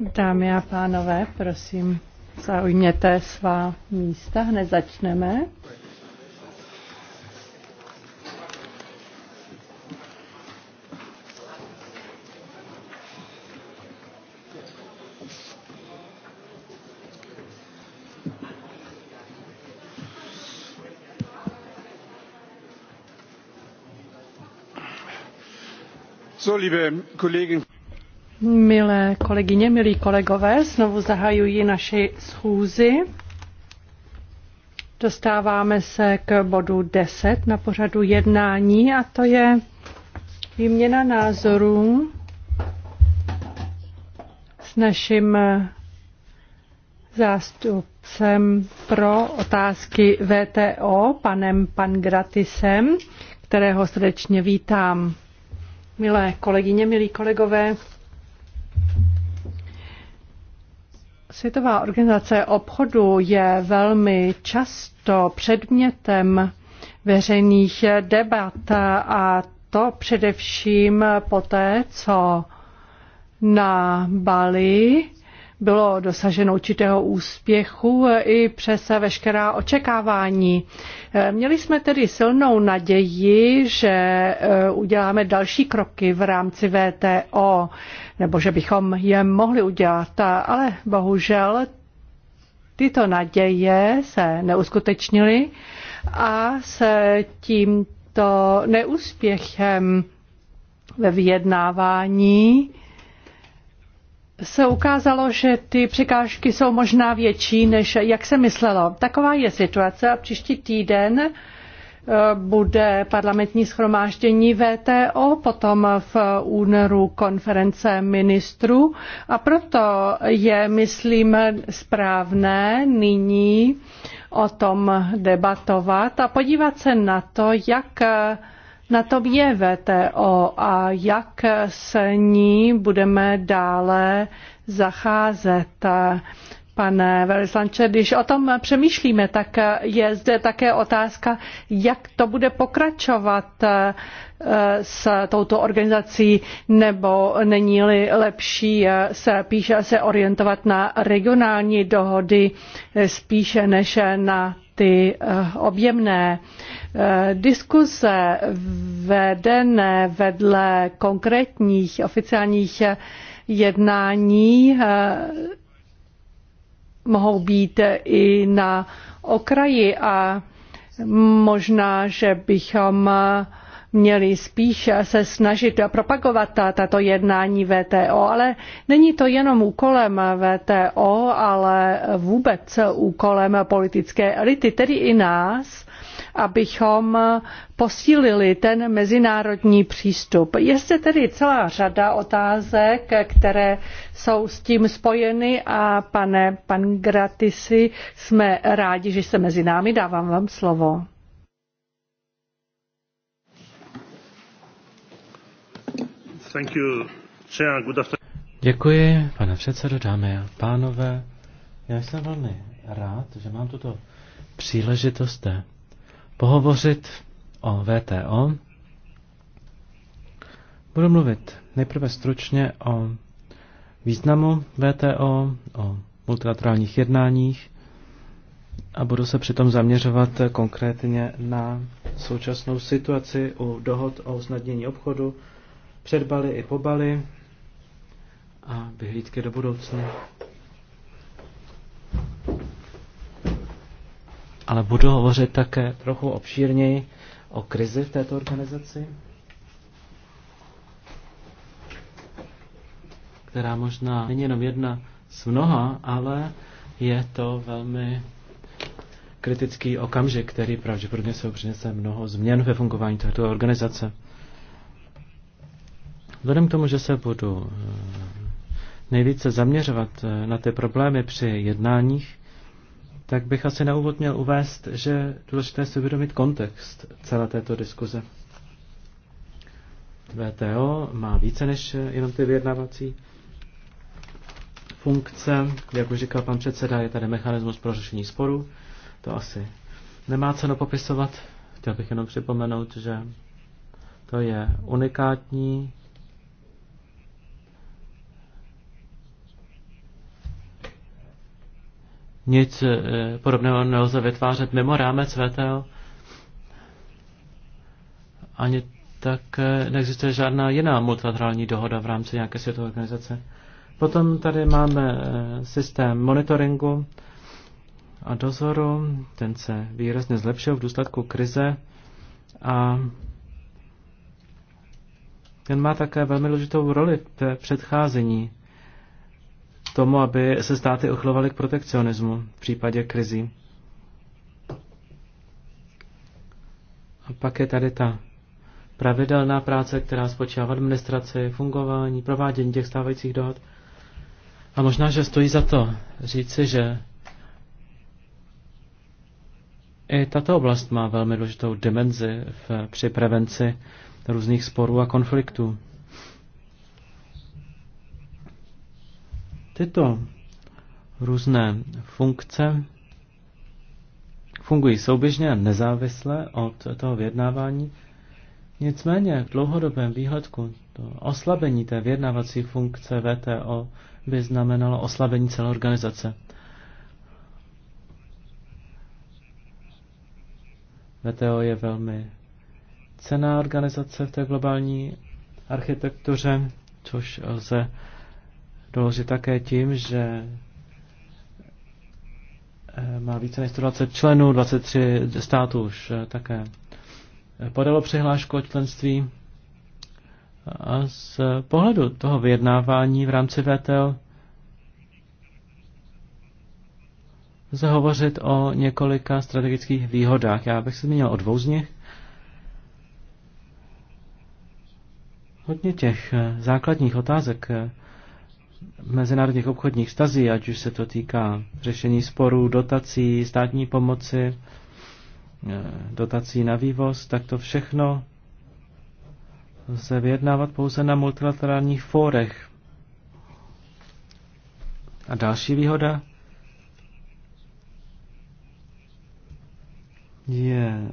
Dámy a pánové, prosím, zaujměte svá místa, hned začneme. Milé kolegyně, milí kolegové, znovu zahajuji naši schůzi. Dostáváme se k bodu 10 na pořadu jednání a to je výměna názorů s naším zástupcem pro otázky VTO, panem Pangratisem, kterého srdečně vítám. Milé kolegyně, milí kolegové, Světová organizace obchodu je velmi často předmětem veřejných debat a to především poté, co na Bali bylo dosaženo určitého úspěchu i přes veškerá očekávání. Měli jsme tedy silnou naději, že eh, uděláme další kroky v rámci VTO, nebo že bychom je mohli udělat, ale bohužel tyto naděje se neuskutečnily a s tímto neúspěchem ve vyjednávání se ukázalo, že ty překážky jsou možná větší, než jak se myslelo. Taková je situace a příští týden eh, bude parlamentní schromáždění VTO, potom v únoru konference ministrů a proto je, myslím, správné nyní o tom debatovat a podívat se na to, jak na tom je VTO a jak s ní budeme dále zacházet. Pane Velislanče, když o tom přemýšlíme, tak je zde také otázka, jak to bude pokračovat eh, s touto organizací, nebo není-li lepší eh, se píše se orientovat na regionální dohody eh, spíše než na ty eh, objemné eh, diskuse vedené vedle konkrétních oficiálních jednání eh, mohou být i na okraji a možná, že bychom měli spíš se snažit propagovat tato jednání VTO, ale není to jenom úkolem VTO, ale vůbec úkolem politické elity, tedy i nás, abychom posílili ten mezinárodní přístup. Je zde tedy celá řada otázek, které jsou s tím spojeny a pane Pangratisi, jsme rádi, že jste mezi námi, dávám vám slovo. Děkuji, pane předsedo, dámy a pánové. Já jsem velmi rád, že mám tuto příležitost pohovořit o VTO. Budu mluvit nejprve stručně o významu VTO, o multilaterálních jednáních a budu se přitom zaměřovat konkrétně na současnou situaci u dohod o usnadnění obchodu, předbaly i pobaly a vyhlídky do budoucna. Ale budu hovořit také trochu obšírněji o krizi v této organizaci, která možná není jenom jedna z mnoha, ale je to velmi kritický okamžik, který pravděpodobně se přinese mnoho změn ve fungování této organizace. Vzhledem k tomu, že se budu eh, nejvíce zaměřovat eh, na ty problémy při jednáních, tak bych asi na úvod měl uvést, že důležité je si uvědomit kontext celé této diskuze. VTO má více než jenom ty vyjednávací funkce. Jak už říkal pan předseda, je tady mechanismus pro řešení sporu. To asi nemá cenu popisovat. Chtěl bych jenom připomenout, že to je unikátní Nic eh, podobného nelze vytvářet mimo rámec VTO. Ani tak eh, neexistuje žádná jiná multilaterální dohoda v rámci nějaké světové organizace. Potom tady máme eh, systém monitoringu a dozoru. Ten se výrazně zlepšil v důsledku krize a ten má také velmi důležitou roli v předcházení tomu, aby se státy uchylovaly k protekcionismu v případě krizí. A pak je tady ta pravidelná práce, která spočívá v administraci, fungování, provádění těch stávajících dohod. A možná, že stojí za to říci, že i tato oblast má velmi důležitou dimenzi v, při prevenci různých sporů a konfliktů. Tyto různé funkce fungují souběžně a nezávisle od toho vyjednávání. Nicméně v dlouhodobém výhledku to oslabení té vyjednávací funkce VTO by znamenalo oslabení celé organizace. VTO je velmi cená organizace v té globální architektuře, což lze doložit také tím, že eh, má více než 120 členů, 23 států už eh, také eh, podalo přihlášku o členství. A z pohledu toho vyjednávání v rámci VTO lze hovořit o několika strategických výhodách. Já bych se zmínil o dvou z nich. Hodně těch základních otázek, mezinárodních obchodních stazí, ať už se to týká řešení sporů, dotací, státní pomoci, e, dotací na vývoz, tak to všechno lze vyjednávat pouze na multilaterálních fórech. A další výhoda je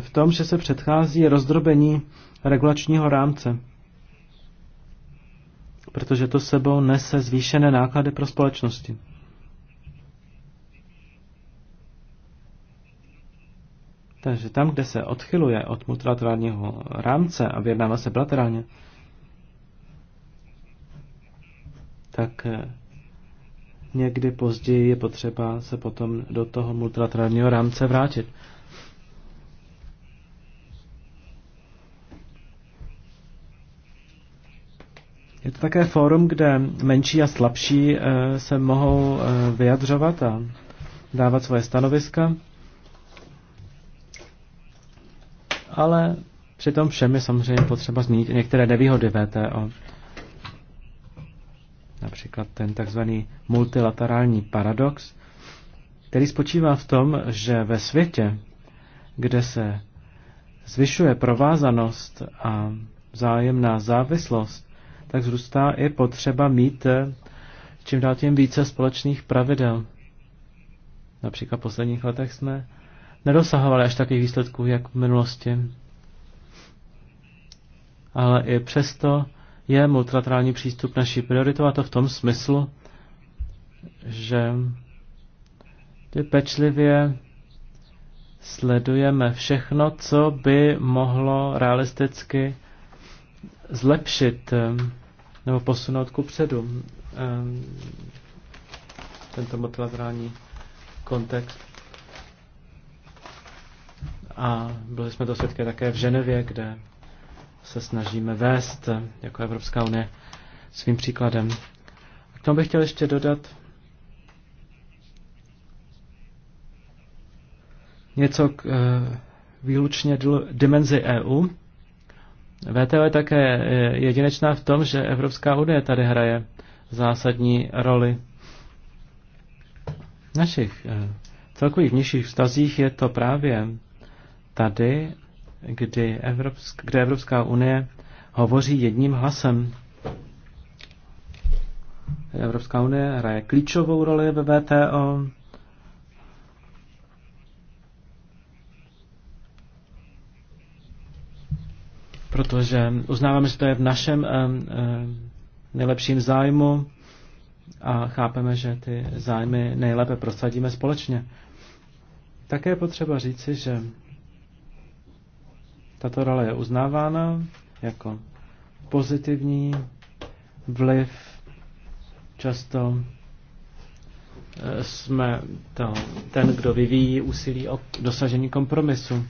v tom, že se předchází rozdrobení regulačního rámce, protože to sebou nese zvýšené náklady pro společnosti. Takže tam, kde se odchyluje od multilaterálního rámce a vyjednává se bilaterálně, tak eh, někdy později je potřeba se potom do toho multilaterálního rámce vrátit. Je to také fórum, kde menší a slabší eh, se mohou eh, vyjadřovat a dávat svoje stanoviska, ale přitom všem je samozřejmě potřeba zmínit některé nevýhody VTO. Například ten takzvaný multilaterální paradox, který spočívá v tom, že ve světě, kde se zvyšuje provázanost a vzájemná závislost, tak zrůstá i potřeba mít eh, čím dál tím více společných pravidel. Například v posledních letech jsme nedosahovali až takových výsledků, jak v minulosti. Ale i přesto je multilaterální přístup naší prioritou a to v tom smyslu, že pečlivě sledujeme všechno, co by mohlo realisticky zlepšit eh, nebo posunout ku předu ehm, tento multilaterální kontext. A byli jsme to svědky také v Ženevě, kde se snažíme vést jako Evropská unie svým příkladem. A k tomu bych chtěl ještě dodat něco k eh, výlučně dimenzi EU. VTO je také eh, jedinečná v tom, že Evropská unie tady hraje zásadní roli. V našich eh, celkových nižších vztazích je to právě tady, kdy Evropsk, kde Evropská unie hovoří jedním hlasem. Evropská unie hraje klíčovou roli ve VTO, protože uznáváme, že to je v našem eh, eh, nejlepším zájmu a chápeme, že ty zájmy nejlépe prosadíme společně. Také je potřeba říci, že tato role je uznávána jako pozitivní vliv. Často eh, jsme to, ten, kdo vyvíjí úsilí o dosažení kompromisu.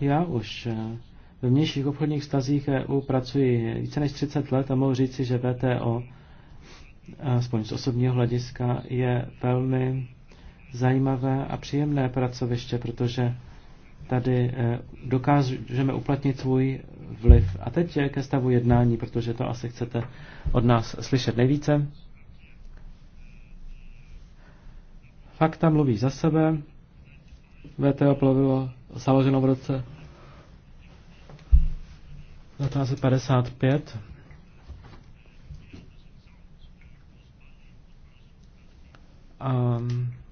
Já už eh, v vnějších obchodních vztazích EU pracuji více než 30 let a mohu říci, že VTO, aspoň z osobního hlediska, je velmi zajímavé a příjemné pracoviště, protože tady eh, dokážeme uplatnit svůj vliv. A teď je ke stavu jednání, protože to asi chcete od nás slyšet nejvíce. Fakta mluví za sebe. VTO plovilo založeno v roce 1955. A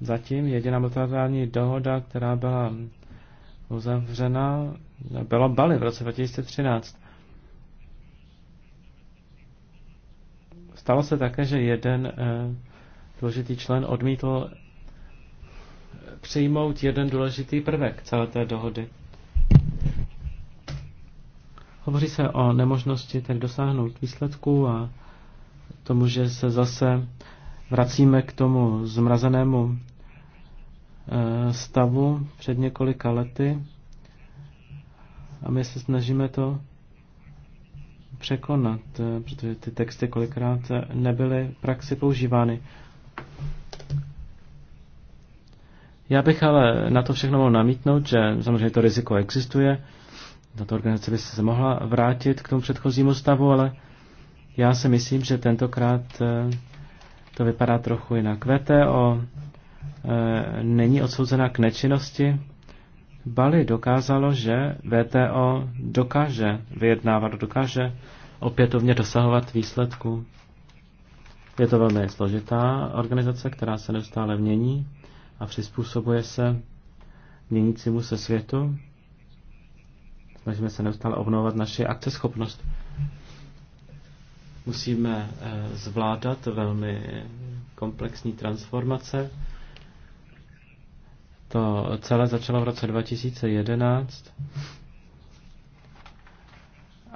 zatím jediná multilaterální dohoda, která byla uzavřena, byla Bali v roce 2013. Stalo se také, že jeden eh, důležitý člen odmítl přijmout jeden důležitý prvek celé té dohody. Hovoří se o nemožnosti tak dosáhnout výsledku a tomu, že se zase vracíme k tomu zmrazenému eh, stavu před několika lety a my se snažíme to překonat, eh, protože ty texty kolikrát eh, nebyly v praxi používány. Já bych ale na to všechno mohl namítnout, že samozřejmě to riziko existuje. Tato organizace by se mohla vrátit k tomu předchozímu stavu, ale já si myslím, že tentokrát eh, to vypadá trochu jinak. VTO eh, není odsouzena k nečinnosti. Bali dokázalo, že VTO dokáže vyjednávat, dokáže opětovně dosahovat výsledků. Je to velmi složitá organizace, která se neustále mění a přizpůsobuje se měnícímu se světu. Snažíme se neustále obnovovat naši akceschopnost. Musíme eh, zvládat velmi komplexní transformace. To celé začalo v roce 2011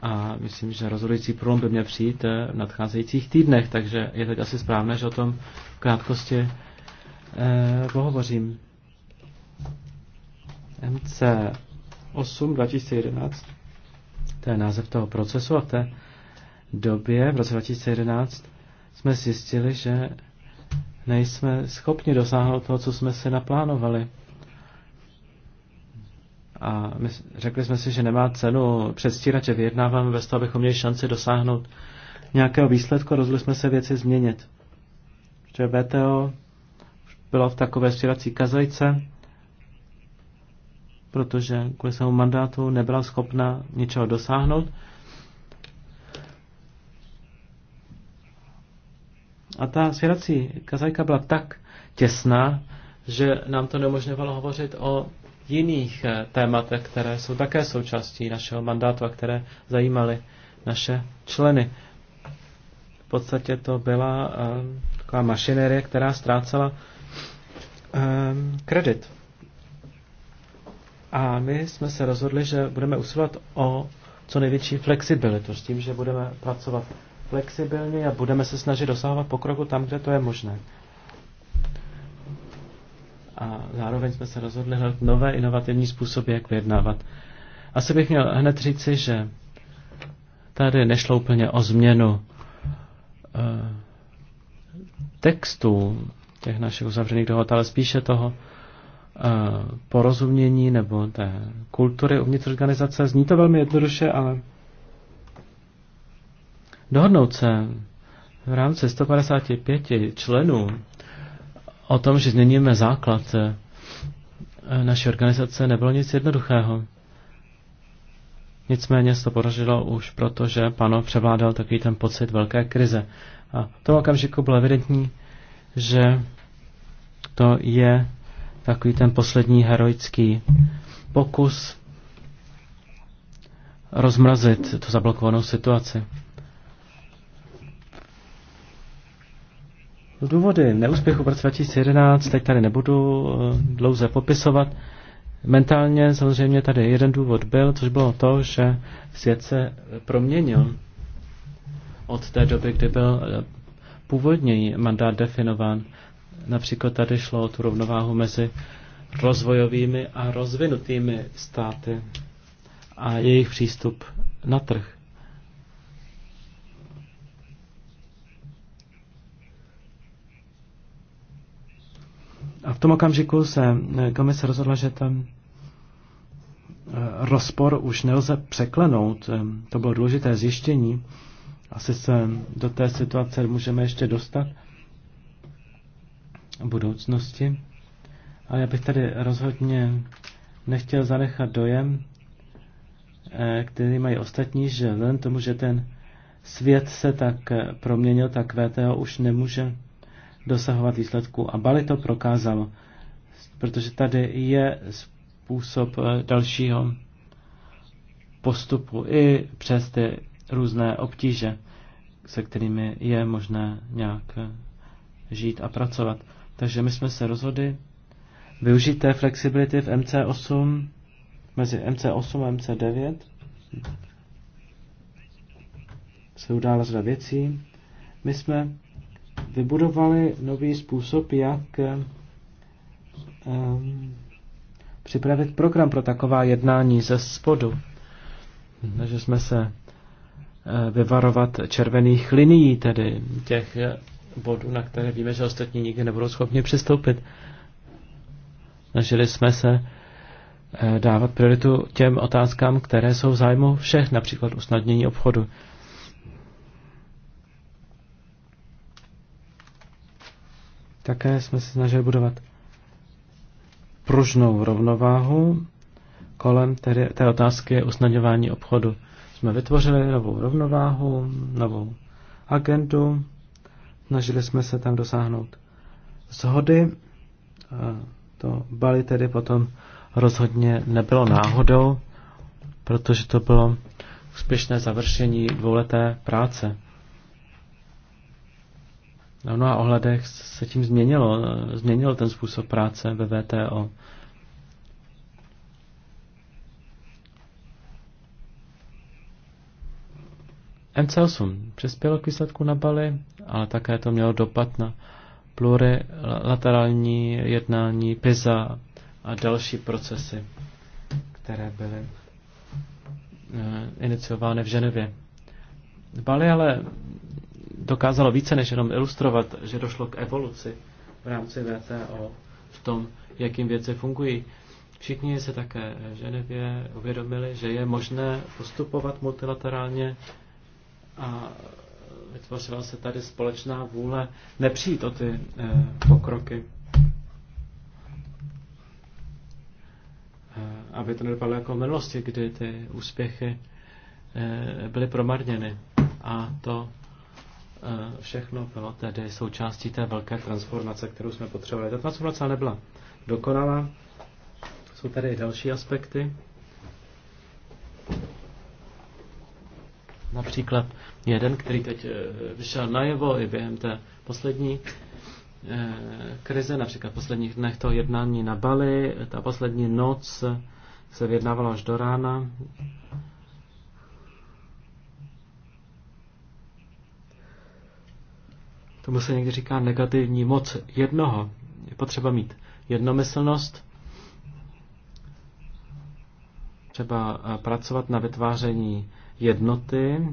a myslím, že rozhodující průlom by měl přijít eh, v nadcházejících týdnech, takže je teď asi správné, že o tom v krátkosti Eh, pohovořím. MC8 2011, to je název toho procesu a v té době, v roce 2011, jsme zjistili, že nejsme schopni dosáhnout toho, co jsme si naplánovali. A my řekli jsme si, že nemá cenu předstírat, že vyjednáváme bez toho, abychom měli šanci dosáhnout nějakého výsledku. Rozhodli jsme se věci změnit. Že VTO byla v takové střídací kazajce, protože kvůli svému mandátu nebyla schopna ničeho dosáhnout. A ta svěrací kazajka byla tak těsná, že nám to nemožňovalo hovořit o jiných eh, tématech, které jsou také součástí našeho mandátu a které zajímaly naše členy. V podstatě to byla eh, taková mašinerie, která ztrácela Ehm, kredit. A my jsme se rozhodli, že budeme usilovat o co největší flexibilitu s tím, že budeme pracovat flexibilně a budeme se snažit dosahovat pokroku tam, kde to je možné. A zároveň jsme se rozhodli hledat nové inovativní způsoby, jak vyjednávat. Asi bych měl hned říci, že tady nešlo úplně o změnu eh, textu těch našich uzavřených dohod, ale spíše toho eh, porozumění nebo té kultury uvnitř organizace. Zní to velmi jednoduše, ale dohodnout se v rámci 155 členů o tom, že změníme základ eh, naší organizace, nebylo nic jednoduchého. Nicméně se to podařilo už proto, že pano převládal takový ten pocit velké krize. A v tom okamžiku bylo evidentní, že to je takový ten poslední heroický pokus rozmrazit tu zablokovanou situaci. Důvody neúspěchu v roce 2011 teď tady nebudu eh, dlouze popisovat. Mentálně samozřejmě tady jeden důvod byl, což bylo to, že svět se proměnil od té doby, kdy byl eh, původně mandát definován. Například tady šlo o tu rovnováhu mezi rozvojovými a rozvinutými státy a jejich přístup na trh. A v tom okamžiku se komise rozhodla, že ten eh, rozpor už nelze překlenout. Eh, to bylo důležité zjištění. Asi se do té situace můžeme ještě dostat v budoucnosti. A já bych tady rozhodně nechtěl zanechat dojem, eh, který mají ostatní, že vzhledem tomu, že ten svět se tak eh, proměnil, tak VTO už nemůže dosahovat výsledků. A Bali to prokázalo, protože tady je způsob eh, dalšího postupu i přes ty různé obtíže, se kterými je možné nějak žít a pracovat. Takže my jsme se rozhodli využít té flexibility v MC8, mezi MC8 a MC9. Se udála řada věcí. My jsme vybudovali nový způsob, jak um, připravit program pro taková jednání ze spodu. Takže jsme se Eh, vyvarovat červených linií, tedy těch bodů, na které víme, že ostatní nikdy nebudou schopni přistoupit. Snažili jsme se eh, dávat prioritu těm otázkám, které jsou v zájmu všech, například usnadnění obchodu. Také jsme se snažili budovat pružnou rovnováhu kolem tedy té otázky usnadňování obchodu jsme vytvořili novou rovnováhu, novou agendu, snažili jsme se tam dosáhnout shody. To Bali tedy potom rozhodně nebylo náhodou, protože to bylo úspěšné završení dvouleté práce. Na mnoha no ohledech se tím změnilo, změnil ten způsob práce ve VTO. MC8 přispělo k výsledku na Bali, ale také to mělo dopad na plurilaterální jednání PISA a další procesy, které byly eh, iniciovány v Ženevě. Bali ale dokázalo více než jenom ilustrovat, že došlo k evoluci v rámci VTO v tom, jakým věci fungují. Všichni se také v Ženevě uvědomili, že je možné postupovat multilaterálně a vytvořila se tady společná vůle nepřijít o ty eh, pokroky. Eh, aby to nedopadlo jako v minulosti, kdy ty úspěchy eh, byly promarněny. A to všechno bylo tedy součástí té velké transformace, kterou jsme potřebovali. Ta transformace nebyla dokonalá. Jsou tady i další aspekty. Například jeden, který teď eh, vyšel najevo i během té poslední eh, krize, například v posledních dnech toho jednání na Bali, ta poslední noc se vyjednávala až do rána. Tomu se někdy říká negativní moc jednoho. Je potřeba mít jednomyslnost, třeba eh, pracovat na vytváření jednoty,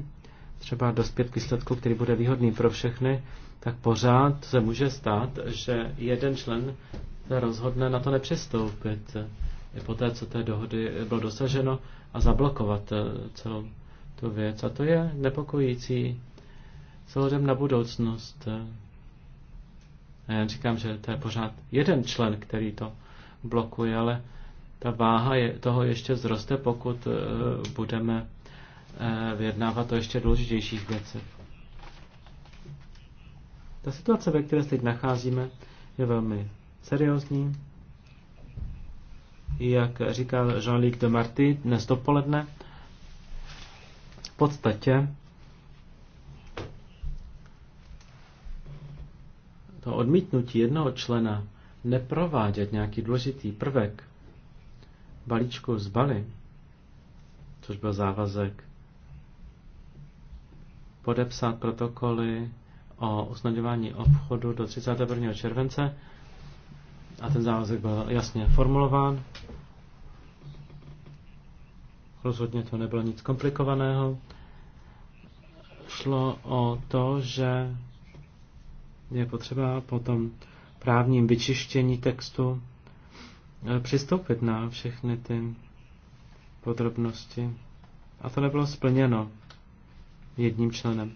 třeba dospět k výsledku, který bude výhodný pro všechny, tak pořád se může stát, že jeden člen se rozhodne na to nepřistoupit i po té, co té dohody bylo dosaženo a zablokovat eh, celou tu věc. A to je nepokojící celodem na budoucnost. Eh, a já říkám, že to je pořád jeden člen, který to blokuje, ale ta váha je, toho ještě zroste, pokud eh, budeme Eh, vyjednávat o ještě důležitějších věcech. Ta situace, ve které se teď nacházíme, je velmi seriózní. Jak říkal Jean-Luc de Marty dnes dopoledne, v podstatě to odmítnutí jednoho člena neprovádět nějaký důležitý prvek balíčku z Bali, což byl závazek podepsat protokoly o usnadňování obchodu do 31. července a ten závazek byl jasně formulován. Rozhodně to nebylo nic komplikovaného. Šlo o to, že je potřeba potom právním vyčištění textu e, přistoupit na všechny ty podrobnosti. A to nebylo splněno jedním členem.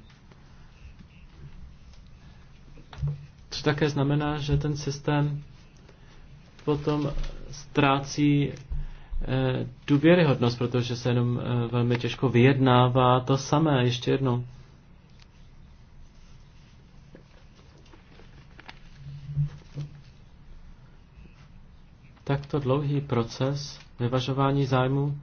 To také znamená, že ten systém potom ztrácí eh, důvěryhodnost, protože se jenom eh, velmi těžko vyjednává to samé ještě jednou. Takto dlouhý proces vyvažování zájmu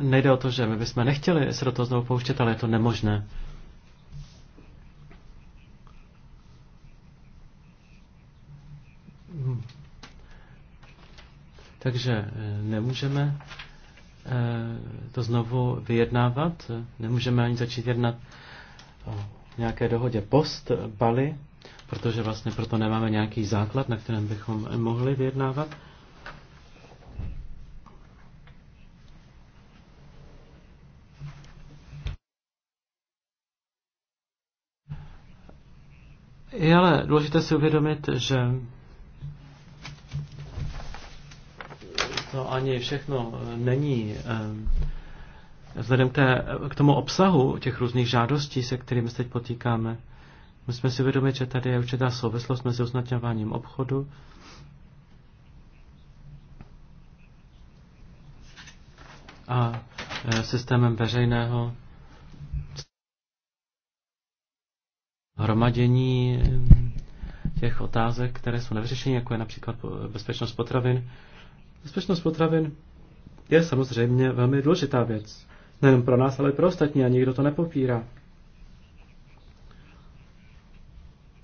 nejde o to, že my bychom nechtěli se do toho znovu pouštět, ale je to nemožné. Hmm. Takže eh, nemůžeme eh, to znovu vyjednávat, nemůžeme ani začít jednat o nějaké dohodě post Bali, protože vlastně proto nemáme nějaký základ, na kterém bychom mohli vyjednávat. Je ale důležité si uvědomit, že to ani všechno není eh, vzhledem k, té, k tomu obsahu těch různých žádostí, se kterými se teď potýkáme. Musíme si uvědomit, že tady je určitá souvislost mezi uznatňováním obchodu a eh, systémem veřejného hromadění eh, těch otázek, které jsou nevyřešené, jako je například bezpečnost potravin. Bezpečnost potravin je samozřejmě velmi důležitá věc. Nejen pro nás, ale i pro ostatní a nikdo to nepopírá.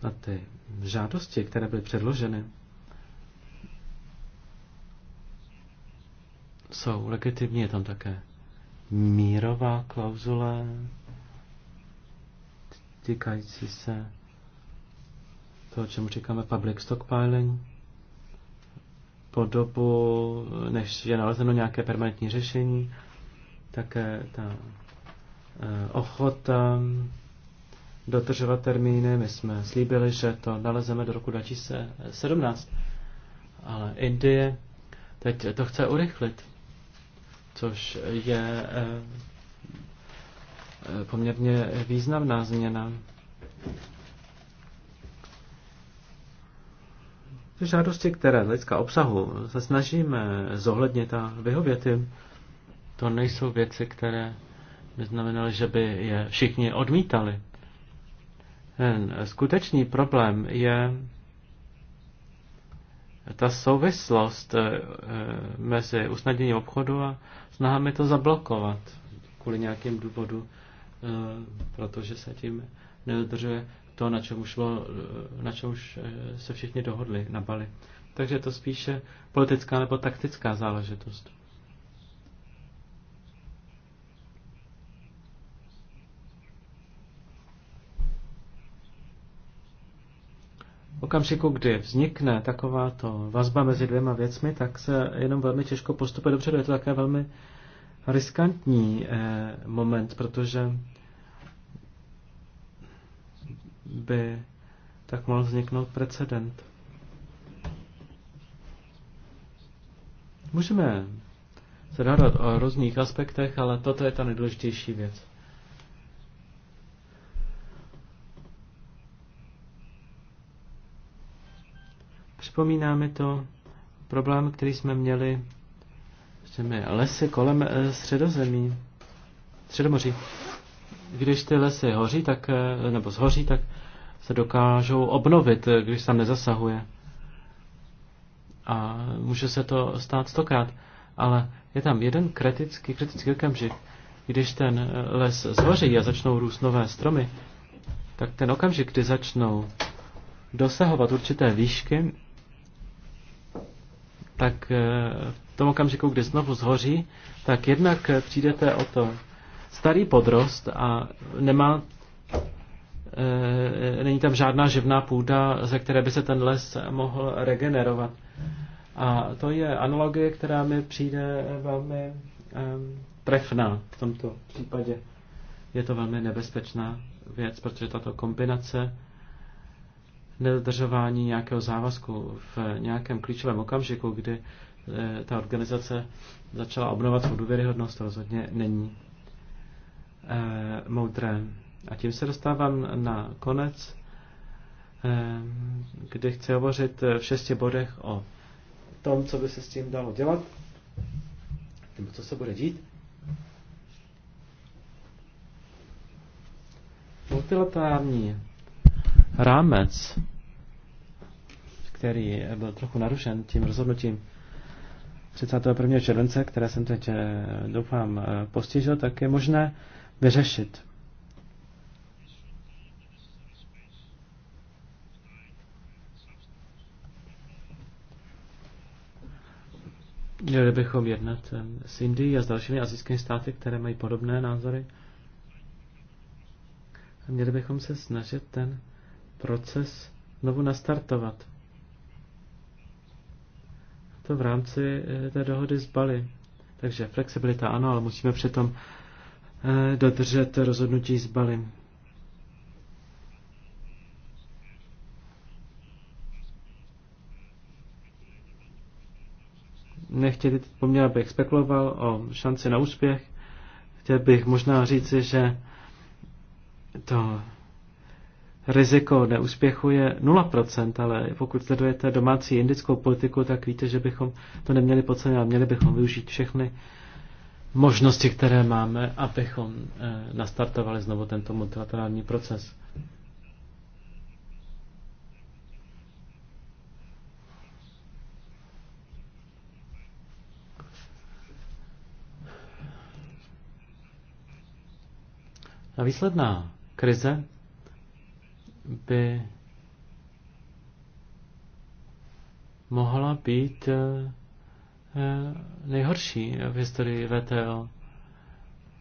A ty žádosti, které byly předloženy, jsou legitimní. Je tam také mírová klauzule, týkající se toho, čemu říkáme public stockpiling, po dobu, než je nalezeno nějaké permanentní řešení, také ta eh, ochota dotržovat termíny. My jsme slíbili, že to nalezeme do roku 2017, ale Indie teď to chce urychlit, což je eh, Eh, poměrně významná změna. Ty žádosti, které lidská obsahu se snažíme zohlednit a vyhovět jim, to nejsou věci, které by znamenaly, že by je všichni odmítali. Ten skutečný problém je ta souvislost eh, mezi usnadněním obchodu a snahami to zablokovat kvůli nějakým důvodu. Eh, protože se tím nedodržuje to, na čem, šlo, eh, na čem už eh, se všichni dohodli na Bali. Takže je to spíše politická nebo taktická záležitost. okamžiku, kdy vznikne takováto vazba mezi dvěma věcmi, tak se jenom velmi těžko postupuje dopředu. Je to také velmi riskantní eh, moment, protože by tak mohl vzniknout precedent. Můžeme se dávat o různých aspektech, ale toto je ta nejdůležitější věc. Připomíná mi to problém, který jsme měli s těmi lesy kolem eh, středozemí, středomoří. Když ty lesy hoří, tak, eh, nebo zhoří, tak se dokážou obnovit, když tam nezasahuje. A může se to stát stokrát, ale je tam jeden kritický, kritický okamžik. Když ten les zhoří a začnou růst nové stromy, tak ten okamžik, kdy začnou dosahovat určité výšky, tak eh, v tom okamžiku, kdy znovu zhoří, tak jednak přijdete o to starý podrost a nemá Eh, není tam žádná živná půda, ze které by se ten les mohl regenerovat. A to je analogie, která mi přijde velmi trefná v tomto případě. Je to velmi nebezpečná věc, protože tato kombinace nedodržování nějakého závazku v nějakém klíčovém okamžiku, kdy eh, ta organizace začala obnovovat svou důvěryhodnost, rozhodně není eh, moudré. A tím se dostávám na konec, eh, kde chci hovořit eh, v šesti bodech o tom, co by se s tím dalo dělat, nebo co se bude dít. Multilaterální rámec, který byl trochu narušen tím rozhodnutím 31. července, které jsem teď eh, doufám postižil, tak je možné vyřešit Měli bychom jednat s Indií a s dalšími azijskými státy, které mají podobné názory. A měli bychom se snažit ten proces znovu nastartovat. To v rámci eh, té dohody z Bali. Takže flexibilita ano, ale musíme přitom eh, dodržet rozhodnutí z Bali. nechtěli, poměl abych spekuloval o šanci na úspěch. Chtěl bych možná říci, že to riziko neúspěchu je 0%, ale pokud sledujete domácí indickou politiku, tak víte, že bychom to neměli podcenit, ale měli bychom využít všechny možnosti, které máme, abychom eh, nastartovali znovu tento multilaterální proces. A výsledná krize by mohla být eh, eh, nejhorší v historii VTO.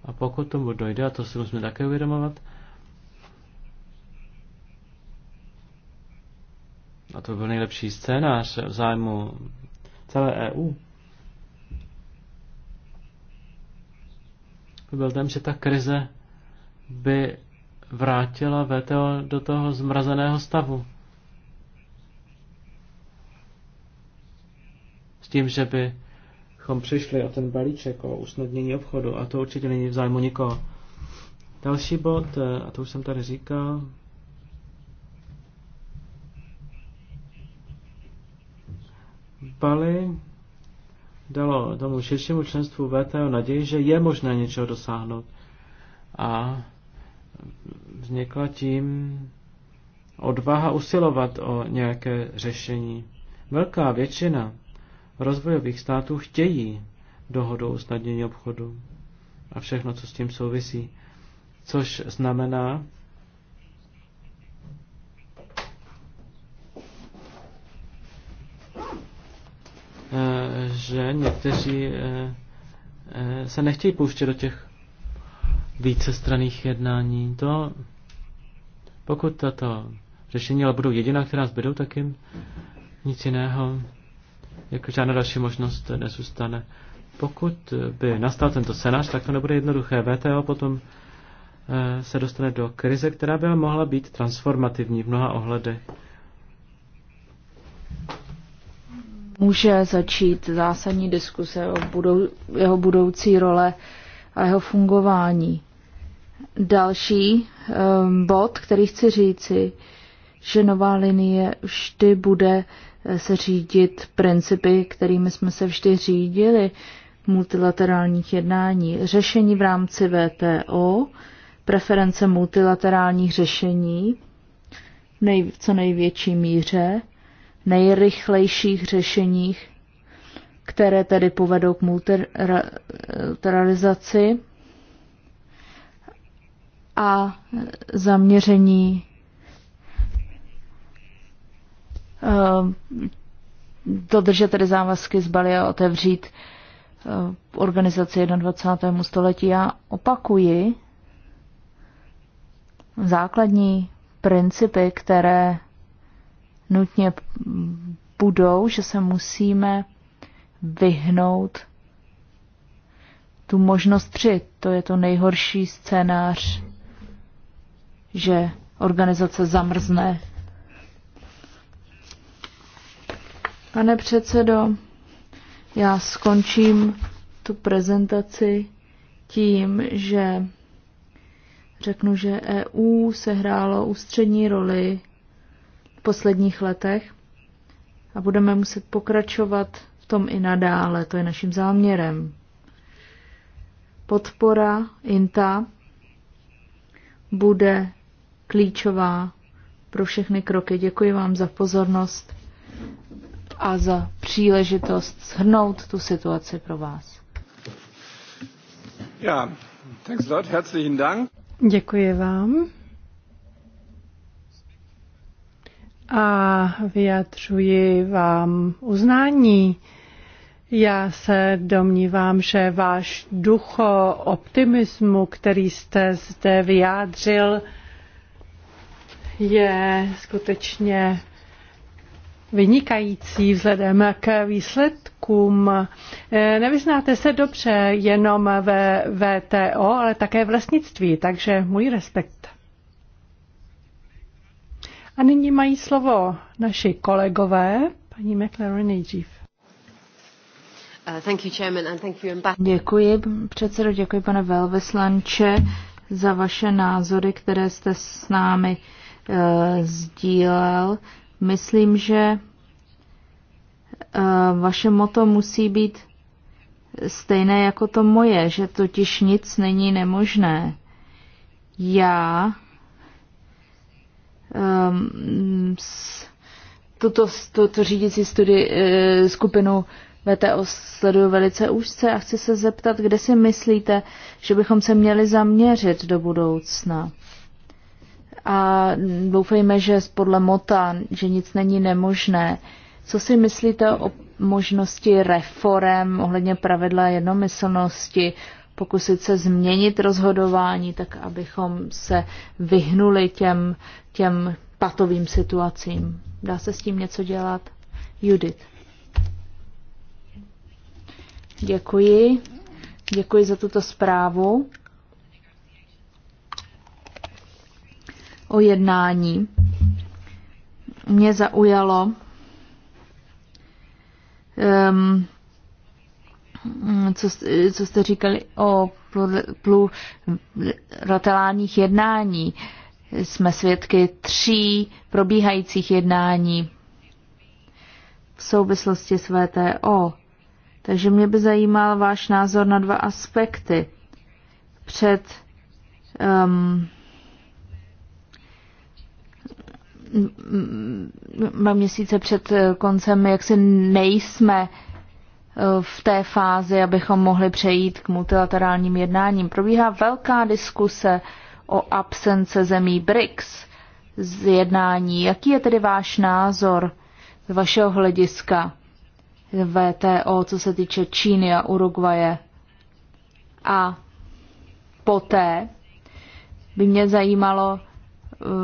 A pokud tomu dojde, a to si musíme také uvědomovat, a to byl nejlepší scénář v zájmu celé EU, byl ten, že ta krize by vrátila VTO do toho zmrazeného stavu. S tím, že bychom přišli o ten balíček, o usnadnění obchodu, a to určitě není v zájmu nikoho. Další bod, a to už jsem tady říkal, Bali dalo tomu širšímu členstvu VTO naději, že je možné něčeho dosáhnout. A vznikla tím odvaha usilovat o nějaké řešení. Velká většina rozvojových států chtějí dohodu o usnadnění obchodu a všechno, co s tím souvisí. Což znamená, eh, že někteří eh, eh, se nechtějí pouštět do těch vícestraných jednání. To pokud tato řešení ale budou jediná, která zbydou, tak jim nic jiného, jako žádná další možnost nezůstane. Pokud by nastal tento scénář, tak to nebude jednoduché. VTO potom eh, se dostane do krize, která by mohla být transformativní v mnoha ohledech. Může začít zásadní diskuse o budou, jeho budoucí role a jeho fungování. Další Um, bod, který chci říci, že nová linie vždy bude eh, se řídit principy, kterými jsme se vždy řídili multilaterálních jednání. Řešení v rámci VTO, preference multilaterálních řešení v nej, co největší míře, nejrychlejších řešeních, které tedy povedou k multilateralizaci a zaměření eh, dodržet tedy závazky z Bali a otevřít eh, organizaci 21. století. Já opakuji základní principy, které nutně budou, že se musíme vyhnout tu možnost tři. To je to nejhorší scénář že organizace zamrzne. Pane předsedo, já skončím tu prezentaci tím, že řeknu, že EU sehrálo ústřední roli v posledních letech a budeme muset pokračovat v tom i nadále. To je naším záměrem. Podpora INTA bude klíčová pro všechny kroky. Děkuji vám za pozornost a za příležitost shrnout tu situaci pro vás. Ja, thanks a lot, herzlichen Dank. Děkuji vám. A vyjadřuji vám uznání. Já se domnívám, že váš ducho optimismu, který jste zde vyjádřil, je skutečně vynikající vzhledem k výsledkům. Eh, nevyznáte se dobře jenom ve VTO, ale také v lesnictví, takže můj respekt. A nyní mají slovo naši kolegové, paní McLaren nejdřív. Uh, děkuji, předsedo, děkuji pane Velveslanče, za vaše názory, které jste s námi uh, Eh, sdílel. Myslím, že eh, vaše moto musí být stejné jako to moje, že totiž nic není nemožné. Já um, ehm, s, tuto, tuto řídící studi, uh, eh, skupinu VTO sleduju velice úzce a chci se zeptat, kde si myslíte, že bychom se měli zaměřit do budoucna a doufejme, že podle Mota, že nic není nemožné. Co si myslíte o možnosti reform ohledně pravidla jednomyslnosti, pokusit se změnit rozhodování, tak abychom se vyhnuli těm, těm patovým situacím? Dá se s tím něco dělat? Judith. Děkuji. Děkuji za tuto zprávu. o jednání. Mě zaujalo um, co, co jste říkali o pluratelárních jednání. Jsme svědky tří probíhajících jednání v souvislosti s VTO. Takže mě by zajímal váš názor na dva aspekty. Před um, dva měsíce před eh, koncem jaksi nejsme eh, v té fázi, abychom mohli přejít k multilaterálním jednáním. Probíhá velká diskuse o absence zemí BRICS z jednání. Jaký je tedy váš názor z vašeho hlediska VTO, co se týče Číny a Uruguaje? A poté by mě zajímalo,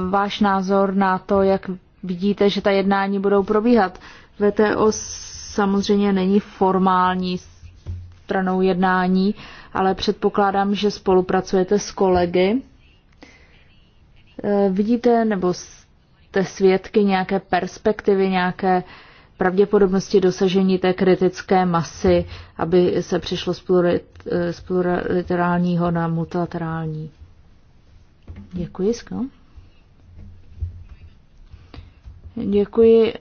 váš názor na to, jak vidíte, že ta jednání budou probíhat. VTO samozřejmě není formální stranou jednání, ale předpokládám, že spolupracujete s kolegy. Vidíte nebo jste svědky nějaké perspektivy, nějaké pravděpodobnosti dosažení té kritické masy, aby se přišlo z, plurit, pluriterálního na multilaterální? Děkuji, Skno. Děkuji.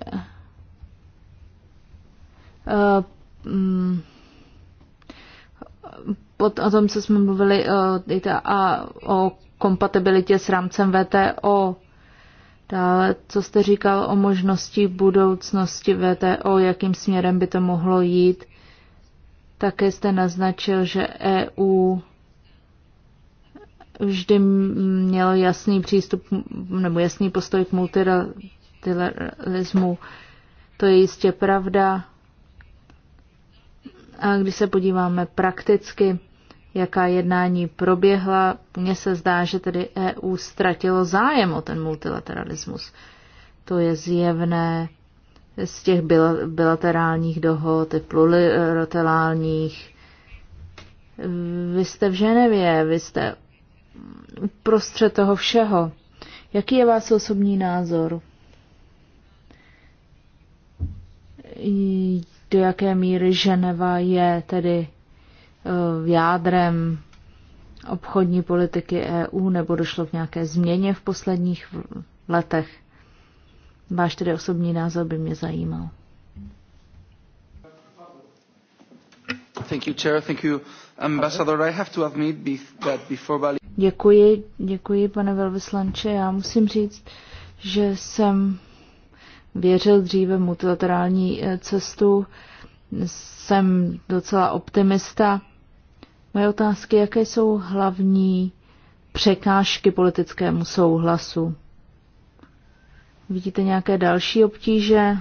Eh, mm, o tom, co jsme mluvili, eh, a o kompatibilitě s rámcem VTO. Dále, co jste říkal o možnosti budoucnosti VTO, jakým směrem by to mohlo jít. Také jste naznačil, že EU vždy mělo jasný přístup nebo jasný postoj k multilateralismu multilateralismu. To je jistě pravda. A když se podíváme prakticky, jaká jednání proběhla, mně se zdá, že tedy EU ztratilo zájem o ten multilateralismus. To je zjevné z těch bilaterálních dohod, plurilaterálních. Vy jste v Ženevě, vy jste uprostřed toho všeho. Jaký je váš osobní názor? do jaké míry Ženeva je tedy eh, jádrem obchodní politiky EU, nebo došlo k nějaké změně v posledních letech. Váš tedy osobní názor by mě zajímal. Děkuji, děkuji, pane velvyslanče. Já musím říct, že jsem věřil dříve multilaterální eh, cestu. Jsem docela optimista. Moje otázky, jaké jsou hlavní překážky politickému souhlasu? Vidíte nějaké další obtíže?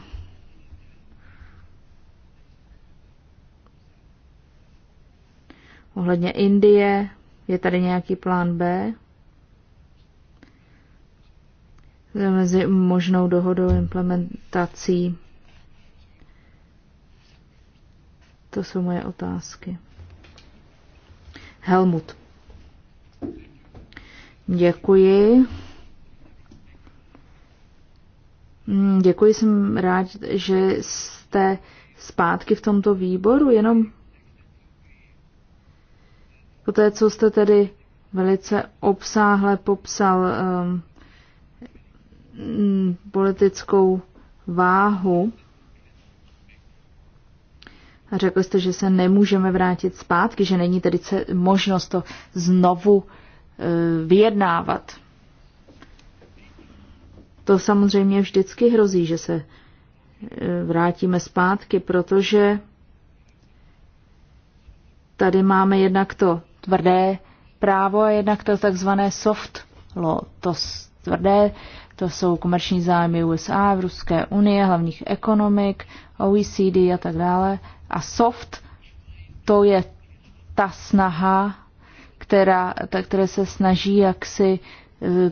Ohledně Indie, je tady nějaký plán B? mezi možnou dohodou implementací. To jsou moje otázky. Helmut. Děkuji. Hmm, děkuji, jsem rád, že jste zpátky v tomto výboru, jenom po té, co jste tedy velice obsáhle popsal um, Mm, politickou váhu. A řekl jste, že se nemůžeme vrátit zpátky, že není tedy možnost to znovu e, vyjednávat. To samozřejmě vždycky hrozí, že se e, vrátíme zpátky, protože tady máme jednak to tvrdé právo a jednak to takzvané soft law, to tvrdé to jsou komerční zájmy USA, v Ruské unie, hlavních ekonomik, OECD a tak dále. A soft, to je ta snaha, která, ta, které se snaží jaksi eh,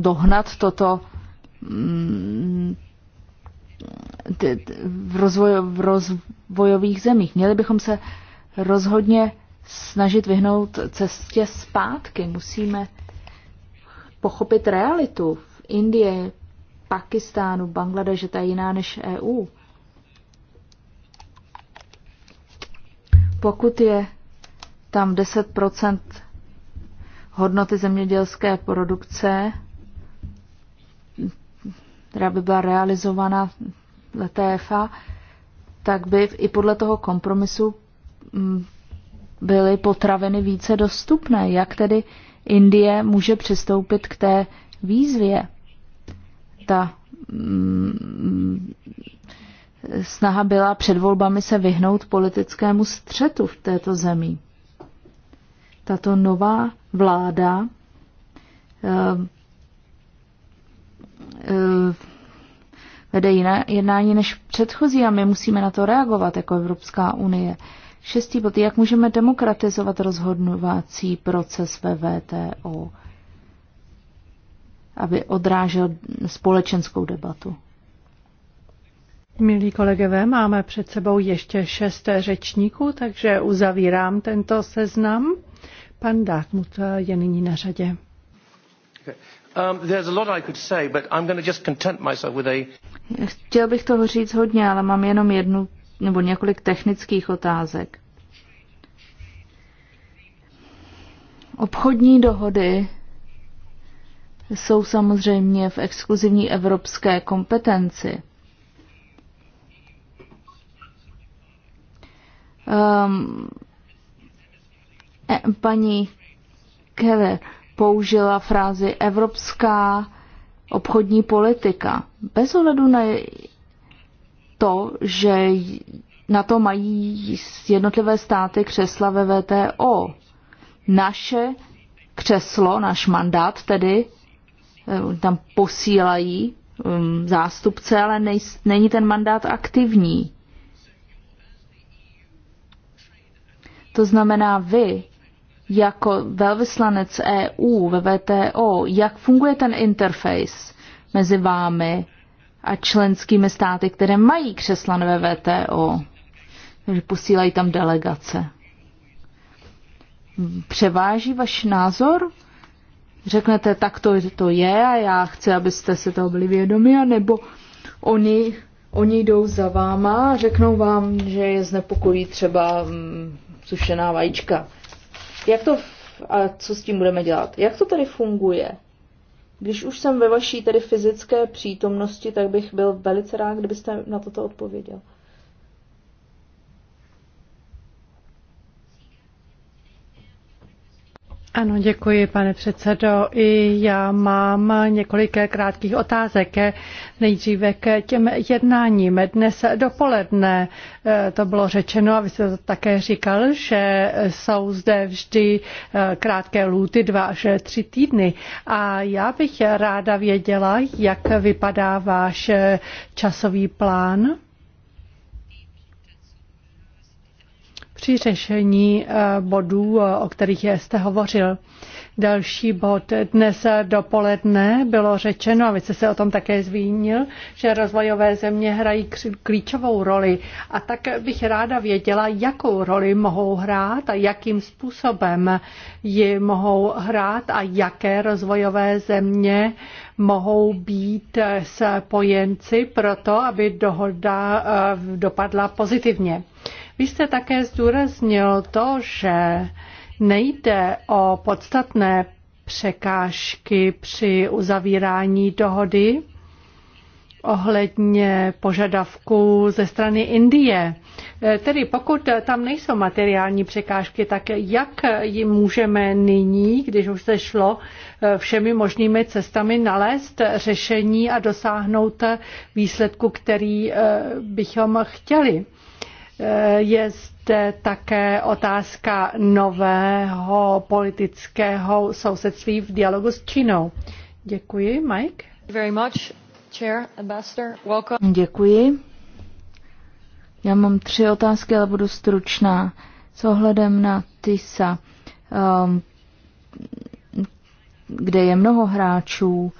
dohnat toto mm, v, rozvoj, v rozvojových zemích. Měli bychom se rozhodně snažit vyhnout cestě zpátky. Musíme pochopit realitu Indie, Pakistánu, Bangladeže, ta je jiná než EU. Pokud je tam 10 hodnoty zemědělské produkce, která by byla realizována dle TFA, tak by i podle toho kompromisu mm, byly potraviny více dostupné. Jak tedy Indie může přistoupit k té výzvě? ta mm, snaha byla před volbami se vyhnout politickému střetu v této zemi. Tato nová vláda eh, eh, vede jiné jednání než předchozí a my musíme na to reagovat jako Evropská unie. Šestý bod, jak můžeme demokratizovat rozhodnovací proces ve VTO? aby odrážel společenskou debatu. Milí kolegové, máme před sebou ještě šest řečníků, takže uzavírám tento seznam. Pan Dartmouth je nyní na řadě. Um, Chtěl bych toho říct hodně, ale mám jenom jednu nebo několik technických otázek. Obchodní dohody jsou samozřejmě v exkluzivní evropské kompetenci. Um, paní Keller použila frázi evropská obchodní politika. Bez ohledu na to, že na to mají jednotlivé státy křesla ve VTO. Naše křeslo, náš mandát tedy Eh, tam posílají um, zástupce, ale nej, není ten mandát aktivní. To znamená, vy jako velvyslanec EU ve VTO, jak funguje ten interface mezi vámi a členskými státy, které mají křeslan ve VTO? Takže posílají tam delegace. Převáží váš názor řeknete, tak to, to je a já chci, abyste si toho byli vědomi, anebo oni, oni jdou za váma a řeknou vám, že je znepokojí třeba mm, sušená vajíčka. Jak to, a co s tím budeme dělat? Jak to tady funguje? Když už jsem ve vaší tedy fyzické přítomnosti, tak bych byl velice rád, kdybyste na toto odpověděl. Ano, děkuji, pane předsedo. I já mám několik krátkých otázek. Nejdříve k těm jednáním. Dnes dopoledne eh, to bylo řečeno a vy jste to také říkal, že jsou zde vždy eh, krátké lůty, dva až tři týdny. A já bych ráda věděla, jak vypadá váš časový plán. při řešení eh, bodů, eh, o kterých jste hovořil. Další bod. Dnes dopoledne bylo řečeno, a vy jste se o tom také zmínil, že rozvojové země hrají klíčovou roli. A tak bych ráda věděla, jakou roli mohou hrát a jakým způsobem ji mohou hrát a jaké rozvojové země mohou být spojenci pro to, aby dohoda eh, dopadla pozitivně. Vy jste také zdůraznil to, že nejde o podstatné překážky při uzavírání dohody ohledně požadavků ze strany Indie. Eh, tedy pokud tam nejsou materiální překážky, tak jak jim můžeme nyní, když už se šlo eh, všemi možnými cestami, nalézt řešení a dosáhnout výsledku, který eh, bychom chtěli? Je zde také otázka nového politického sousedství v dialogu s Čínou. Děkuji, Mike. Very much, Chair, Ambassador, welcome. Děkuji. Já mám tři otázky, ale budu stručná. S ohledem na TISA, um, kde je mnoho hráčů,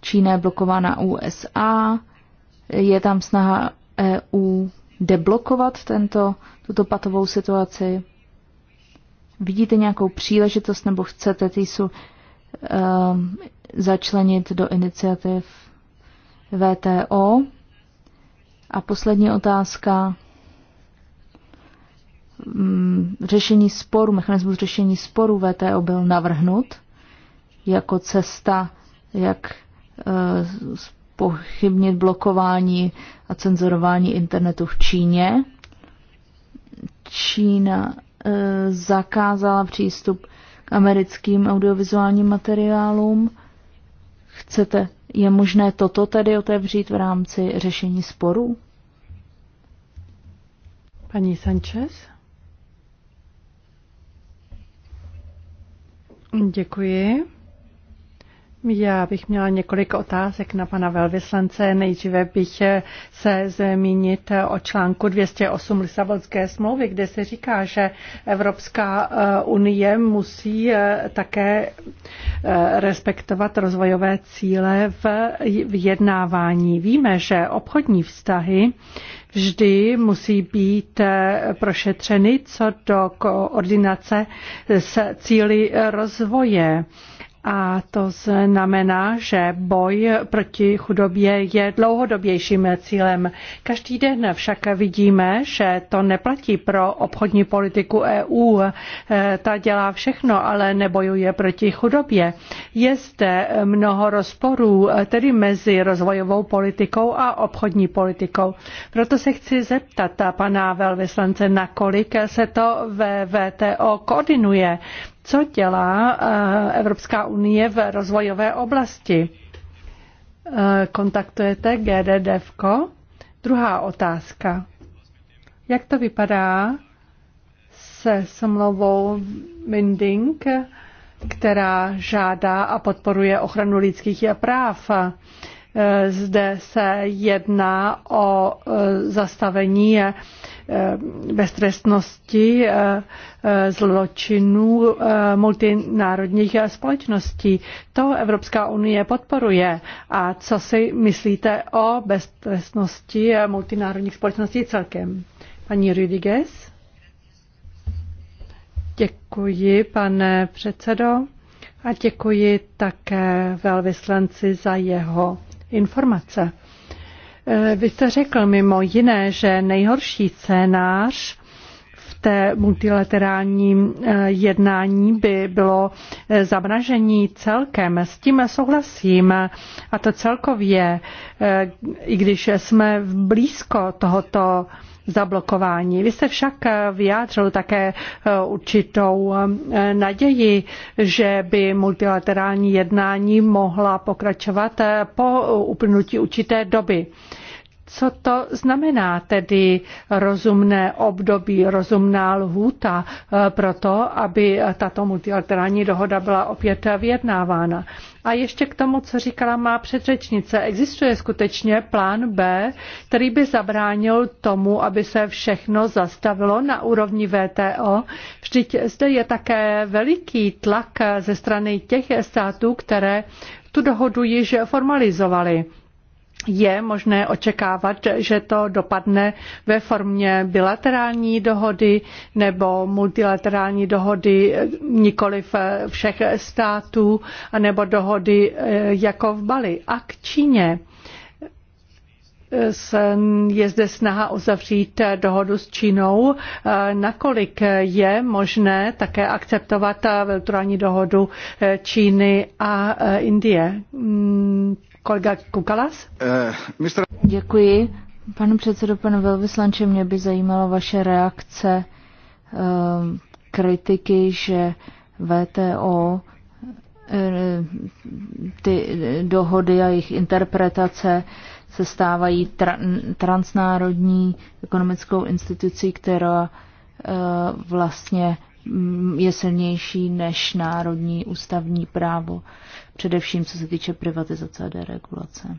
Čína je blokována USA, je tam snaha EU deblokovat tento, tuto patovou situaci? Vidíte nějakou příležitost nebo chcete TISu um, ehm, začlenit do iniciativ VTO? A poslední otázka. Mm, řešení sporu, mechanismus řešení sporu VTO byl navrhnut jako cesta, jak eh, spochybnit blokování a cenzurování internetu v Číně. Čína e, zakázala přístup k americkým audiovizuálním materiálům. Chcete, je možné toto tedy otevřít v rámci řešení sporů? Paní Sanchez? Děkuji. Já bych měla několik otázek na pana velvyslance. Nejdříve bych se zmínit o článku 208 Lisabonské smlouvy, kde se říká, že Evropská eh, unie musí eh, také eh, respektovat rozvojové cíle v vyjednávání. Víme, že obchodní vztahy vždy musí být prošetřeny co do koordinace s cíly rozvoje. A to znamená, že boj proti chudobě je dlouhodobějším cílem. Každý den však vidíme, že to neplatí pro obchodní politiku EU. Ta dělá všechno, ale nebojuje proti chudobě. Je zde mnoho rozporů, tedy mezi rozvojovou politikou a obchodní politikou. Proto se chci zeptat pana velvyslance, nakolik se to ve VTO koordinuje. Co dělá eh, Evropská unie v rozvojové oblasti? Eh, kontaktujete GDDFko? Druhá otázka. Jak to vypadá se smlouvou Minding, která žádá a podporuje ochranu lidských práv? Eh, zde se jedná o zastavení Eh, beztrestnosti eh, eh, zločinů multinárodních společností. To Evropská unie podporuje. A co si myslíte o beztrestnosti multinárodních společností celkem? Paní Rüdiges? Děkuji, pane předsedo, a děkuji také velvyslanci za jeho informace. Eh, vy jste řekl mimo jiné, že nejhorší scénář v té multilaterálním eh, jednání by bylo eh, zamražení celkem. S tím souhlasím a to celkově, i když jsme blízko tohoto zablokování. Vy jste však vyjádřil také určitou naději, že by multilaterální jednání mohla pokračovat po uplynutí určité doby. Co to znamená tedy rozumné období, rozumná lhůta eh, pro to, aby tato multilaterální dohoda byla opět vyjednávána? A ještě k tomu, co říkala má předřečnice, existuje skutečně plán B, který by zabránil tomu, aby se všechno zastavilo na úrovni VTO. Vždyť zde je také veliký tlak ze strany těch států, které tu dohodu již formalizovali je možné očekávat, že to dopadne ve formě bilaterální dohody nebo multilaterální dohody eh, nikoliv eh, všech států nebo dohody eh, jako v Bali. A k Číně je zde snaha uzavřít dohodu s Čínou. Nakolik je možné také akceptovat virtuální dohodu Číny a Indie? Hmm, Kolega Kukalas? Eh, mistr... Děkuji. Pane předsedo, pane velvyslanče, mě by zajímala vaše reakce eh, kritiky, že VTO eh, ty dohody a jejich interpretace se stávají tra- transnárodní ekonomickou institucí, která vlastně mm, je silnější než národní ústavní právo především co se týče privatizace a deregulace.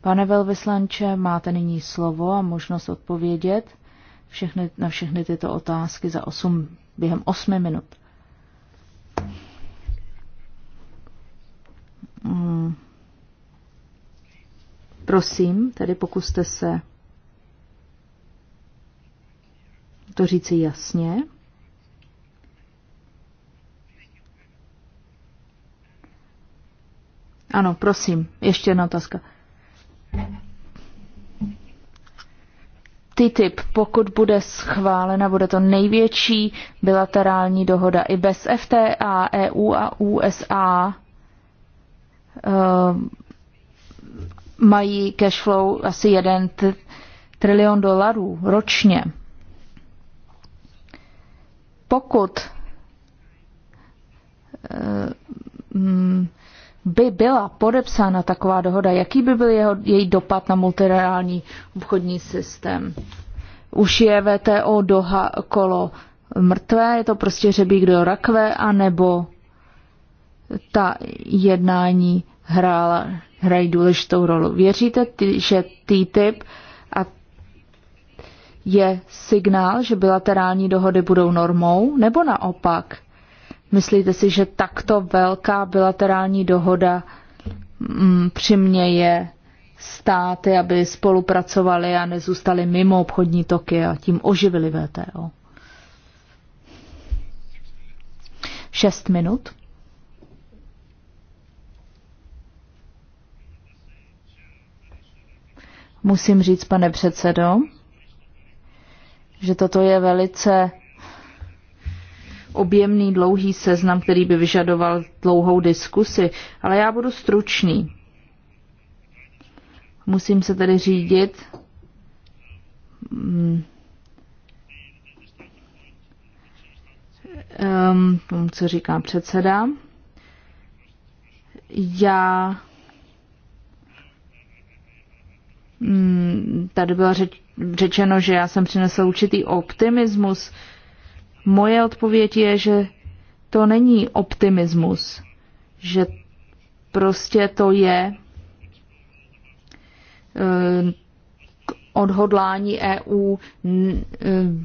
Pane velvyslanče, máte nyní slovo a možnost odpovědět všechny, na všechny tyto otázky za 8, během 8 minut. Hmm. Prosím, tedy pokuste se to říci jasně. Ano, prosím, ještě jedna otázka. TTIP, pokud bude schválena, bude to největší bilaterální dohoda. I bez FTA, EU a e USA uh, eh, mají cashflow asi 1 trilion dolarů ročně. Pokud um, by byla podepsána taková dohoda, jaký by byl jeho, její dopad na multilaterální obchodní systém? Už je VTO Doha kolo mrtvé, je to prostě řebík do rakve, anebo ta jednání hrála, hrají důležitou rolu. Věříte, že TTIP a je signál, že bilaterální dohody budou normou, nebo naopak? Myslíte si, že takto velká bilaterální dohoda mm, přiměje státy, aby spolupracovali a nezůstali mimo obchodní toky a tím oživili VTO? Šest minut. Musím říct, pane předsedo, že toto je velice objemný dlouhý seznam, který by vyžadoval dlouhou diskusi, ale já budu stručný. Musím se tedy řídit um, co říká předseda. Já mm, tady bylo řečeno, že já jsem přinesl určitý optimismus Moje odpověď je, že to není optimismus, že prostě to je eh, odhodlání EU eh,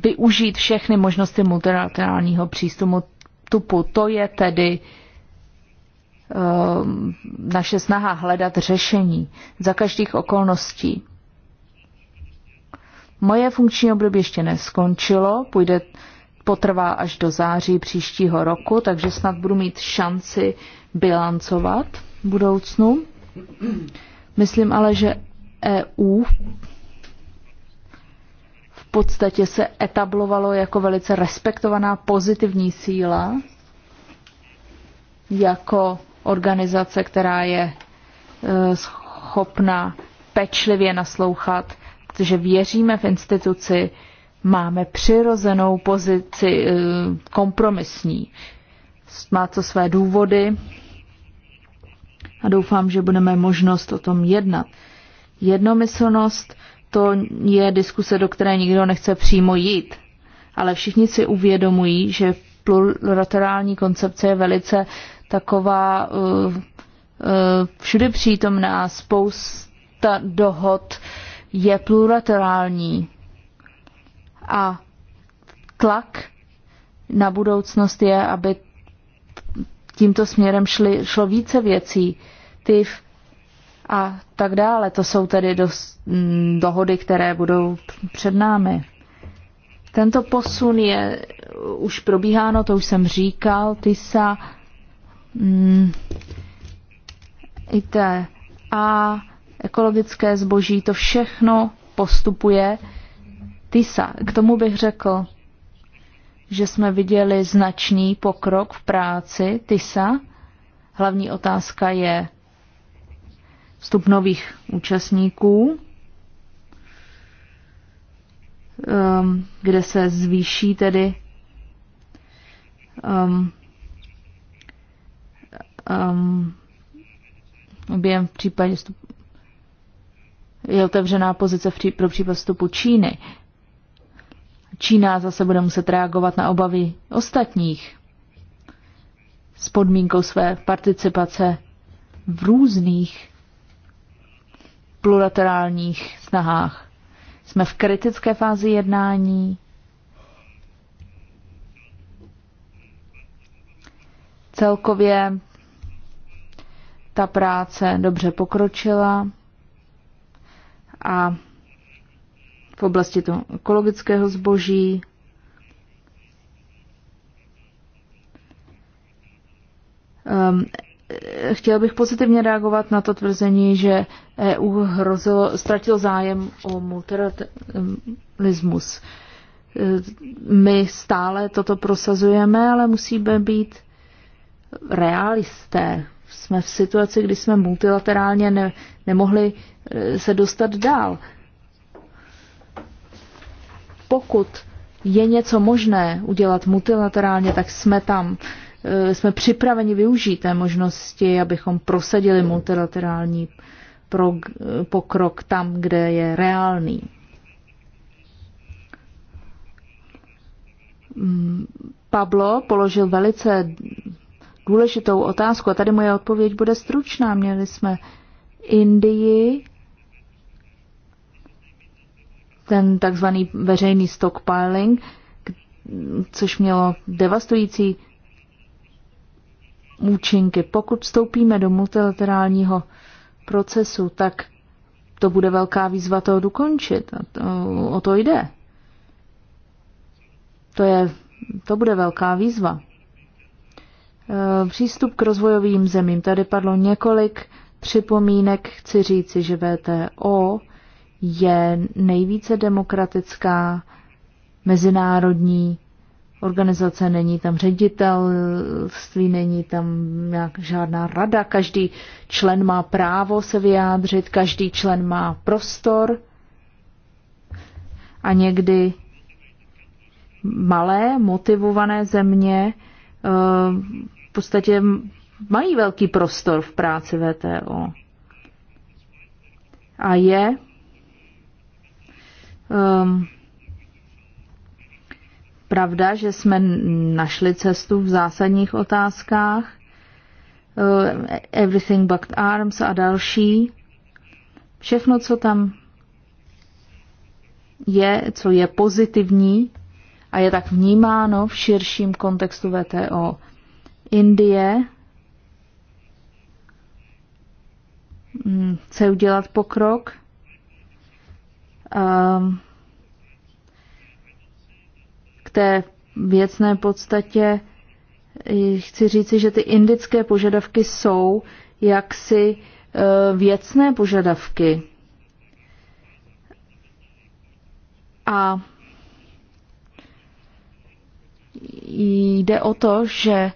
využít všechny možnosti multilaterálního přístupu. Tupu. To je tedy eh, naše snaha hledat řešení za každých okolností. Moje funkční období ještě neskončilo, půjde potrvá až do září příštího roku, takže snad budu mít šanci bilancovat v budoucnu. Myslím ale, že EU v podstatě se etablovalo jako velice respektovaná pozitivní síla, jako organizace, která je e, schopna pečlivě naslouchat, protože věříme v instituci, máme přirozenou pozici eh, kompromisní. Má to své důvody a doufám, že budeme možnost o tom jednat. Jednomyslnost to je diskuse, do které nikdo nechce přímo jít, ale všichni si uvědomují, že plurilaterální koncepce je velice taková uh, všude přítomná, spousta dohod je plurilaterální a tlak na budoucnost je, aby tímto směrem šli, šlo více věcí, TIF a tak dále. To jsou tedy do, mm, dohody, které budou před námi. Tento posun je už probíháno, to už jsem říkal, TISA, mm, ITE a ekologické zboží, to všechno postupuje TISA. K tomu bych řekl, že jsme viděli značný pokrok v práci TISA. Hlavní otázka je vstup nových účastníků, um, kde se zvýší tedy um, um, objem v případě vstupu, je otevřená pozice v pro případ vstupu Číny. Čína zase bude muset reagovat na obavy ostatních s podmínkou své participace v různých plurilaterálních snahách. Jsme v kritické fázi jednání. Celkově ta práce dobře pokročila a v oblasti toho ekologického zboží. Um, ehm, chtěl bych pozitivně reagovat na to tvrzení, že EU hrozilo, ztratil zájem o multilateralismus. Ehm, my stále toto prosazujeme, ale musíme být realisté. Jsme v situaci, kdy jsme multilaterálně ne, nemohli e, se dostat dál pokud je něco možné udělat multilaterálně, tak jsme tam. Eh, jsme připraveni využít té možnosti, abychom prosadili multilaterální eh, pokrok tam, kde je reálný. Mm, Pablo položil velice důležitou otázku a tady moje odpověď bude stručná. Měli jsme Indii, ten takzvaný veřejný stockpiling, což mělo devastující účinky. Pokud vstoupíme do multilaterálního procesu, tak to bude velká výzva toho dokončit. A to, o to jde. To, je, to bude velká výzva. E, přístup k rozvojovým zemím. Tady padlo několik připomínek. Chci říci, že VTO je nejvíce demokratická mezinárodní organizace, není tam ředitelství, není tam nějak žádná rada, každý člen má právo se vyjádřit, každý člen má prostor a někdy malé, motivované země eh, v podstatě mají velký prostor v práci VTO. A je Um, pravda, že jsme našli cestu v zásadních otázkách. Uh, Everything But Arms a další. Všechno, co tam je, co je pozitivní a je tak vnímáno v širším kontextu VTO. Indie mm, chce udělat pokrok, Ehm, k té věcné podstatě chci říci, že ty indické požadavky jsou jaksi eh, věcné požadavky. A jde o to, že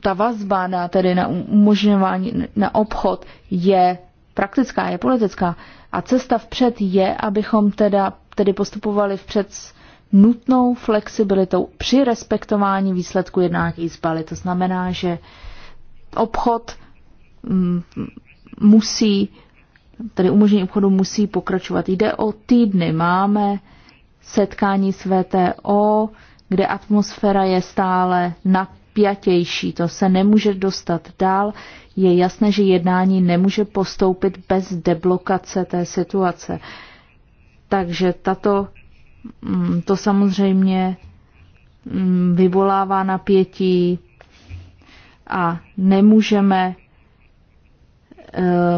ta vazba na, tedy na umožňování, na obchod je praktická, je politická. A cesta vpřed je, abychom teda, tedy postupovali vpřed s nutnou flexibilitou při respektování výsledku jednání izbaly. To znamená, že obchod mm, musí, tedy umožnění obchodu musí pokračovat. Jde o týdny. Máme setkání s VTO, kde atmosféra je stále napjatá napjatější, to se nemůže dostat dál. Je jasné, že jednání nemůže postoupit bez deblokace té situace. Takže tato, mm, to samozřejmě mm, vyvolává napětí a nemůžeme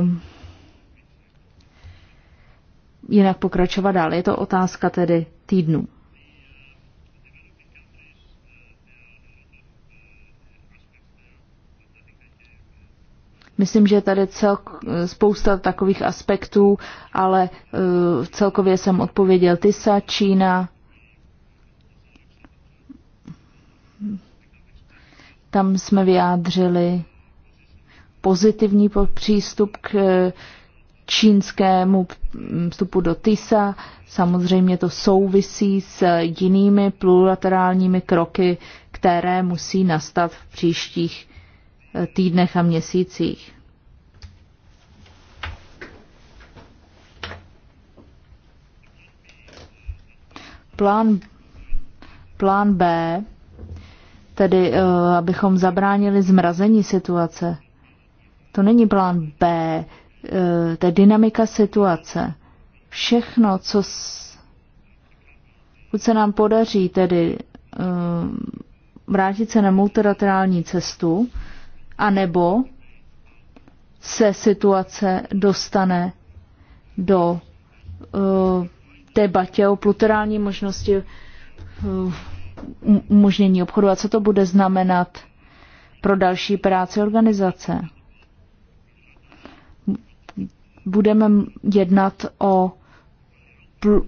um, jinak pokračovat dál. Je to otázka tedy týdnů. Myslím, že tady cel, spousta takových aspektů, ale uh, celkově jsem odpověděl Tysa, Čína. Tam jsme vyjádřili pozitivní přístup k eh, čínskému vstupu do TISA. Samozřejmě to souvisí s jinými plurilaterálními kroky, které musí nastat v příštích týdnech a měsících. Plán, plán B, tedy eh, abychom zabránili zmrazení situace, to není plán B, eh, to je dynamika situace. Všechno, co s... se nám podaří tedy eh, vrátit se na multilaterální cestu, anebo se situace dostane do uh, debatě o pluterální možnosti uh, umožnění obchodu a co to bude znamenat pro další práci organizace. Budeme jednat o pl-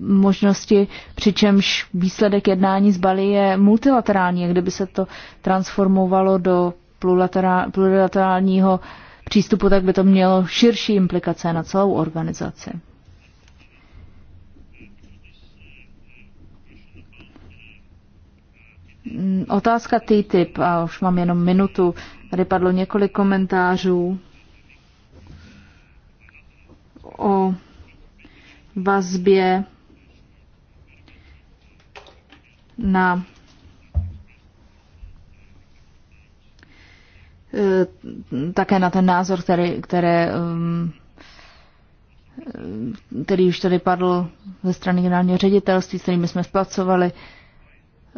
možnosti, přičemž výsledek jednání z Bali je multilaterální. Kdyby se to transformovalo do plurilaterálního přístupu, tak by to mělo širší implikace na celou organizaci. Mm, otázka TTIP, a už mám jenom minutu, tady padlo několik komentářů o vazbě na eh, také na ten názor, který, které, eh, který už tady padl ze strany generálního ředitelství, s kterými jsme zpracovali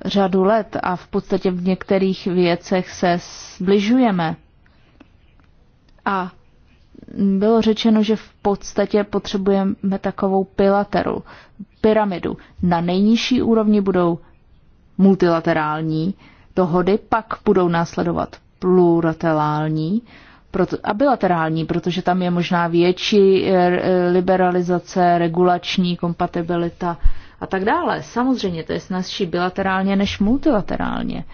řadu let a v podstatě v některých věcech se zbližujeme. A bylo řečeno, že v podstatě potřebujeme takovou pilateru, pyramidu. Na nejnižší úrovni budou multilaterální dohody, pak budou následovat plurilaterální a bilaterální, protože tam je možná větší eh, eh, liberalizace, regulační kompatibilita a tak dále. Samozřejmě to je snazší bilaterálně než multilaterálně.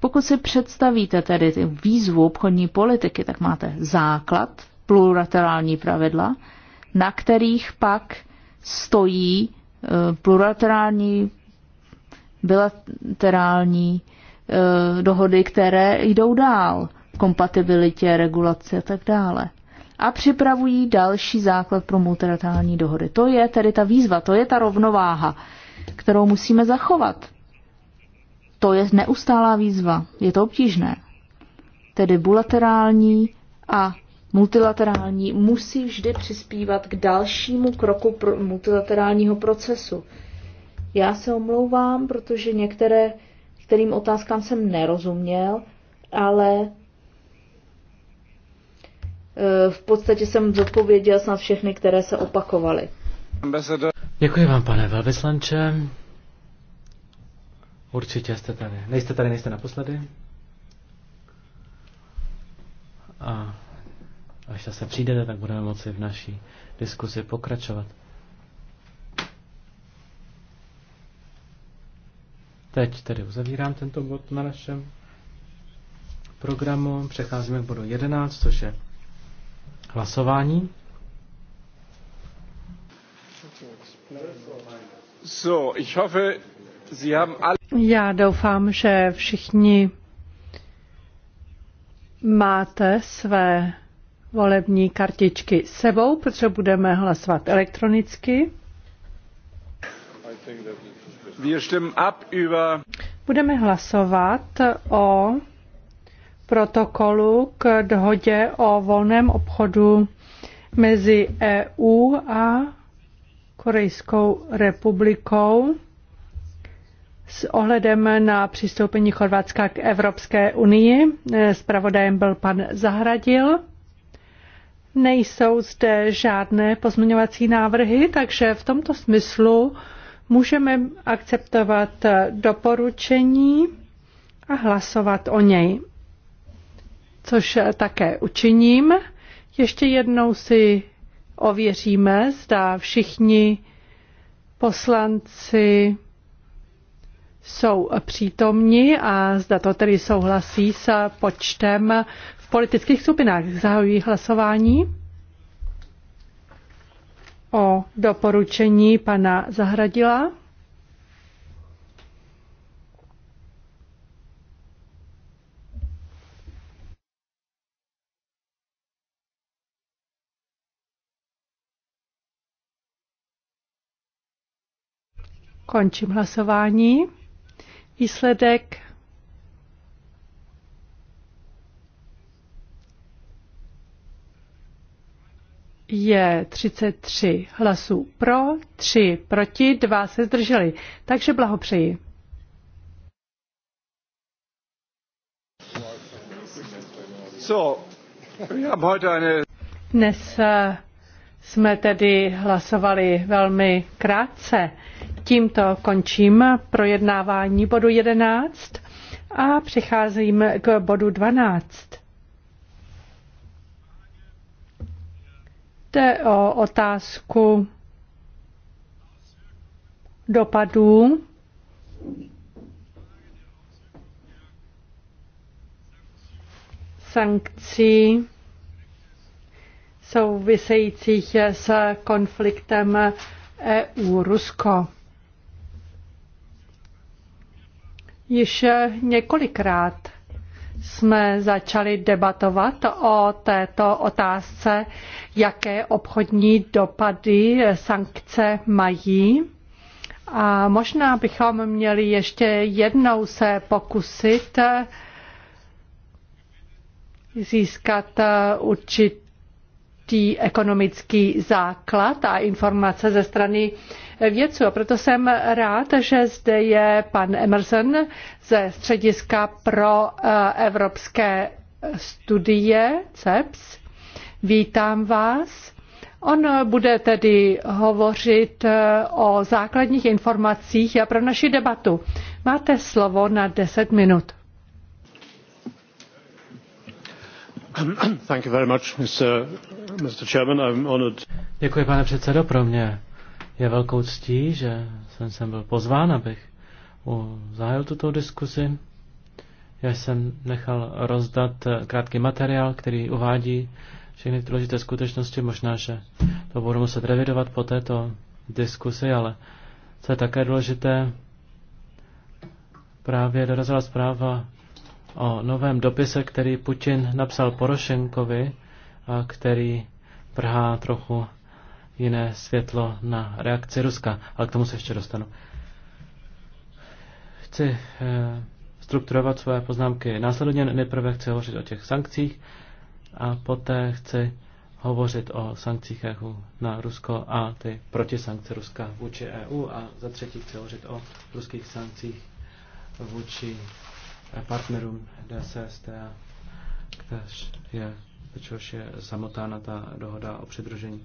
Pokud si představíte tedy výzvu obchodní politiky, tak máte základ, plurilaterální pravidla, na kterých pak stojí eh, plurilaterální bilaterální e, dohody, které jdou dál kompatibilitě, regulace a tak dále. A připravují další základ pro multilaterální dohody. To je tedy ta výzva, to je ta rovnováha, kterou musíme zachovat. To je neustálá výzva, je to obtížné. Tedy bilaterální a multilaterální musí vždy přispívat k dalšímu kroku pro multilaterálního procesu. Já se omlouvám, protože některé, kterým otázkám jsem nerozuměl, ale e, v podstatě jsem zodpověděl snad všechny, které se opakovaly. Děkuji vám, pane velvyslanče. Určitě jste tady. Nejste tady, nejste naposledy. A až se přijdete, tak budeme moci v naší diskusi pokračovat. Teď tedy uzavírám tento bod na našem programu. Přecházíme k bodu 11, což je hlasování. So, ich hoffe, Sie haben alle... Já doufám, že všichni máte své volební kartičky sebou, protože budeme hlasovat elektronicky. I think that Budeme hlasovat o protokolu k dohodě o volném obchodu mezi EU a Korejskou republikou s ohledem na přistoupení Chorvatska k Evropské unii. Spravodajem byl pan Zahradil. Nejsou zde žádné pozměňovací návrhy, takže v tomto smyslu Můžeme akceptovat doporučení a hlasovat o něj, což také učiním. Ještě jednou si ověříme, zda všichni poslanci jsou přítomní a zda to tedy souhlasí s počtem v politických skupinách. Zahajují hlasování o doporučení pana Zahradila. Končím hlasování. Výsledek je 33 hlasů pro, 3 proti, 2 se zdrželi. Takže blahopřeji. So, uh, Dnes eh, jsme tedy hlasovali velmi krátce. Tímto končím projednávání bodu 11 a přecházím k bodu 12. Jde o otázku dopadů sankcí souvisejících s konfliktem EU-Rusko. Již několikrát jsme začali debatovat o této otázce, jaké obchodní dopady sankce mají. A možná bychom měli ještě jednou se pokusit získat určitě určitý ekonomický základ a informace ze strany vědců. A proto jsem rád, že zde je pan Emerson ze Střediska pro eh, evropské studie CEPS. Vítám vás. On bude tedy hovořit eh, o základních informacích pro naši debatu. Máte slovo na 10 minut. Děkuji, pane předsedo. Pro mě je velkou ctí, že jsem sem byl pozván, abych zahájil tuto diskusi. Já jsem nechal rozdat eh, krátký materiál, který uvádí všechny důležité skutečnosti. Možná, že to budu muset revidovat po této diskusi, ale co je také důležité, právě dorazila zpráva o novém dopise, který Putin napsal Porošenkovi, a který prhá trochu jiné světlo na reakci Ruska, ale k tomu se ještě dostanu. Chci eh, strukturovat své poznámky následně. Nejprve chci hovořit o těch sankcích a poté chci hovořit o sankcích EU na Rusko a ty protisankce Ruska vůči EU a za třetí chci hovořit o ruských sankcích vůči partnerům DSST, kteří je, čehož je samotána ta dohoda o přidružení.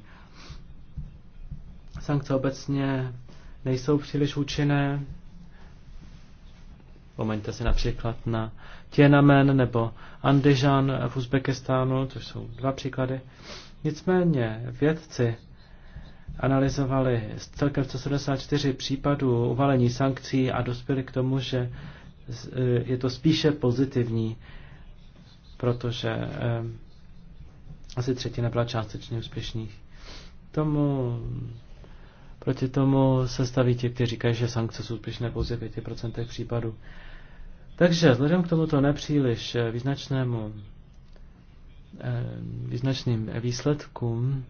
Sankce obecně nejsou příliš účinné. Pomeňte si například na Tienamen nebo Andežan v Uzbekistánu, to jsou dva příklady. Nicméně vědci analyzovali celkem 174 případů uvalení sankcí a dospěli k tomu, že E, je to spíše pozitivní, protože e, asi třetina byla částečně úspěšných. Tomu, proti tomu se staví ti, kteří říkají, že sankce jsou úspěšné pouze v 5% případů. Takže vzhledem k tomuto nepříliš význačnému e, význačným výsledkům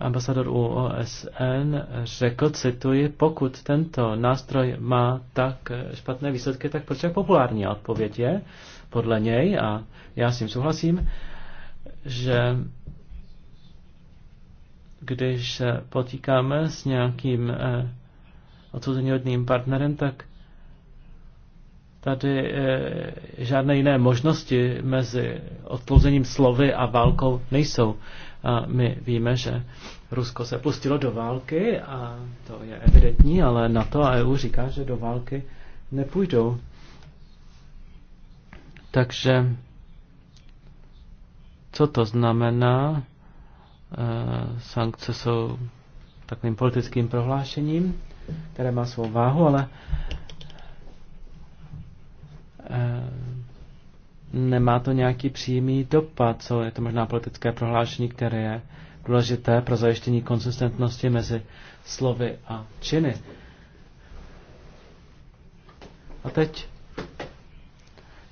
ambasador u OSN řekl, cituji, pokud tento nástroj má tak špatné výsledky, tak proč je populární? A odpověď je, podle něj, a já s tím souhlasím, že když se potýkáme s nějakým eh, odsuzeníhodným partnerem, tak tady eh, žádné jiné možnosti mezi odklouzením slovy a válkou nejsou. Eh, a my víme, že Rusko se pustilo do války a to je evidentní, ale NATO a EU říká, že do války nepůjdou. Takže co to znamená? Eh, sankce jsou takovým politickým prohlášením, které má svou váhu, ale eh, nemá to nějaký přímý dopad, co je to možná politické prohlášení, které je důležité pro zajištění konsistentnosti mezi slovy a činy. A teď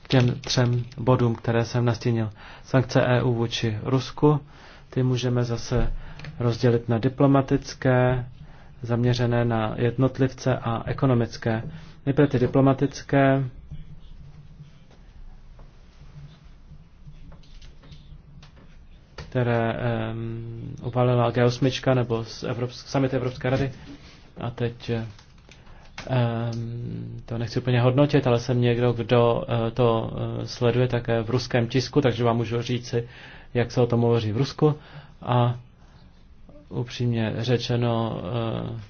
k těm třem bodům, které jsem nastínil. Sankce EU vůči Rusku, ty můžeme zase rozdělit na diplomatické, zaměřené na jednotlivce a ekonomické. Nejprve ty diplomatické, které um, uvalila G8 nebo z Evropsk, samit Evropské rady. A teď um, to nechci úplně hodnotit, ale jsem někdo, kdo uh, to uh, sleduje také v ruském tisku, takže vám můžu říci, jak se o tom hovoří v Rusku. A upřímně řečeno, uh,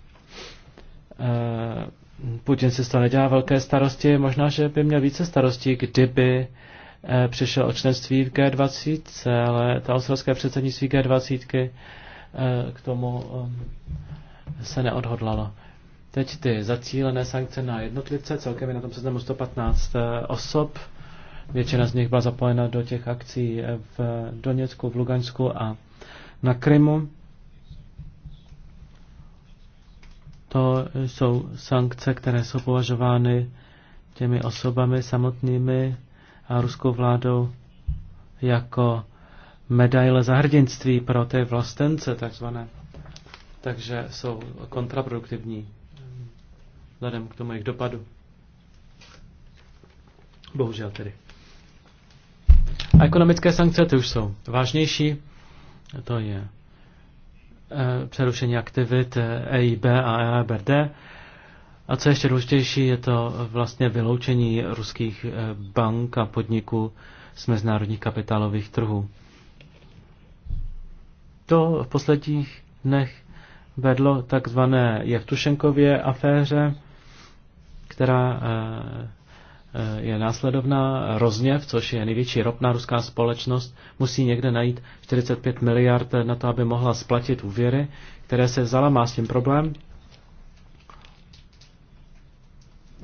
Putin si z toho nedělá velké starosti, možná, že by měl více starostí, kdyby Eh, přišel o členství v G20, ale ta australské předsednictví G20 eh, k tomu eh, se neodhodlalo. Teď ty zacílené sankce na jednotlivce, celkem je na tom seznamu 115 osob, většina z nich byla zapojena do těch akcí v Doněcku, v Lugansku a na Krymu. To jsou sankce, které jsou považovány těmi osobami samotnými a ruskou vládou jako medaile za hrdinství pro ty vlastence takzvané. Takže jsou kontraproduktivní vzhledem k tomu jejich dopadu. Bohužel tedy. A ekonomické sankce ty už jsou vážnější. To je eh, přerušení aktivit EIB eh, e a EBRD a co ještě důležitější, je to vlastně vyloučení ruských eh, bank a podniků z mezinárodních kapitálových trhů. To v posledních dnech vedlo takzvané Jevtušenkově aféře, která eh, eh, je následovná. Rozněv, což je největší ropná ruská společnost, musí někde najít 45 miliard na to, aby mohla splatit úvěry, které se vzala. Má s tím problém,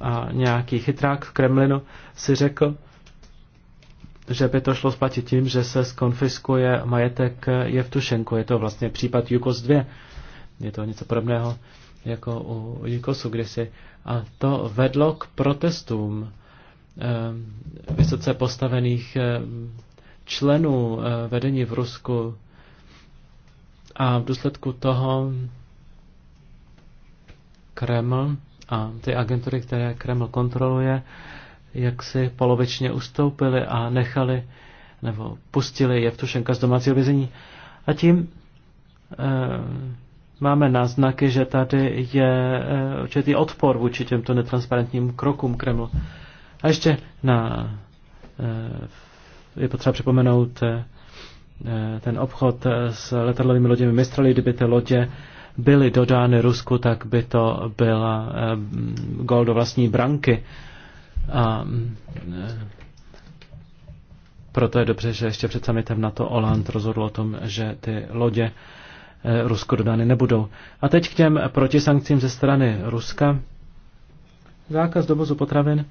a nějaký chytrák v Kremlinu si řekl, že by to šlo splatit tím, že se skonfiskuje majetek Jevtušenko. Je to vlastně případ Jukos 2. Je to něco podobného jako u Jukosu kdysi. A to vedlo k protestům eh, vysoce postavených eh, členů eh, vedení v Rusku. A v důsledku toho Kreml a ty agentury, které Kreml kontroluje, jak si polovičně ustoupili a nechali nebo pustili Jevtušenka z domácího vězení. A tím e, máme náznaky, že tady je e, určitý odpor vůči těmto netransparentním krokům Kremlu. A ještě na, e, je potřeba připomenout e, ten obchod s letadlovými loděmi Mistrali, kdyby ty lodě byly dodány Rusku, tak by to byla eh, gol do vlastní branky. A eh, proto je dobře, že ještě před na to Oland rozhodl o tom, že ty lodě eh, Rusko dodány nebudou. A teď k těm protisankcím ze strany Ruska. Zákaz dovozu potravin.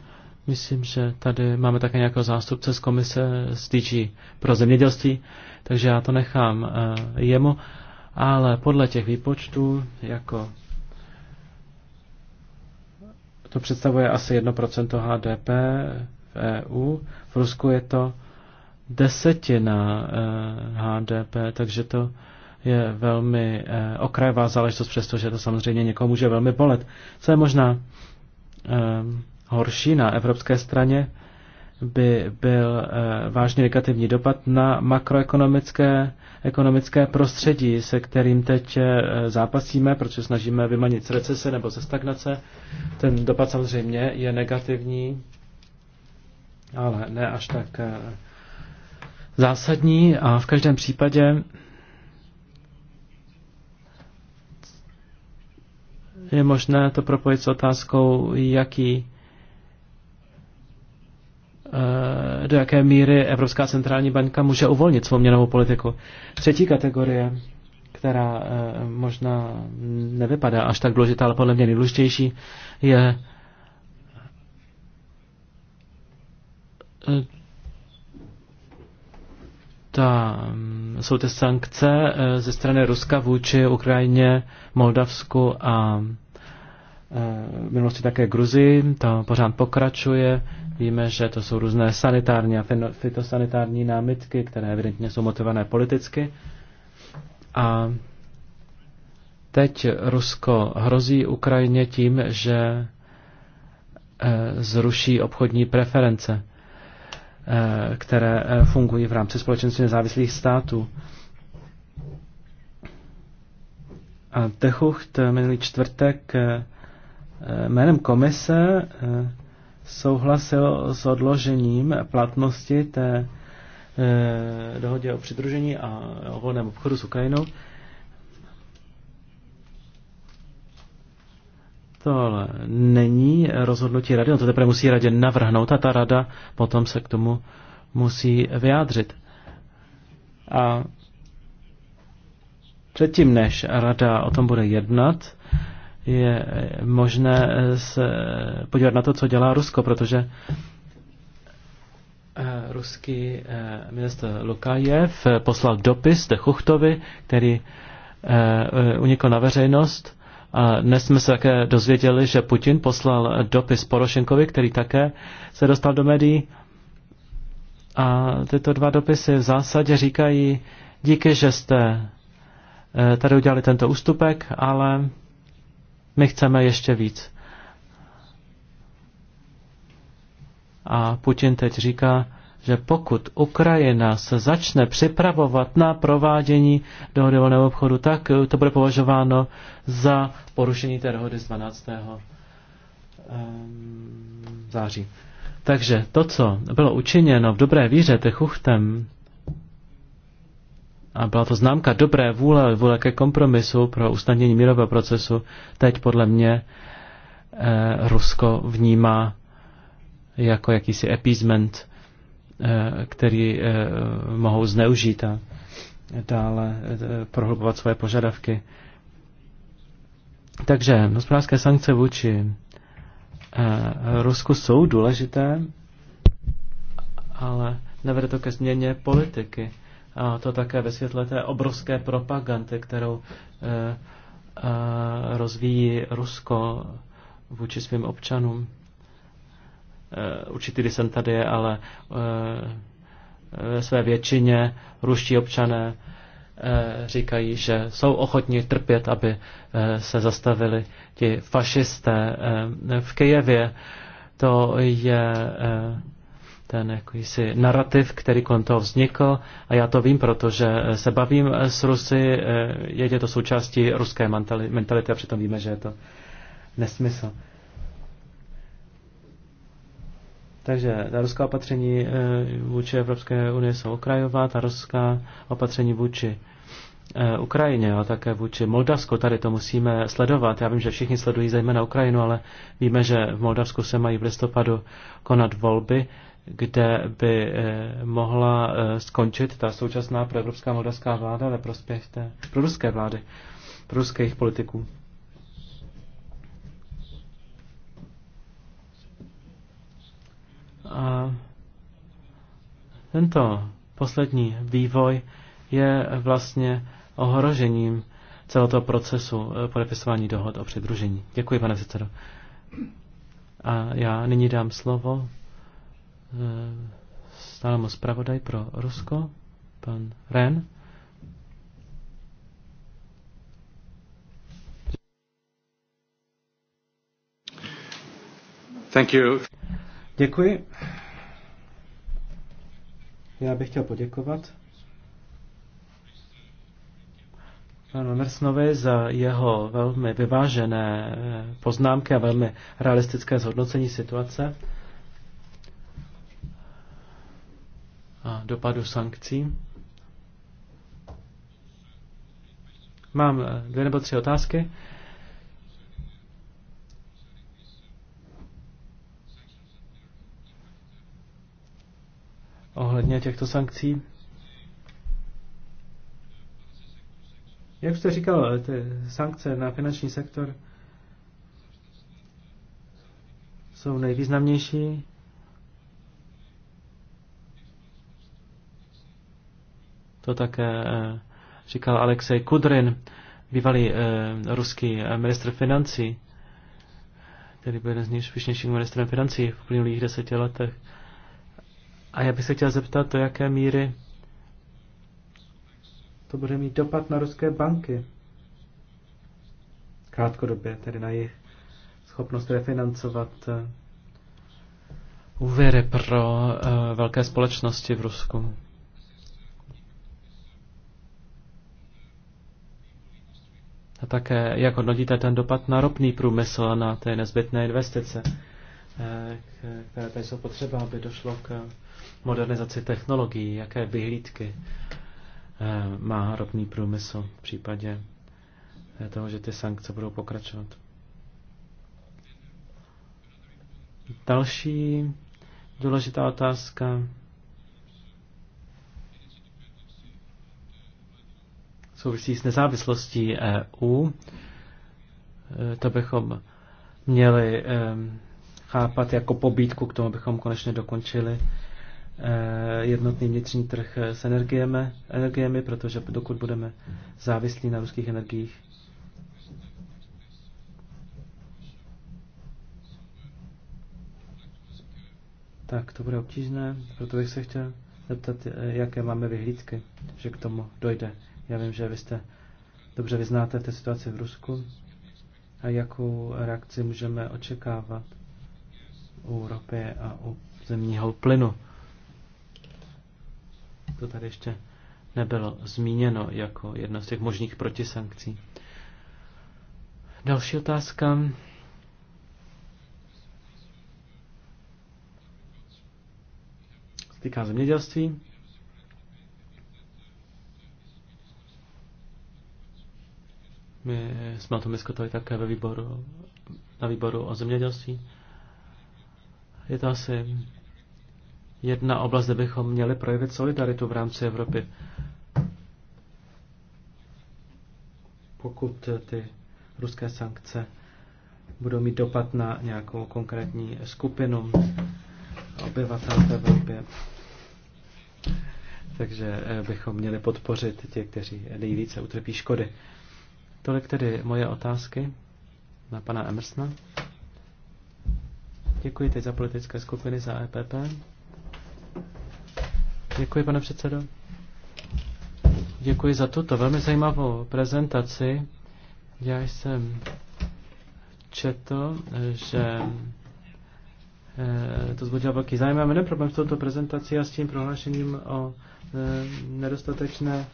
Myslím, že tady máme také nějakého zástupce z komise z DG pro zemědělství, takže já to nechám jemu ale podle těch výpočtů jako to představuje asi 1% HDP v EU, v Rusku je to desetina HDP, eh, takže to je velmi eh, okrajová záležitost, přestože to samozřejmě někomu může velmi bolet. Co je možná eh, horší na evropské straně, by byl eh, vážně negativní dopad na makroekonomické ekonomické prostředí, se kterým teď eh, zápasíme, protože snažíme vymanit z recese nebo ze stagnace. Ten dopad samozřejmě je negativní, ale ne až tak eh, zásadní a v každém případě je možné to propojit s otázkou, jaký Eh, do jaké míry Evropská centrální banka může uvolnit svou měnovou politiku. Třetí kategorie, která eh, možná nevypadá až tak důležitá, ale podle mě nejdůležitější, je eh, ta, mm, jsou ty sankce ze strany Ruska vůči Ukrajině, Moldavsku a v minulosti také Gruzii, to pořád pokračuje. Víme, že to jsou různé sanitární a fitosanitární námitky, které evidentně jsou motivované politicky. A teď Rusko hrozí Ukrajině tím, že eh, zruší obchodní preference, eh, které eh, fungují v rámci společenství nezávislých států. A Techucht minulý čtvrtek jménem komise souhlasil s odložením platnosti té e, dohodě o přidružení a o volném obchodu s Ukrajinou. To není rozhodnutí rady, on to teprve musí radě navrhnout a ta rada potom se k tomu musí vyjádřit. A předtím, než rada o tom bude jednat, je možné se podívat na to, co dělá Rusko, protože eh, ruský eh, ministr Lukajev poslal dopis Dechuchtovi, který eh, unikl na veřejnost. A dnes jsme se také dozvěděli, že Putin poslal dopis Porošenkovi, který také se dostal do médií. A tyto dva dopisy v zásadě říkají, díky, že jste tady udělali tento ústupek, ale my chceme ještě víc. A Putin teď říká, že pokud Ukrajina se začne připravovat na provádění dohody volného obchodu, tak to bude považováno za porušení té dohody z 12. Ehm, září. Takže to, co bylo učiněno v dobré víře Techuchtem, a byla to známka dobré vůle, vůle ke kompromisu pro usnadnění mírového procesu, teď podle mě eh, Rusko vnímá jako jakýsi appeasement, eh, který eh, mohou zneužít a dále eh, prohlubovat svoje požadavky. Takže hospodářské sankce vůči eh, Rusku jsou důležité, ale nevede to ke změně politiky a to také ve světle té obrovské propagandy, kterou eh, eh, rozvíjí Rusko vůči svým občanům. Eh, určitý jsem tady je, ale ve své většině ruští občané říkají, že jsou ochotní trpět, aby se zastavili ti fašisté v Kijevě. To je ten jakýsi narrativ, který kolem toho vznikl. A já to vím, protože se bavím s Rusy, eh, je to součástí ruské mentality a přitom víme, že je to nesmysl. Takže ta ruská opatření eh, vůči Evropské unii jsou okrajová, ta ruská opatření vůči eh, Ukrajině a také vůči Moldavsku. Tady to musíme sledovat. Já vím, že všichni sledují zejména Ukrajinu, ale víme, že v Moldavsku se mají v listopadu konat volby kde by eh, mohla eh, skončit ta současná proevropská moldavská vláda ve prospěch té proruské vlády, proruských politiků. A tento poslední vývoj je vlastně ohrožením celého toho procesu eh, podepisování dohod o přidružení. Děkuji, pane předsedo. A já nyní dám slovo Eh, stálemu zpravodaj pro Rusko, pan Ren. Thank you. Děkuji. Já bych chtěl poděkovat panu Mersnovi za jeho velmi vyvážené eh, poznámky a velmi realistické zhodnocení situace. a dopadu sankcí. Mám eh, dvě nebo tři otázky. Ohledně těchto sankcí. Jak jste říkal, eh, ty sankce na finanční sektor jsou nejvýznamnější To také eh, říkal Alexej Kudrin, bývalý eh, ruský eh, ministr financí, který byl jeden z nejúspěšnějších ministrem financí v uplynulých deseti letech. A já bych se chtěl zeptat, do jaké míry to bude mít dopad na ruské banky. Krátkodobě, tedy na jejich schopnost refinancovat úvěry pro velké společnosti v Rusku. A také, jak hodnotíte ten dopad na ropný průmysl a na ty nezbytné investice, eh, které tady jsou potřeba, aby došlo k modernizaci technologií, jaké vyhlídky eh, má ropný průmysl v případě eh, toho, že ty sankce budou pokračovat. Další důležitá otázka souvisí s nezávislostí EU. E, to bychom měli e, chápat jako pobídku k tomu, abychom konečně dokončili e, jednotný vnitřní trh s energiemi, energiemi, protože dokud budeme závislí na ruských energiích, tak to bude obtížné, proto bych se chtěl zeptat, jaké máme vyhlídky, že k tomu dojde. Já vím, že vy jste dobře vyznáte té situaci v Rusku a jakou reakci můžeme očekávat u ropy a u zemního plynu. To tady ještě nebylo zmíněno jako jedno z těch možných protisankcí. Další otázka. týká zemědělství. My jsme o tom diskutovali také ve výboru, na výboru o zemědělství. Je to asi jedna oblast, kde bychom měli projevit solidaritu v rámci Evropy. Pokud ty ruské sankce budou mít dopad na nějakou konkrétní skupinu obyvatel v Evropě. Takže eh, bychom měli podpořit tě, kteří nejvíce utrpí škody. Tolik tedy moje otázky na pana Emersna. Děkuji teď za politické skupiny, za EPP. Děkuji, pane předsedo. Děkuji za tuto velmi zajímavou prezentaci. Já jsem četl, že eh, to zbudilo velký zájem. Máme problém s touto prezentací a s tím prohlášením o eh, nedostatečné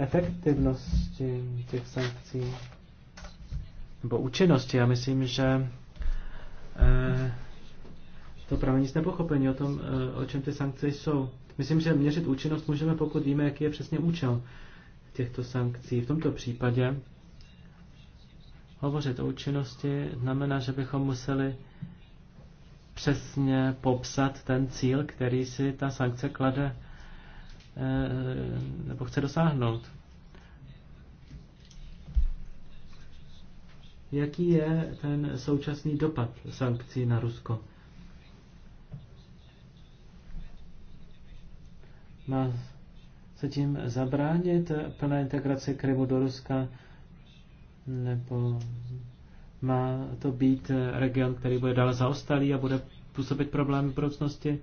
efektivnosti těch sankcí nebo účinnosti. Já myslím, že eh, to právě nic nepochopení o tom, eh, o čem ty sankce jsou. Myslím, že měřit účinnost můžeme, pokud víme, jaký je přesně účel těchto sankcí. V tomto případě hovořit o účinnosti znamená, že bychom museli přesně popsat ten cíl, který si ta sankce klade Eh, nebo chce dosáhnout. Jaký je ten současný dopad sankcí na Rusko? Má se tím zabránit plné integraci Krymu do Ruska? Nebo má to být region, který bude dále zaostalý a bude působit problémy v budoucnosti?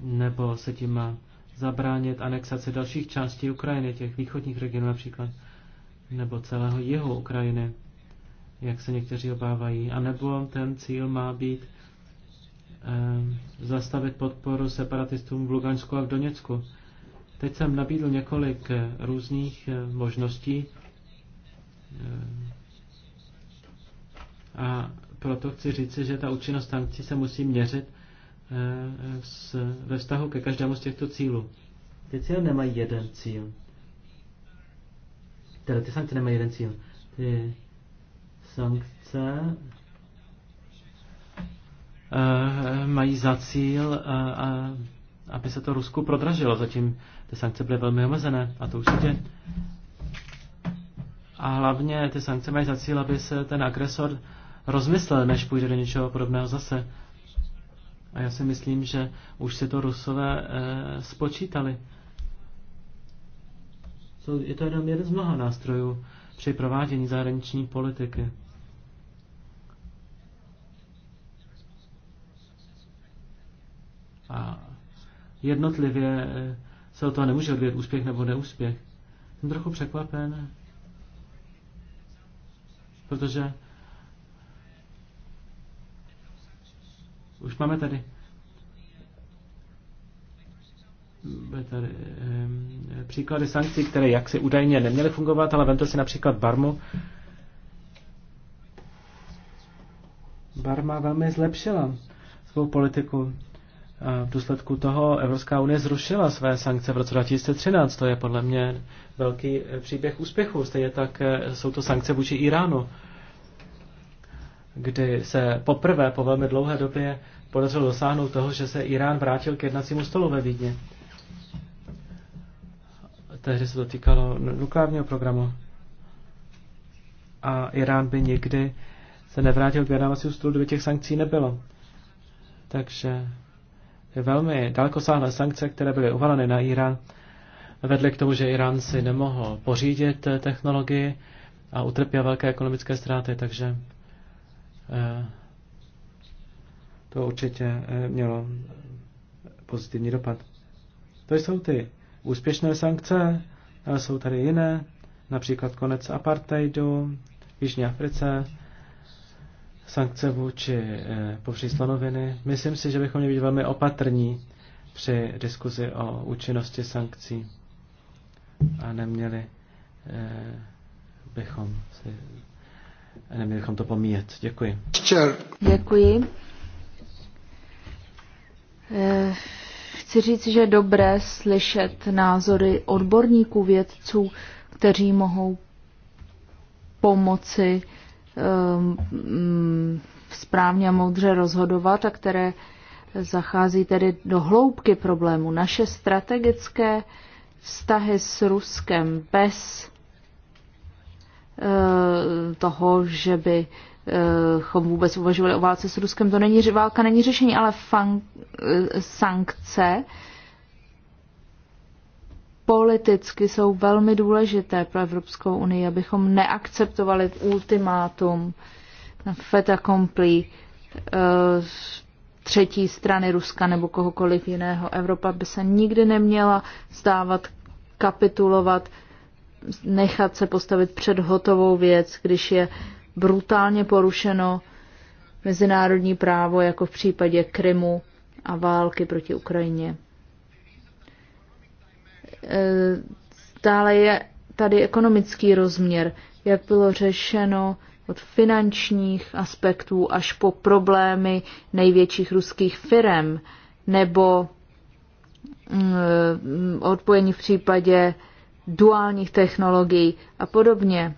Nebo se tím má zabránit anexaci dalších částí Ukrajiny, těch východních regionů například, nebo celého jihu Ukrajiny, jak se někteří obávají. A nebo ten cíl má být eh, zastavit podporu separatistům v Lugansku a v Doněcku. Teď jsem nabídl několik eh, různých eh, možností ehm, a proto chci říci, že ta účinnost sankcí se musí měřit Eh, eh, s, ve vztahu ke každému z těchto cílů. Ty cíle nemají jeden cíl. Teda ty sankce nemají jeden cíl. Ty sankce uh, mají za cíl, uh, uh, aby se to Rusku prodražilo. Zatím ty sankce byly velmi omezené a to už je. A hlavně ty sankce mají za cíl, aby se ten agresor rozmyslel, než půjde do něčeho podobného zase. A já si myslím, že už si to Rusové eh, spočítali. Je to jenom jeden z mnoha nástrojů při provádění zahraniční politiky. A jednotlivě eh, se o to nemůže odvět úspěch nebo neúspěch. Jsem trochu překvapen, protože Už máme tady. Byly tady e, příklady sankcí, které jaksi údajně neměly fungovat, ale vemte si například Barmu. Barma velmi zlepšila svou politiku. A v důsledku toho Evropská unie zrušila své sankce v roce 2013. To je podle mě velký eh, příběh úspěchu. Stejně tak eh, jsou to sankce vůči Iránu kdy se poprvé po velmi dlouhé době podařilo dosáhnout toho, že se Irán vrátil k jednacímu stolu ve Vídně. Tehdy se to týkalo nukleárního programu. A Irán by nikdy se nevrátil k jednacímu stolu, kdyby těch sankcí nebylo. Takže velmi dalekosáhlé sankce, které byly uvaleny na Irán, vedly k tomu, že Irán si nemohl pořídit technologii a utrpěl velké ekonomické ztráty, takže Eh, to určitě eh, mělo pozitivní dopad. To jsou ty úspěšné sankce, ale jsou tady jiné, například konec apartheidu v Jižní Africe, sankce vůči eh, povří slonoviny. Myslím si, že bychom měli být velmi opatrní při diskuzi o účinnosti sankcí a neměli bychom si Neměli bychom to pomíjet. Děkuji. Děkuji. Eh, chci říct, že je dobré slyšet názory odborníků, vědců, kteří mohou pomoci um, správně a moudře rozhodovat a které zachází tedy do hloubky problému. Naše strategické vztahy s Ruskem bez Eh, toho, že by eh, vůbec uvažovali o válce s Ruskem. To není, válka není řešení, ale fan, eh, sankce politicky jsou velmi důležité pro Evropskou unii, abychom neakceptovali ultimátum fait accompli třetí strany Ruska nebo kohokoliv jiného. Evropa by se nikdy neměla stávat kapitulovat nechat se postavit před hotovou věc, když je brutálně porušeno mezinárodní právo, jako v případě Krymu a války proti Ukrajině. E, dále je tady ekonomický rozměr, jak bylo řešeno od finančních aspektů až po problémy největších ruských firm nebo e, odpojení v případě duálních technologií a podobně,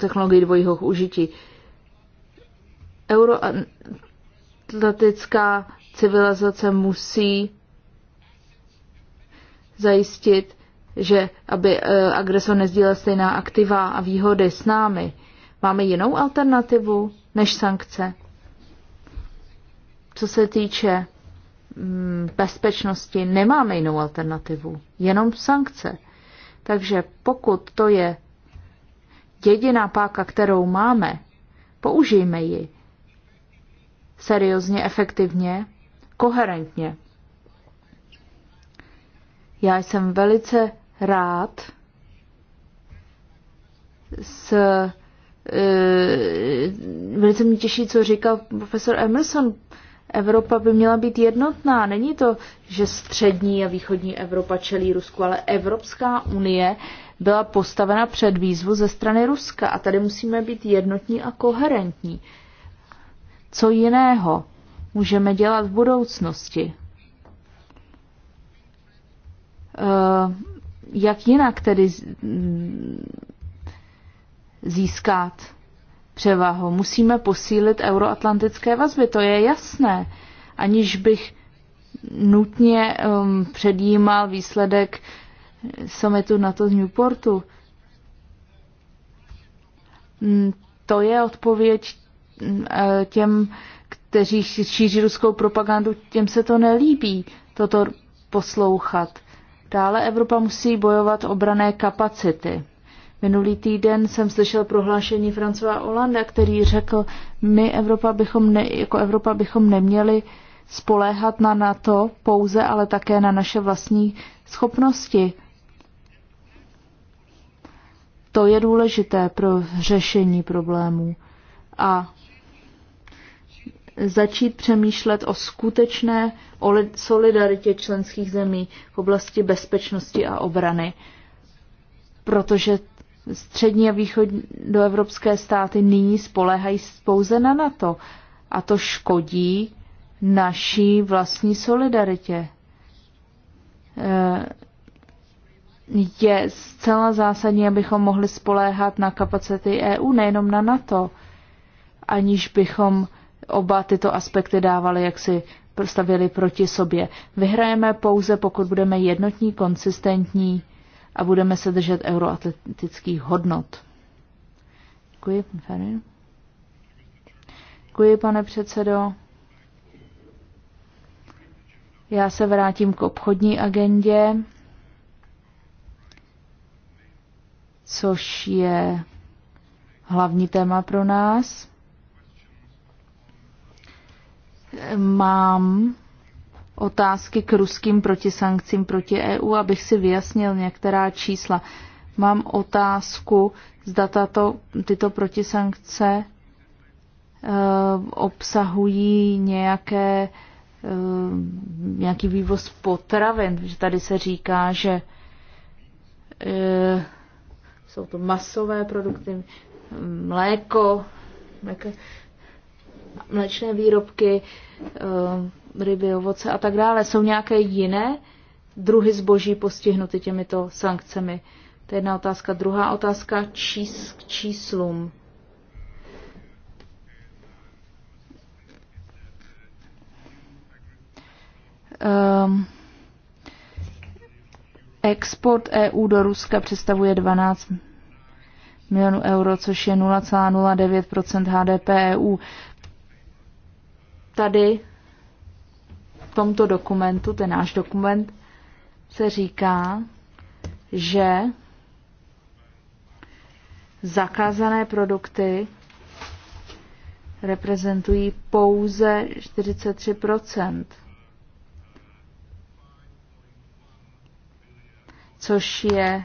technologií dvojího užití. Euroatlantická civilizace musí zajistit, že aby eh, agresor nezdílel stejná aktiva a výhody s námi. Máme jinou alternativu než sankce. Co se týče mm, bezpečnosti, nemáme jinou alternativu, jenom sankce. Takže pokud to je jediná páka, kterou máme, použijme ji seriózně, efektivně, koherentně. Já jsem velice rád s e, velice mě těší, co říkal profesor Emerson Evropa by měla být jednotná. Není to, že střední a východní Evropa čelí Rusku, ale Evropská unie byla postavena před výzvu ze strany Ruska a tady musíme být jednotní a koherentní. Co jiného můžeme dělat v budoucnosti? Eh, jak jinak tedy získat převahu. Musíme posílit euroatlantické vazby, to je jasné. Aniž bych nutně um, předjímal výsledek summitu NATO z Newportu. Mm, to je odpověď mm, e, těm, kteří šíří ruskou propagandu, těm se to nelíbí, toto poslouchat. Dále Evropa musí bojovat obrané kapacity. Minulý týden jsem slyšel prohlášení Francova Hollande, který řekl, my Evropa bychom ne, jako Evropa bychom neměli spoléhat na NATO pouze, ale také na naše vlastní schopnosti. To je důležité pro řešení problémů. A začít přemýšlet o skutečné solidaritě členských zemí v oblasti bezpečnosti a obrany, protože Střední a evropské státy nyní spolehají pouze na NATO a to škodí naší vlastní solidaritě. Eh, je zcela zásadní, abychom mohli spoléhat na kapacity EU, nejenom na NATO, aniž bychom oba tyto aspekty dávali jak si stavěli proti sobě. Vyhrajeme pouze, pokud budeme jednotní, konsistentní a budeme se držet euroatletických hodnot. Děkuji, Ferry. Děkuji, pane předsedo. Já se vrátím k obchodní agendě, což je hlavní téma pro nás. Mám otázky k ruským protisankcím proti EU, abych si vyjasnil některá čísla. Mám otázku, zda tato, tyto protisankce e, obsahují nějaké, e, nějaký vývoz potravin, že tady se říká, že e, jsou to masové produkty, mléko, mléko mléčné výrobky, e, ryby, ovoce a tak dále. Jsou nějaké jiné druhy zboží postihnuty těmito sankcemi? To je jedna otázka. Druhá otázka čís, k číslům. Um, export EU do Ruska představuje 12 milionů euro, což je 0,09 HDP EU. Tady v tomto dokumentu, ten náš dokument, se říká, že zakázané produkty reprezentují pouze 43 což je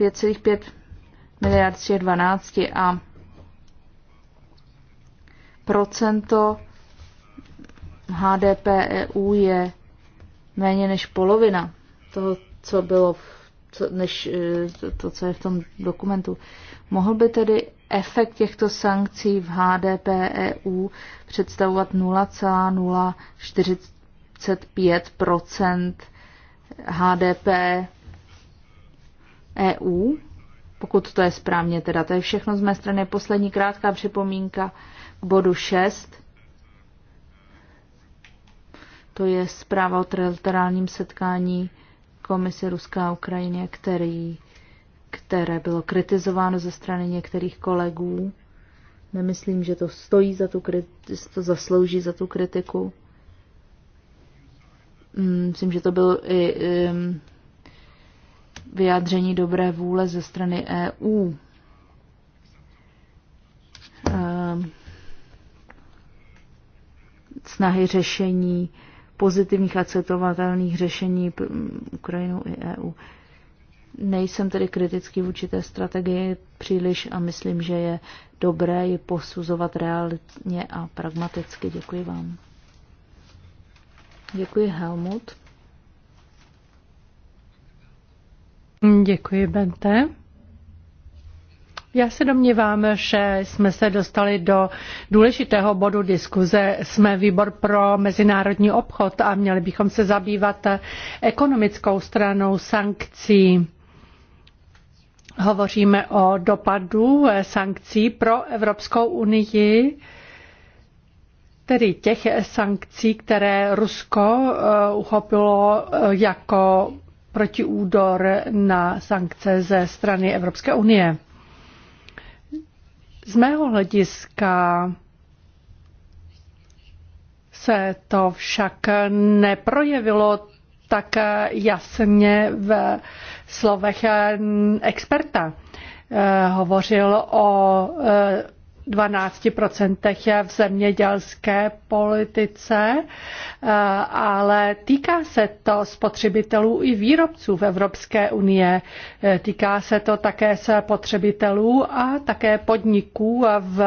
5,5 miliard 12 a procento HDP EU je méně než polovina toho, co bylo, v, co, než e, to, co je v tom dokumentu. Mohl by tedy efekt těchto sankcí v HDP EU představovat 0,045 HDP EU, pokud to je správně teda. To je všechno z mé strany. Poslední krátká připomínka k bodu 6 to je zpráva o trilaterálním setkání Komise Ruská a Ukrajině, který, které bylo kritizováno ze strany některých kolegů. Nemyslím, že to stojí za tu kritiku, to zaslouží za tu kritiku. Mm, myslím, že to bylo i, i vyjádření dobré vůle ze strany EU. Snahy řešení pozitivních akceptovatelných řešení Ukrajinou i EU. Nejsem tedy kritický vůči té strategii příliš a myslím, že je dobré ji posuzovat reálně a pragmaticky. Děkuji vám. Děkuji Helmut. Děkuji, Bente. Já se domnívám, že jsme se dostali do důležitého bodu diskuze. Jsme výbor pro mezinárodní obchod a měli bychom se zabývat ekonomickou stranou sankcí. Hovoříme o dopadu sankcí pro Evropskou unii, tedy těch sankcí, které Rusko eh, uchopilo eh, jako protiúdor na sankce ze strany Evropské unie. Z mého hlediska se to však neprojevilo tak jasně v slovech experta. Eh, hovořil o eh, 12% v zemědělské politice, eh, ale týká se to spotřebitelů i výrobců v Evropské unie. Eh, týká se to také spotřebitelů a také podniků v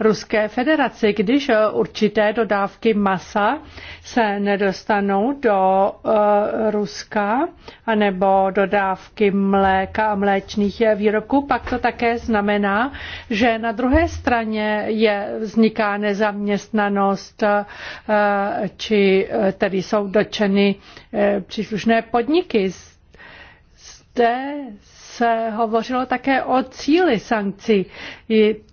Ruské federaci, když určité dodávky masa se nedostanou do eh, Ruska, anebo dodávky mléka a mléčných výrobků, pak to také znamená, že na druhé straně straně je, vzniká nezaměstnanost, eh, či eh, tedy jsou dočeny eh, příslušné podniky. Zde se hovořilo také o cíli sankcí.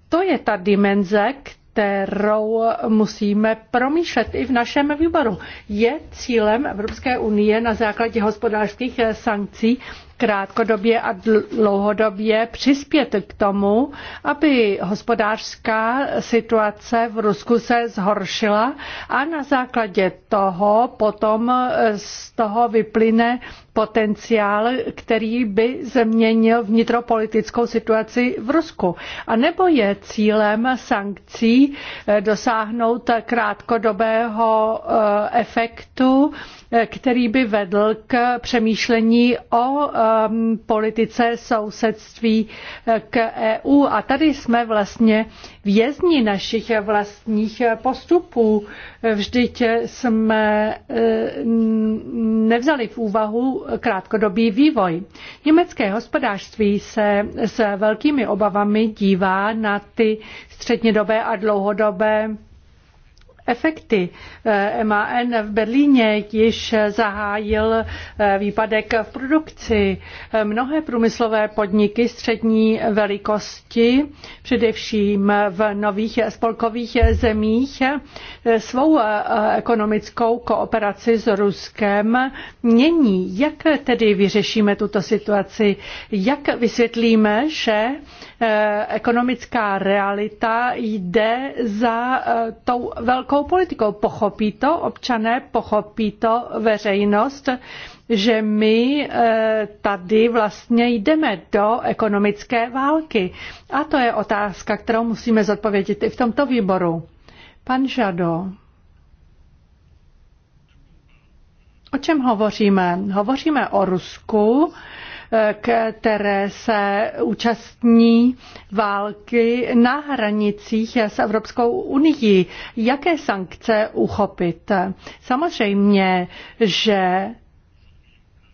To je ta dimenze, kterou musíme promýšlet i v našem výboru. Je cílem Evropské unie na základě hospodářských sankcí krátkodobě a dlouhodobě přispět k tomu, aby hospodářská situace v Rusku se zhoršila a na základě toho potom z toho vyplyne potenciál, který by změnil vnitropolitickou situaci v Rusku. A nebo je cílem sankcí eh, dosáhnout krátkodobého eh, efektu, eh, který by vedl k přemýšlení o Um, politice sousedství eh, k EU. A tady jsme vlastně vězni našich vlastních postupů. Vždyť jsme eh, nevzali v úvahu krátkodobý vývoj. Německé hospodářství se s velkými obavami dívá na ty střednědobé a dlouhodobé efekty. Eh, MAN v Berlíně již zahájil eh, výpadek v produkci. Eh, mnohé průmyslové podniky střední velikosti, především v nových spolkových zemích, svou ekonomickou kooperaci s Ruskem mění. Jak tedy vyřešíme tuto situaci? Jak vysvětlíme, že Eh, ekonomická realita jde za eh, tou velkou politikou. Pochopí to občané, pochopí to veřejnost, že my eh, tady vlastně jdeme do ekonomické války. A to je otázka, kterou musíme zodpovědět i v tomto výboru. Pan Žado. O čem hovoříme? Hovoříme o Rusku, které se účastní války na hranicích s Evropskou unii. Jaké sankce uchopit? Samozřejmě, že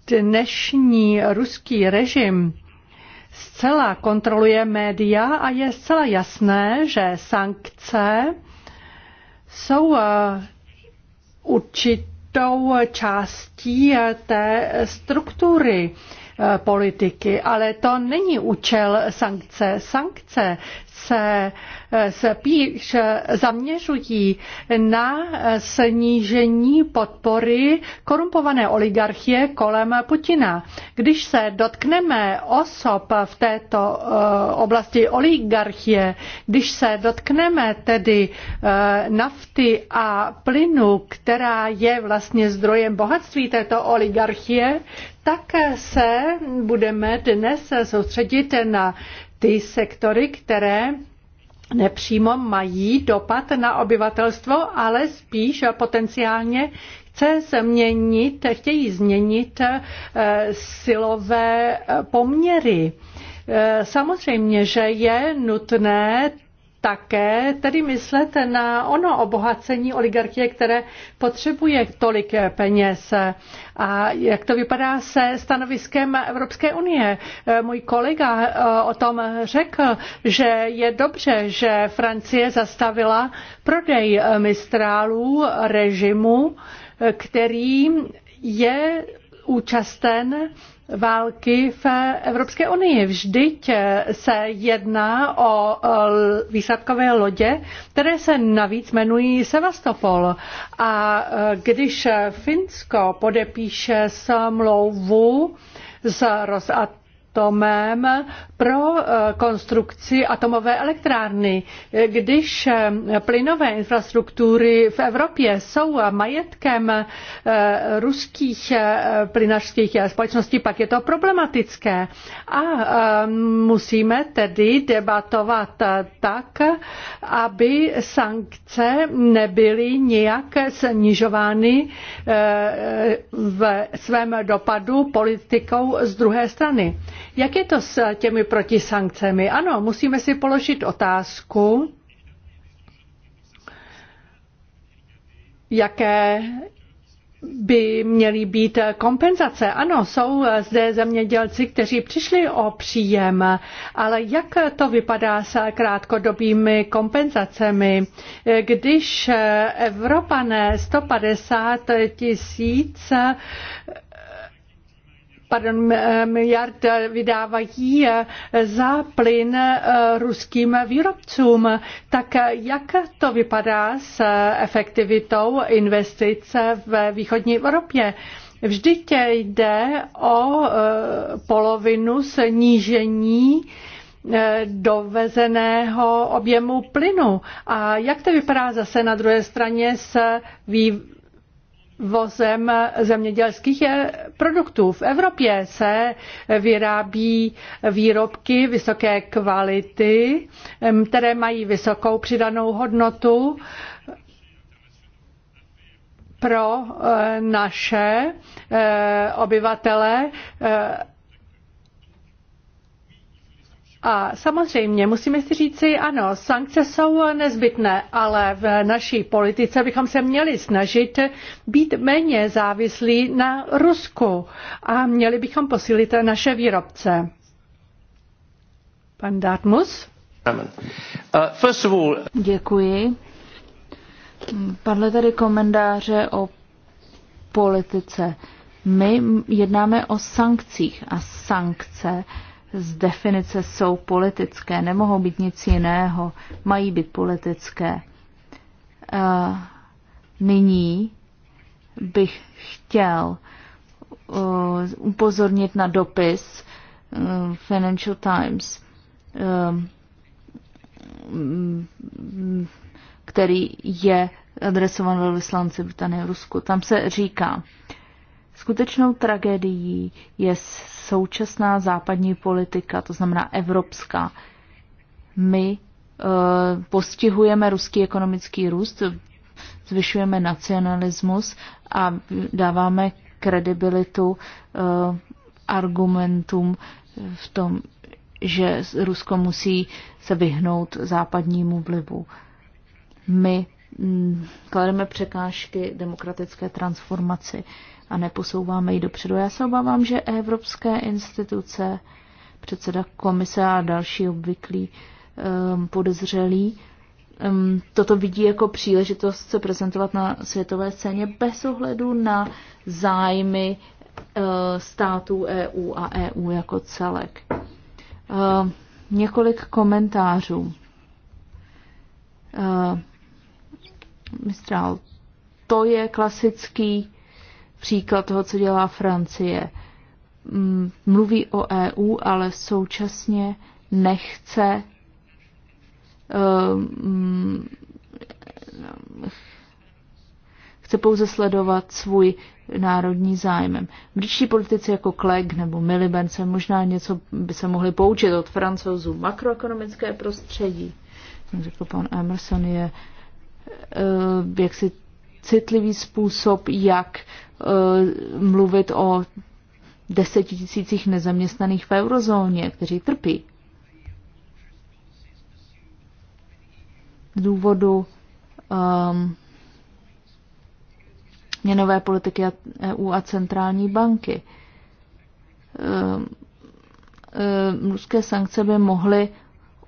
dnešní ruský režim zcela kontroluje média a je zcela jasné, že sankce jsou eh, určitou částí eh, té struktury. Eh, politiky, ale to není účel sankce. Sankce se spíš zaměřují na snížení podpory korumpované oligarchie kolem Putina. Když se dotkneme osob v této eh, oblasti oligarchie, když se dotkneme tedy eh, nafty a plynu, která je vlastně zdrojem bohatství této oligarchie, tak se budeme dnes soustředit na ty sektory, které nepřímo mají dopad na obyvatelstvo, ale spíš potenciálně chce změnit, chtějí změnit eh, silové poměry. Eh, samozřejmě, že je nutné také tedy myslet na ono obohacení oligarchie, které potřebuje tolik peněz. A jak to vypadá se stanoviskem Evropské unie? Můj kolega eh, o tom řekl, že je dobře, že Francie zastavila prodej eh, mistrálů režimu, eh, který je účasten války v Evropské unii. Vždyť se jedná o výsadkové lodě, které se navíc jmenují Sevastopol. A e, když Finsko podepíše smlouvu s Rosatomem, pro eh, konstrukci atomové elektrárny. Eh, když eh, plynové infrastruktury v Evropě jsou majetkem ruských plynařských společností, pak je to problematické. A musíme tedy debatovat tak, aby sankce nebyly nijak snižovány v svém dopadu politikou z druhé strany. Jak je to s těmi proti sankcemi. Ano, musíme si položit otázku, jaké by měly být kompenzace. Ano, jsou zde zemědělci, kteří přišli o příjem, ale jak to vypadá s krátkodobými kompenzacemi? Když Evropané 150 tisíc 000 pardon, miliard vydávají eh, za plyn eh, ruským výrobcům. Tak jak to vypadá s efektivitou investic v východní Evropě? Vždyť jde o eh, polovinu snížení dovezeného objemu plynu. A jak to vypadá zase na druhé straně s vý vozem zemědělských eh, produktů. V Evropě se vyrábí výrobky vysoké kvality, které mají vysokou přidanou hodnotu pro eh, naše eh, obyvatele a samozřejmě musíme si říci, ano, sankce jsou nezbytné, ale v naší politice bychom se měli snažit být méně závislí na Rusku a měli bychom posílit naše výrobce. Pan Dartmus? Děkuji. Padly tady komendáře o politice. My jednáme o sankcích a sankce uh, z definice jsou politické, nemohou být nic jiného, mají být politické. Nyní bych chtěl uh, upozornit na dopis uh, Financial Times, um, který je adresovan velvyslanci Británie Rusku. Tam se říká, Skutečnou tragédií je současná západní politika, to znamená evropská. My eh, postihujeme ruský ekonomický růst, zvyšujeme nacionalismus a dáváme kredibilitu eh, argumentům v tom, že Rusko musí se vyhnout západnímu vlivu. My Mm, klademe překážky demokratické transformaci a neposouváme ji dopředu. Já se obávám, že evropské instituce, předseda komise a další obvyklí um, podezřelí um, toto vidí jako příležitost se prezentovat na světové scéně bez ohledu na zájmy uh, států EU a EU jako celek. Uh, několik komentářů. Uh, Mistral. To je klasický příklad toho, co dělá Francie. Mm, mluví o EU, ale současně nechce eh, mm, chce pouze sledovat svůj národní zájmem. Britští politici jako Clegg nebo Miliband se možná něco by se mohli poučit od francouzů. Makroekonomické prostředí, jak řekl pan Emerson, je uh, Eh, jaksi citlivý způsob, jak eh, mluvit o desetitisících nezaměstnaných v eurozóně, kteří trpí. Z důvodu um, měnové politiky EU a centrální banky. Um, um, ruské sankce by mohly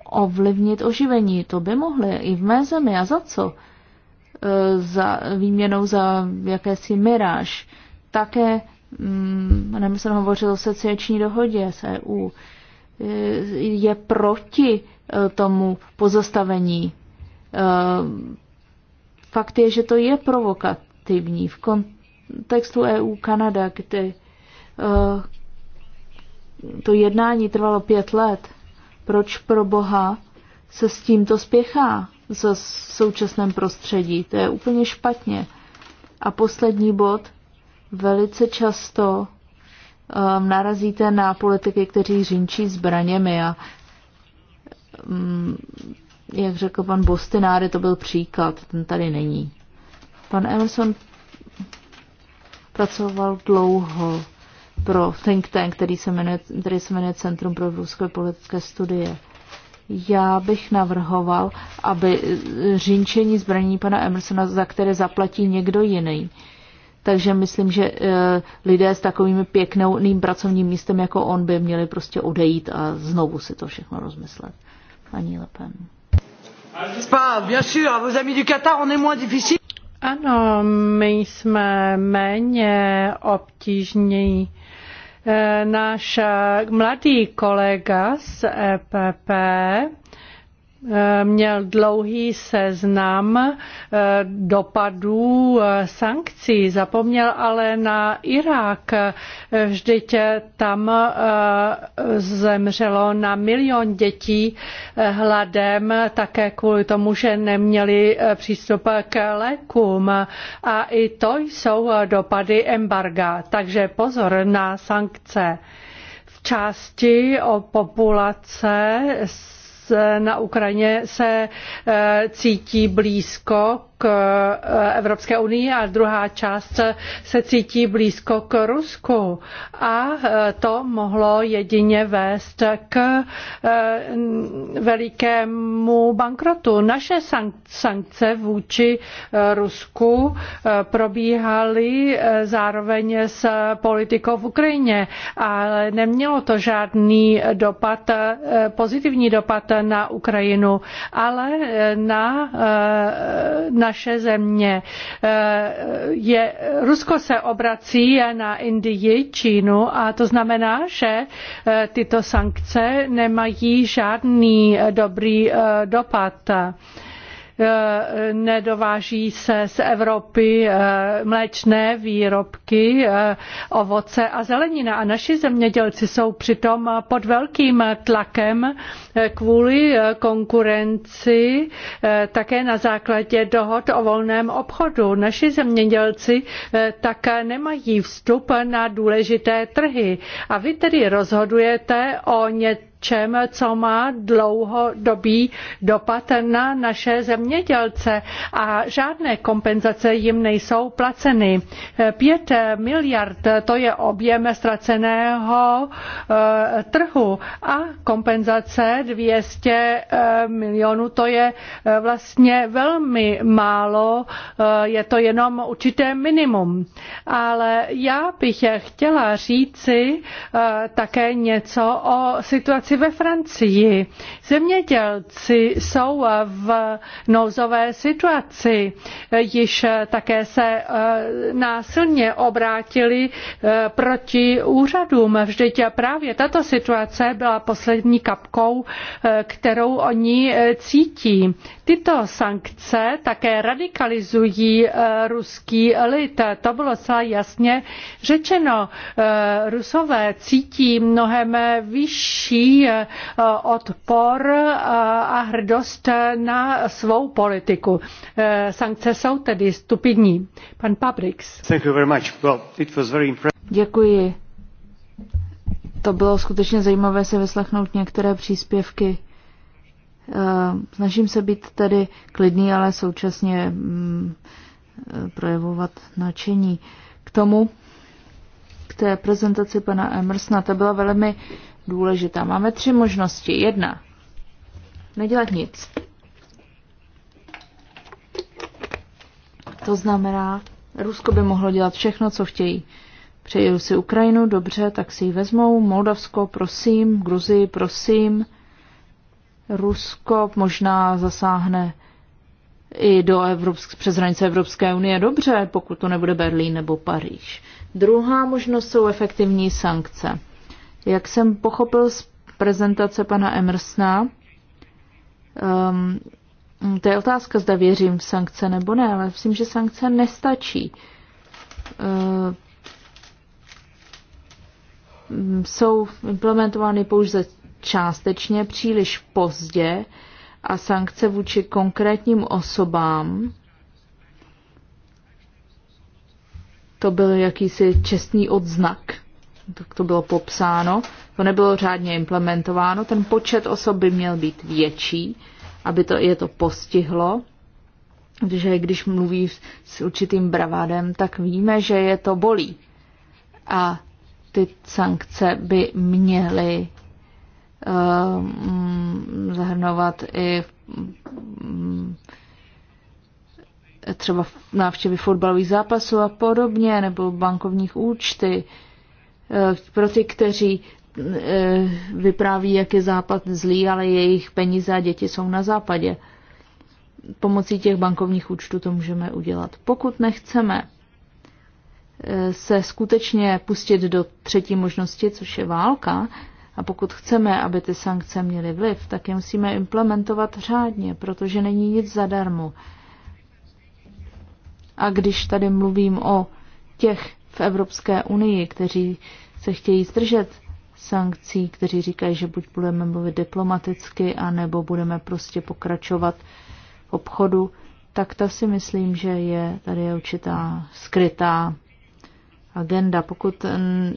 ovlivnit oživení. To by mohly i v mé zemi. A za co? Eh, za výměnou za jakési miráž. Také, mm, nevím, jsem hovořil o sociační dohodě s EU, eh, je proti eh, tomu pozastavení. Fakt je, že to je provokativní v kontextu EU Kanada, kdy to jednání trvalo pět let. Proč pro Boha se s tímto spěchá? v současném prostředí. To je úplně špatně. A poslední bod. Velice často um, narazíte na politiky, kteří řinčí zbraněmi a um, jak řekl pan Bostináry, to byl příklad, ten tady není. Pan Emerson pracoval dlouho pro think tank, který se jmenuje, který se jmenuje Centrum pro ruské politické studie. Já bych navrhoval, aby řinčení zbraní pana Emersona, za které zaplatí někdo jiný. Takže myslím, že e, lidé s takovým pěkným pracovním místem jako on by měli prostě odejít a znovu si to všechno rozmyslet. Paní Le Pen. Ano, my jsme méně obtížní Eh, náš eh, mladý kolega z EPP Eh, měl dlouhý seznam eh, dopadů eh, sankcí. Zapomněl ale na Irák. Vždyť tam zemřelo na milion dětí hladem také kvůli tomu, že neměli přístup k lékům. A i to jsou dopady embarga. Takže pozor na sankce části o populace na Ukrajině se eh, cítí blízko k eh, Evropské unii a druhá část se cítí blízko k Rusku. A eh, to mohlo jedině vést k eh, velikému bankrotu. Naše sankce vůči Rusku probíhaly zároveň s politikou v Ukrajině, ale nemělo to žádný dopad, pozitivní dopad na Ukrajinu, ale na naše země. Eh, je, Rusko se obrací na Indii, Čínu a to znamená, že eh, tyto sankce nemají žádný eh, dobrý dopad. Eh, nedováží se z Evropy eh, mléčné výrobky, eh, ovoce a zelenina. A naši zemědělci jsou přitom pod velkým tlakem kvůli konkurenci také na základě dohod o volném obchodu. Naši zemědělci také nemají vstup na důležité trhy. A vy tedy rozhodujete o něco něčem, co má dlouhodobý dopad na naše zemědělce a žádné kompenzace jim nejsou placeny. Pět miliard to je objem ztraceného eh, trhu a kompenzace 200 eh, milionů to je eh, vlastně velmi málo, je to jenom určité minimum. Ale já bych chtěla říci také něco o situaci situaci ve Francii. Zemědělci jsou v nouzové situaci, již také se eh, násilně obrátili eh, proti úřadům. Vždyť právě tato situace byla poslední kapkou, eh, kterou oni cítí. Tyto sankce také radikalizují ruský lid. To bylo celá jasně řečeno. Rusové cítí mnohem vyšší Eh, odpor eh, a hrdost na svou politiku. Eh, sankce jsou tedy stupidní. Pan Pabrix. Děkuji. To bylo skutečně zajímavé se vyslechnout některé příspěvky. Snažím se být tedy klidný, ale současně mm, projevovat nadšení. K tomu, k té prezentaci pana Emersona, ta byla velmi důležitá. Máme tři možnosti. Jedna. Nedělat nic. To znamená, Rusko by mohlo dělat všechno, co chtějí. Přeju si Ukrajinu, dobře, tak si ji vezmou. Moldavsko, prosím, Gruzii, prosím. Rusko možná zasáhne i do Evropsk, přes hranice Evropské unie, dobře, pokud to nebude Berlín nebo Paříž. Druhá možnost jsou efektivní sankce. Jak jsem pochopil z prezentace pana Emersna, um, to je otázka, zda věřím v sankce nebo ne, ale myslím, že sankce nestačí. Uh, jsou implementovány pouze částečně, příliš pozdě a sankce vůči konkrétním osobám, to byl jakýsi čestný odznak tak to bylo popsáno, to nebylo řádně implementováno, ten počet osob by měl být větší, aby to, je to postihlo, že když mluví s určitým bravádem, tak víme, že je to bolí. A ty sankce by měly um, zahrnovat i um, třeba návštěvy fotbalových zápasů a podobně, nebo bankovních účty. Uh, Eh, pro ty, kteří eh, vypráví, jak je Západ zlý, ale jejich peníze a děti jsou na Západě. Pomocí těch bankovních účtů to můžeme udělat. Pokud nechceme eh, se skutečně pustit do třetí možnosti, což je válka, a pokud chceme, aby ty sankce měly vliv, tak je musíme implementovat řádně, protože není nic zadarmo. A když tady mluvím o těch v Evropské unii, kteří se chtějí zdržet sankcí, kteří říkají, že buď budeme mluvit diplomaticky, anebo budeme prostě pokračovat v obchodu, tak ta si myslím, že je tady je určitá skrytá agenda. Pokud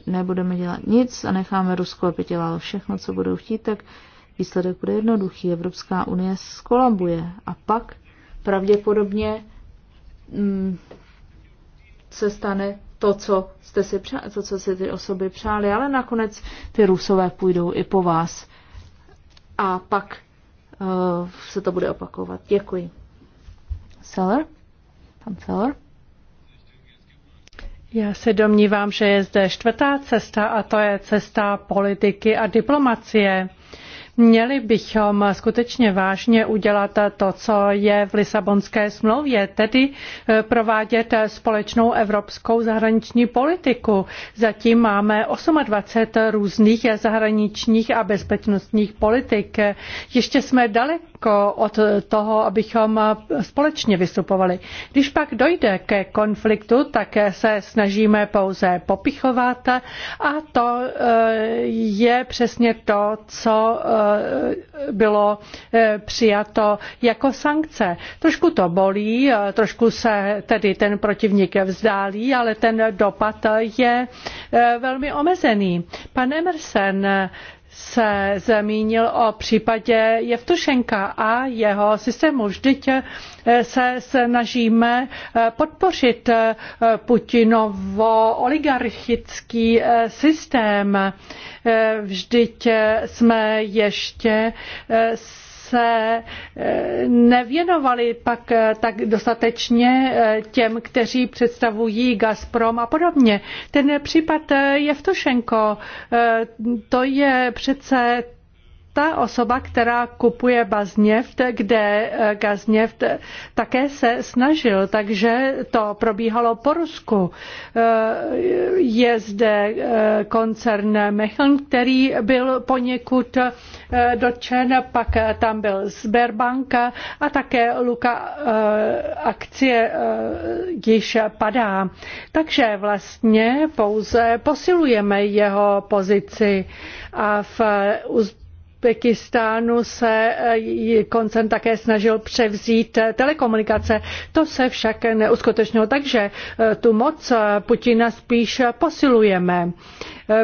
nebudeme dělat nic a necháme Rusko, aby dělalo všechno, co budou chtít, tak výsledek bude jednoduchý. Evropská unie skolabuje a pak pravděpodobně mm, se stane to, co jste si přáli, to, co si ty osoby přáli, ale nakonec ty rusové půjdou i po vás. A pak uh, se to bude opakovat. Děkuji. Seller? Pan Seller? Já se domnívám, že je zde čtvrtá cesta a to je cesta politiky a diplomacie. Měli bychom skutečně vážně udělat to, co je v Lisabonské smlouvě, tedy eh, provádět společnou evropskou zahraniční politiku. Zatím máme 28 různých zahraničních a bezpečnostních politik. Ještě jsme daleko daleko od toho, abychom společně vystupovali. Když pak dojde ke konfliktu, tak se snažíme pouze popichovat a to eh, je přesně to, co eh, bylo eh, přijato jako sankce. Trošku to bolí, trošku se tedy ten protivník vzdálí, ale ten dopad je velmi omezený. Pan Emerson se zmínil o případě Jevtušenka a jeho systému. Vždyť eh, se snažíme eh, podpořit eh, Putinovo oligarchický systém. Vždyť jsme ještě s se eh, nevěnovali pak eh, tak dostatečně eh, těm, kteří představují Gazprom a podobně. Ten případ Jevtušenko, to je přece ta osoba, která kupuje Bazněft, kde eh, Gazněft také se snažil, takže to probíhalo po Rusku. Eh, je zde eh, koncern Mechln, který byl poněkud dotčen, pak tam byl Sberbank a také Luka akcie již padá. Takže vlastně pouze posilujeme jeho pozici a v Uzbekistánu se eh, koncern také snažil převzít eh, telekomunikace. To se však neuskutečnilo, takže eh, tu moc Putina spíš posilujeme.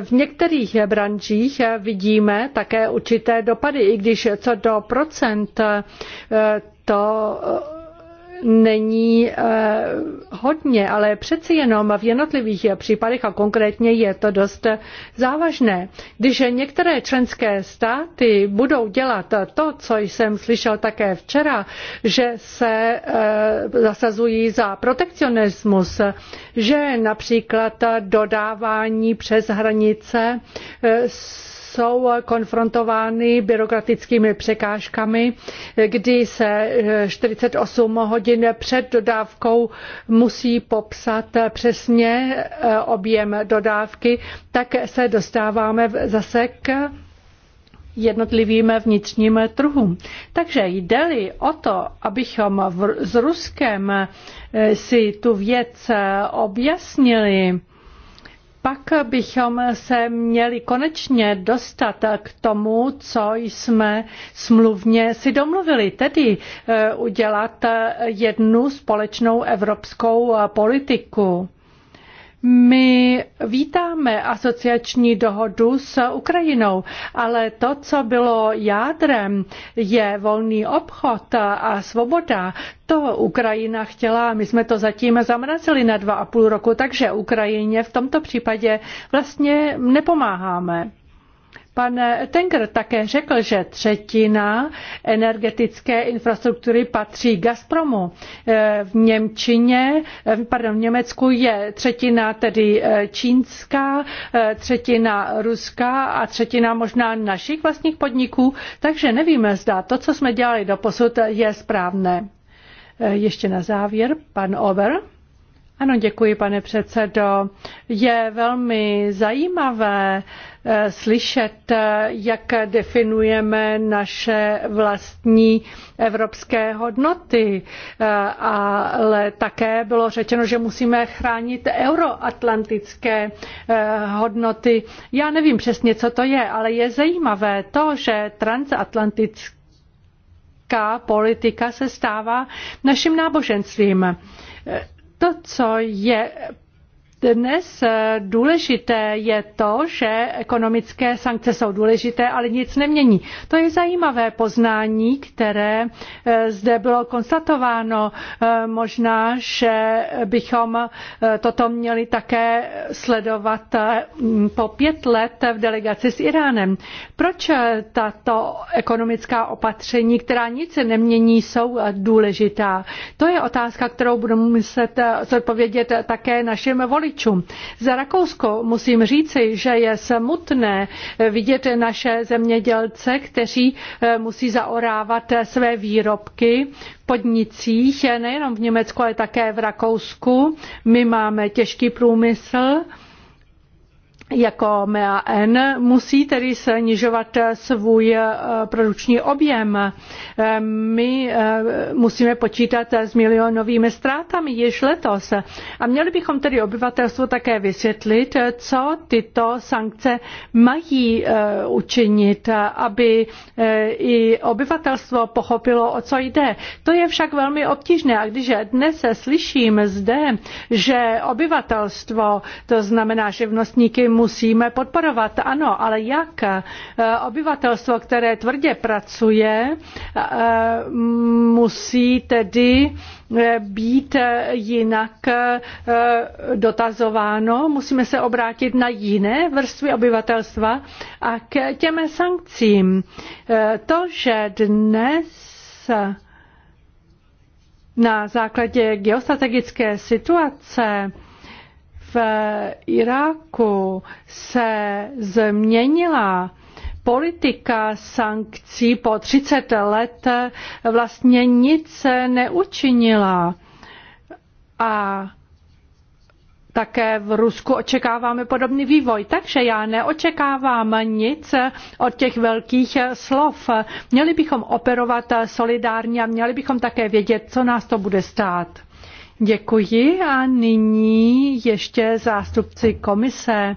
V některých branžích vidíme také určité dopady, i když co do procent to není eh, hodně, ale přeci jenom v jednotlivých případech a konkrétně je to dost závažné. Když některé členské státy budou dělat to, co jsem slyšel také včera, že se eh, zasazují za protekcionismus, že například dodávání přes hranice jsou konfrontovány byrokratickými překážkami, kdy se 48 eh, hodin před dodávkou musí popsat přesně eh, objem dodávky, tak se dostáváme zase k jednotlivým vnitřním trhům. Takže jde-li o to, abychom v, s Ruskem eh, si tu věc objasnili, pak bychom se měli konečně dostat k tomu, co jsme smluvně si domluvili, tedy eh, udělat jednu společnou evropskou eh, politiku. My vítáme asociační dohodu s Ukrajinou, ale to, co bylo jádrem, je volný obchod a svoboda. To Ukrajina chtěla, my jsme to zatím zamrazili na dva a půl roku, takže Ukrajině v tomto případě vlastně nepomáháme. Pan Tenker také řekl, že třetina energetické infrastruktury patří Gazpromu. E, v Němčině, e, pardon, v Německu je třetina tedy e, čínská, třetina ruská a třetina možná našich vlastních podniků, takže nevíme, zda to, co jsme dělali doposud, je správné. Ještě na závěr, pan Over. Ano, děkuji, pane předsedo. Je velmi zajímavé Eh, slyšet, eh, jak definujeme naše vlastní evropské hodnoty, eh, ale také bylo řečeno, že musíme chránit euroatlantické hodnoty. Já nevím přesně, co to je, ale je zajímavé to, že transatlantická politika se stává naším náboženstvím. To, co je dnes eh, důležité je to, že ekonomické sankce jsou důležité, ale nic nemění. To je zajímavé poznání, které eh, zde bylo konstatováno. Eh, možná, že bychom toto měli také sledovat po pět let v delegaci s Iránem. Proč tato ekonomická opatření, která nic nemění, jsou důležitá? To je otázka, kterou budu muset zodpovědět také našim voličům voličům. Za Rakousko musím říci, že je smutné vidět naše zemědělce, kteří eh, musí zaorávat eh, své výrobky v podnicích, eh, nejenom v Německu, ale také v Rakousku. My máme těžký průmysl, jako n musí tedy snižovat svůj eh, produkční objem. Eh, my eh, musíme počítat s milionovými ztrátami již letos. A měli bychom tedy obyvatelstvu také vysvětlit, co tyto sankce mají učinit, aby i obyvatelstvo pochopilo, o co jde. To je však velmi obtížné. A když dnes slyším zde, že obyvatelstvo, to znamená živnostníky, musíme podporovat. Ano, ale jak eh, obyvatelstvo, které tvrdě pracuje, eh, musí tedy eh, být jinak dotazováno, musíme se obrátit na jiné vrstvy obyvatelstva a k těm sankcím. To, že dnes na základě geostrategické situace v Iráku se změnila politika sankcí po 30 let vlastně nic neučinila. A také v Rusku očekáváme podobný vývoj. Takže já neočekávám nic od těch velkých slov. Měli bychom operovat solidárně a měli bychom také vědět, co nás to bude stát. Děkuji a nyní ještě zástupci komise,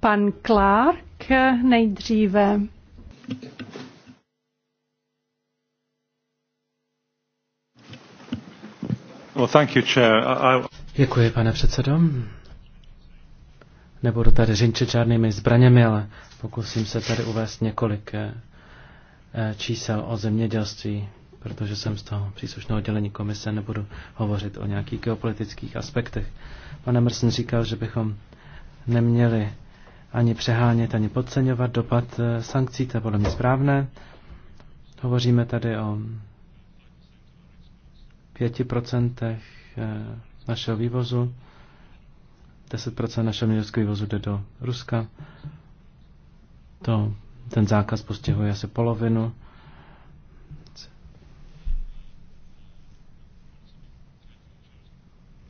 pan Clark nejdříve. Děkuji, pane předsedo. Nebudu tady řinčit žádnými zbraněmi, ale pokusím se tady uvést několik eh, eh, čísel o zemědělství protože jsem z toho příslušného oddělení komise, nebudu hovořit o nějakých geopolitických aspektech. Pane Emerson říkal, že bychom neměli ani přehánět, ani podceňovat dopad eh, sankcí, to je podle mě správné. Hovoříme tady o 5% eh, našeho vývozu, 10% našeho mědělského vývozu jde do Ruska. To, ten zákaz postihuje asi polovinu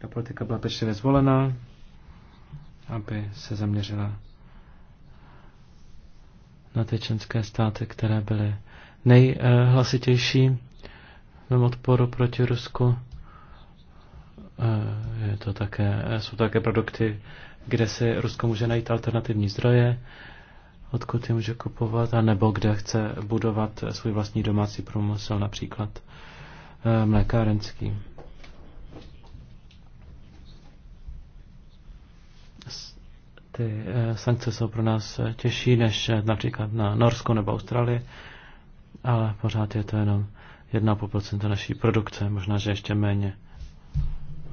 ta politika byla pečlivě zvolená, aby se zaměřila na ty členské státy, které byly nejhlasitější v odporu proti Rusku. Eh, je to také, jsou také produkty, kde si Rusko může najít alternativní zdroje, odkud je může kupovat, anebo kde chce budovat svůj vlastní domácí průmysl, například eh, mlékárenský. Ty eh, sankce jsou pro nás eh, těžší než eh, například na Norsko nebo Austrálii, ale pořád je to jenom 1,5% naší produkce, možná, že ještě méně.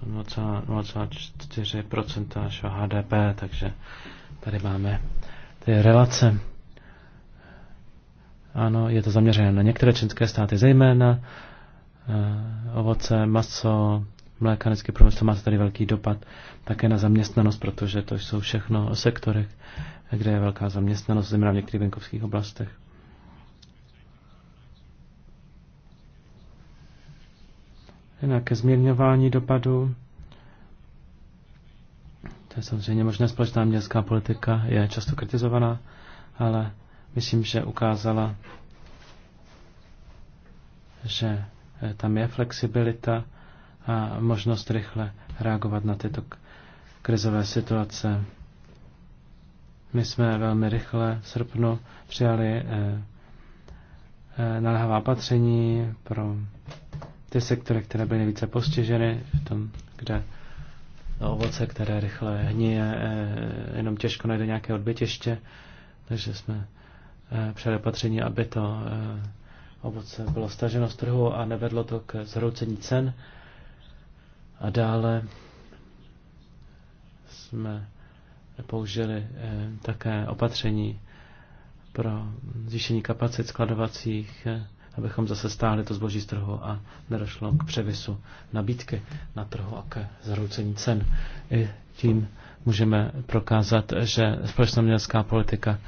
0,4% našeho HDP, takže tady máme ty relace. Ano, je to zaměřené na některé členské státy, zejména ovoce, maso, mlékanecký průmysl má tady velký dopad také na zaměstnanost, protože to jsou všechno sektory, kde je velká zaměstnanost, zejména v některých venkovských oblastech. Jinak ke zmírňování dopadu. To je samozřejmě možná společná městská politika, je často kritizovaná, ale myslím, že ukázala, že tam je flexibilita, a možnost rychle reagovat na tyto krizové situace. My jsme velmi rychle v srpnu přijali eh, eh, naléhavá opatření pro ty sektory, které byly nejvíce postiženy, v tom, kde ovoce, které rychle hníje, eh, jenom těžko najde nějaké odbytiště, takže jsme přijali opatření, aby to ovoce bylo staženo z trhu a nevedlo to k zhroucení cen. A dále jsme použili eh, také opatření pro zvýšení kapacit skladovacích, eh, abychom zase stáhli to zboží z trhu a nedošlo k převisu nabídky na trhu a ke zhroucení cen. I tím můžeme prokázat, že společná městská politika,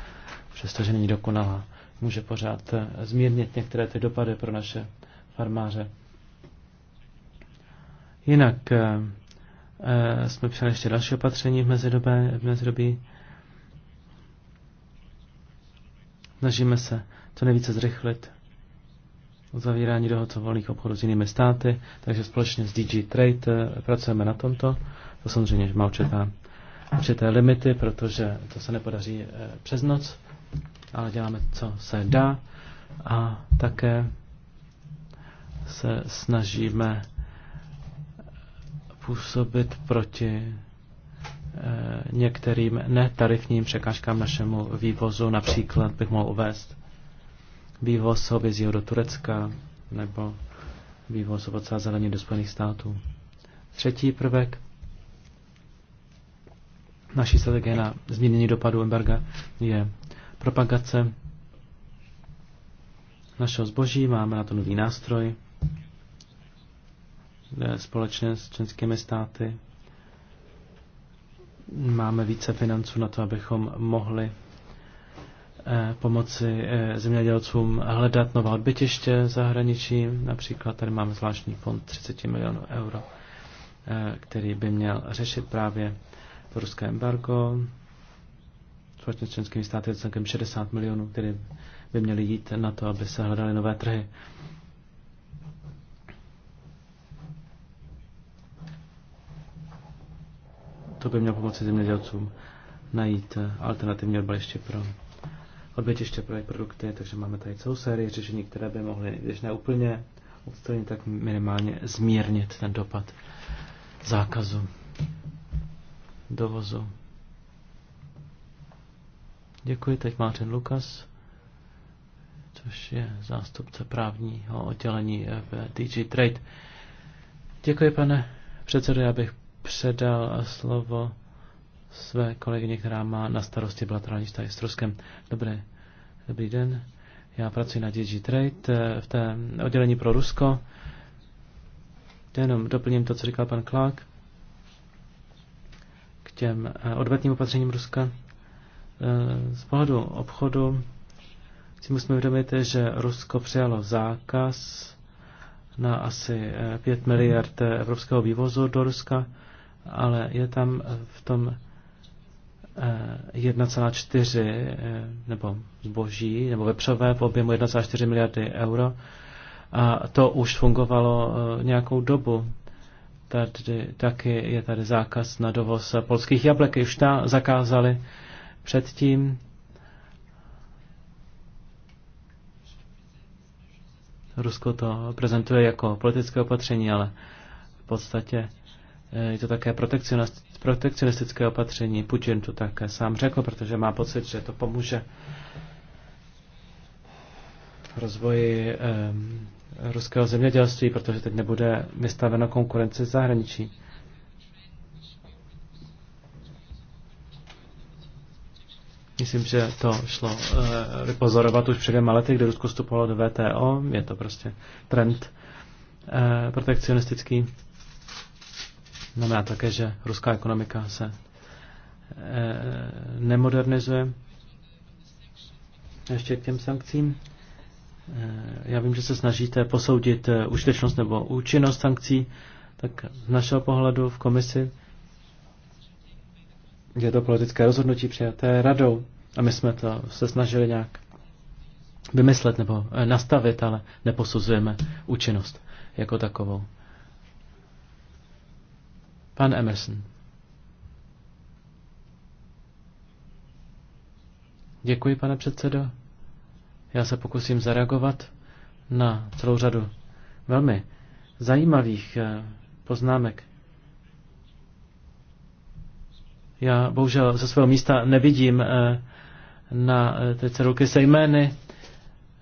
přestože není dokonalá, může pořád eh, zmírnit některé ty dopady pro naše farmáře. Jinak eh, eh, jsme přijali ještě další opatření v mezidobě, v mezidobí. Snažíme se co nejvíce zrychlit uzavírání dohod o volných obchodů s jinými státy, takže společně s DG Trade eh, pracujeme na tomto. To samozřejmě má určitá, určité limity, protože to se nepodaří přes noc, ale děláme, co se dá a také se snažíme působit proti eh, některým netarifním překážkám našemu vývozu. Například bych mohl uvést vývoz hovězího do Turecka nebo vývoz ovoce a zelení do Spojených států. Třetí prvek naší strategie na zmírnění dopadu embarga je propagace našeho zboží. Máme na to nový nástroj, Eh, společně s členskými státy máme více financů na to, abychom mohli eh, pomoci eh, zemědělcům hledat nová odbytiště v zahraničí. Například tady máme zvláštní fond 30 milionů euro, který by měl řešit právě ruské embargo. Společně s členskými státy je celkem 60 milionů, které by měly jít na to, aby se hledaly nové trhy. To by mělo pomoci zemědělcům najít eh, alternativní odbaliště pro odbytiště pro jejich produkty, takže máme tady celou sérii řešení, které by mohly, když ne úplně odstranit, tak minimálně zmírnit ten dopad zákazu dovozu. Děkuji, teď ten Lukas, což je zástupce právního oddělení eh, v DG Trade. Děkuji, pane předsedo, já bych předal slovo své kolegyně, která má na starosti bilaterální vztahy s Ruskem. Dobré, dobrý den. Já pracuji na Trade eh, v té oddělení pro Rusko. Jenom doplním to, co říkal pan Clark k těm eh, odvetním opatřením Ruska. Eh, z pohledu obchodu si musíme uvědomit, že Rusko přijalo zákaz na asi 5 miliard evropského vývozu do Ruska ale je tam eh, v tom 1,4 eh, eh, nebo zboží nebo vepřové v objemu 1,4 miliardy euro a to už fungovalo nějakou dobu. Tady, taky je tady zákaz na dovoz polských jablek, už ta zakázali předtím. Rusko to prezentuje jako politické opatření, ale v podstatě je to také protekcionistické opatření. Putin to také sám řekl, protože má pocit, že to pomůže rozvoji ruského zemědělství, protože teď nebude vystaveno konkurence zahraničí. Myslím, že to šlo eh, vypozorovat už před dvěma lety, kdy Rusko vstupovalo do VTO. Je to prostě trend eh, protekcionistický. Znamená také, že ruská ekonomika se eh, nemodernizuje. Ještě k těm sankcím. Eh, já vím, že se snažíte posoudit eh, užitečnost nebo účinnost sankcí, tak z našeho pohledu v komisi je to politické rozhodnutí přijaté radou a my jsme to se snažili nějak vymyslet nebo nastavit, ale neposuzujeme účinnost jako takovou. Pan Emerson. Děkuji, pane předsedo. Já se pokusím zareagovat na celou řadu velmi zajímavých eh, poznámek. Já bohužel ze svého místa nevidím eh, na eh, ty cedulky se jmény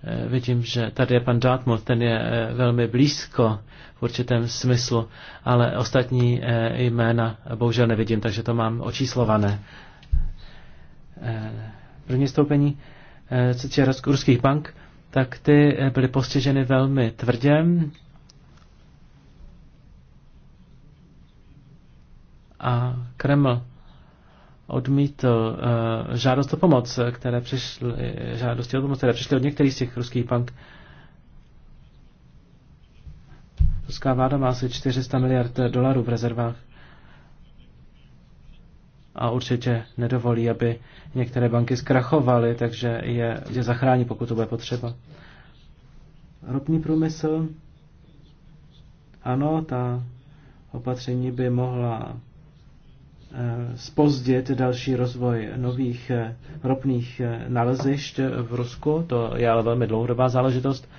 Eh, vidím, že tady je pan Dartmouth, ten je eh, velmi blízko v určitém smyslu, ale ostatní eh, jména bohužel nevidím, takže to mám očíslované. První stoupení, cestě ruských bank, tak ty byly postiženy velmi tvrdě. A Kreml odmítl uh, eh, žádost o pomoc, které přišly, žádosti o pomoc, které přišly od některých z těch ruských bank. Ruská vláda má asi 400 miliard dolarů v rezervách a určitě nedovolí, aby některé banky zkrachovaly, takže je, je zachrání, pokud to bude potřeba. Ropný průmysl, ano, ta opatření by mohla Eh, spozdit další rozvoj nových eh, ropných eh, nalezišť v Rusku. To je ale velmi dlouhodobá záležitost.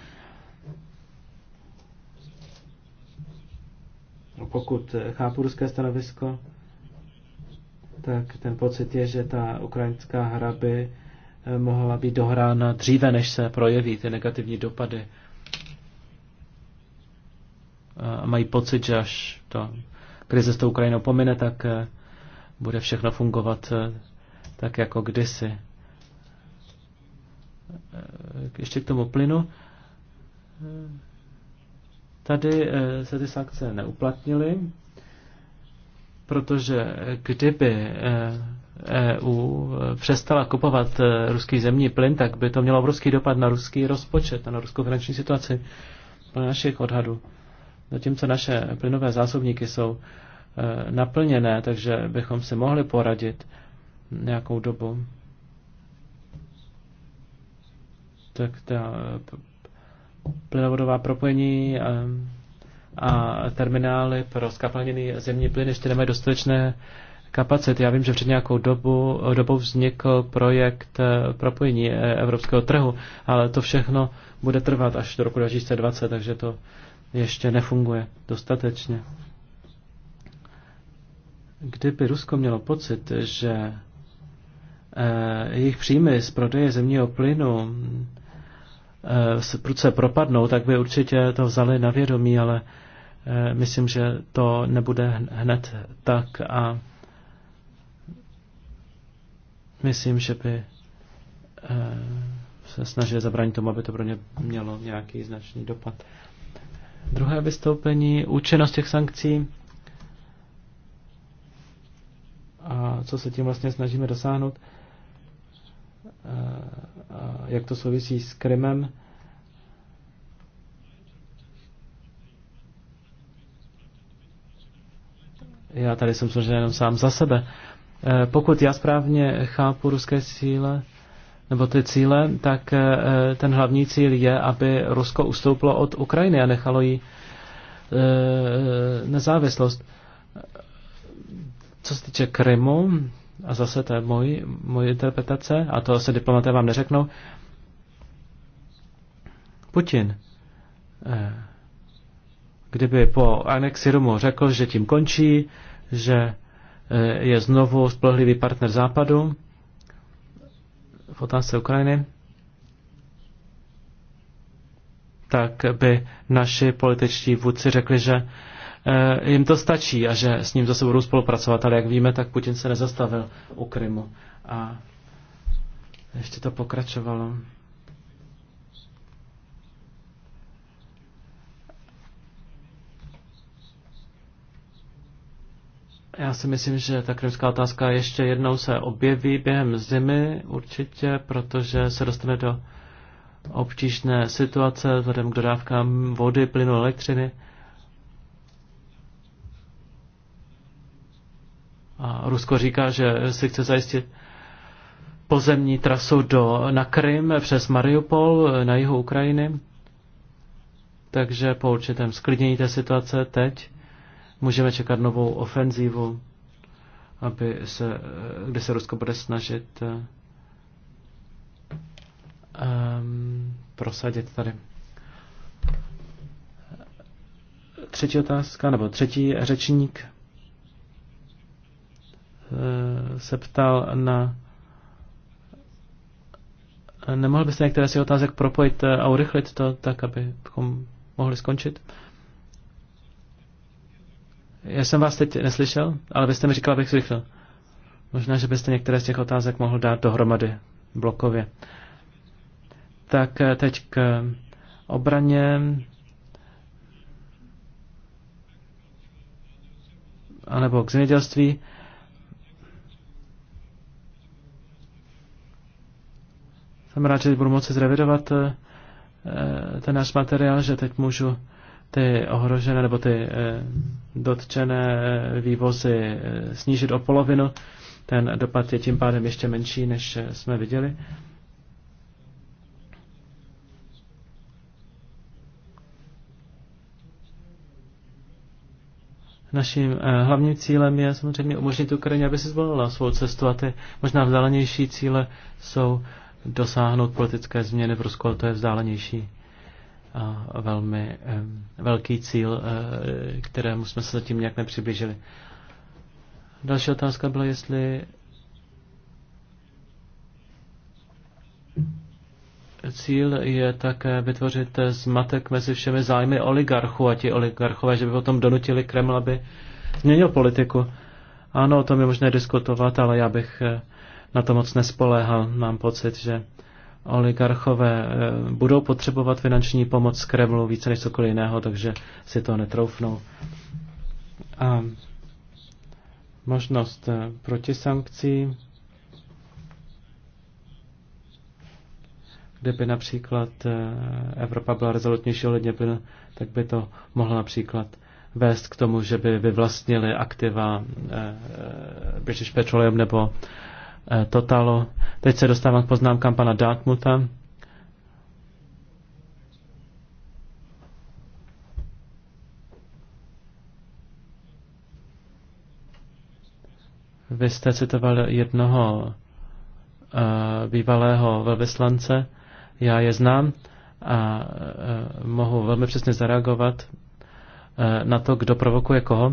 Pokud chápu ruské stanovisko, tak ten pocit je, že ta ukrajinská hra by mohla být dohrána dříve, než se projeví ty negativní dopady. A mají pocit, že až to krize s tou Ukrajinou pomine, tak bude všechno fungovat eh, tak jako kdysi. Eh, ještě k tomu plynu. Eh, tady se ty sankce neuplatnily, protože kdyby EU e přestala kupovat ruský zemní plyn, tak by to mělo obrovský dopad na ruský rozpočet a na ruskou finanční situaci podle našich odhadů. Zatímco naše plynové zásobníky jsou Eh, naplněné, takže bychom si mohli poradit nějakou dobu. Tak ta eh, plynovodová propojení eh, a, terminály pro skapalněný zemní plyn ještě nemají dostatečné kapacity. Já vím, že před nějakou dobu, dobou vznikl projekt propojení evropského trhu, ale to všechno bude trvat až do roku 2020, takže to ještě nefunguje dostatečně. Kdyby Rusko mělo pocit, že eh, jejich příjmy z prodeje zemního plynu eh, se prudce propadnou, tak by určitě to vzali na vědomí, ale eh, myslím, že to nebude hned tak a myslím, že by se snažili zabránit tomu, aby to pro ně mělo nějaký značný dopad. Druhé vystoupení, účinnost těch sankcí a co se tím vlastně snažíme dosáhnout, a jak to souvisí s Krymem. Já tady jsem složen jenom sám za sebe. E, pokud já správně chápu ruské síle, nebo ty cíle, tak e, ten hlavní cíl je, aby Rusko ustoupilo od Ukrajiny a nechalo jí e, nezávislost. Co se týče Krymu, a zase to je můj, můj interpretace, a to se diplomaté vám neřeknou, Putin, eh, kdyby po anexi Rumu řekl, že tím končí, že eh, je znovu spolehlivý partner Západu v otázce Ukrajiny, tak by naši političtí vůdci řekli, že Eh, jim to stačí a že s ním zase budou spolupracovat. Ale jak víme, tak Putin se nezastavil u Krymu. A ještě to pokračovalo. Já si myslím, že ta krymská otázka ještě jednou se objeví během zimy určitě, protože se dostane do obtížné situace vzhledem k dodávkám vody, plynu, elektřiny. A Rusko říká, že si chce zajistit pozemní trasu do, na Krym přes Mariupol eh, na jihu Ukrajiny. Takže po určitém sklidnění té situace teď můžeme čekat novou ofenzívu, aby se, eh, kdy se Rusko bude snažit um, prosadit tady. Třetí otázka, nebo třetí řečník. Eh, se ptal na Nemohl byste některé si otázek propojit eh, a urychlit to tak, abychom mohli skončit? Já jsem vás teď neslyšel, ale vy jste mi říkal, abych zrychlil. Možná, že byste některé z těch otázek mohl dát dohromady blokově. Tak eh, teď k obraně. anebo k zemědělství. Jsem rád, že teď budu moci zrevidovat eh, eh, ten náš materiál, že teď můžu ty ohrožené nebo ty eh, dotčené vývozy snížit o polovinu. Ten dopad je tím pádem ještě menší, než jsme viděli. Naším hlavním cílem je samozřejmě umožnit Ukrajině, aby si zvolila svou cestu a ty možná vzdálenější cíle jsou dosáhnout politické změny v Rusku, ale to je vzdálenější a velmi velký cíl, eh, kterému jsme se zatím nějak nepřiblížili. Další otázka byla, jestli cíl je také vytvořit zmatek mezi všemi zájmy oligarchů a ti oligarchové, že by potom donutili Kreml, aby změnil politiku. Ano, o tom je možné diskutovat, ale já bych eh, na to moc nespoléhal. Mám pocit, že oligarchové eh, budou potřebovat finanční pomoc z Kremlu více než cokoliv jiného, takže si to netroufnou. A možnost eh, proti sankcí, kdyby například eh, Evropa byla rezolutnější ohledně plynu, tak by to mohlo například vést k tomu, že by vyvlastnili aktiva British Petroleum nebo Eh, Totalo. Teď se dostávám k poznámkám pana Dartmuta. Vy jste citoval jednoho uh, bývalého velvyslance. Já je znám a uh, mohu velmi přesně zareagovat uh, na to, kdo provokuje koho.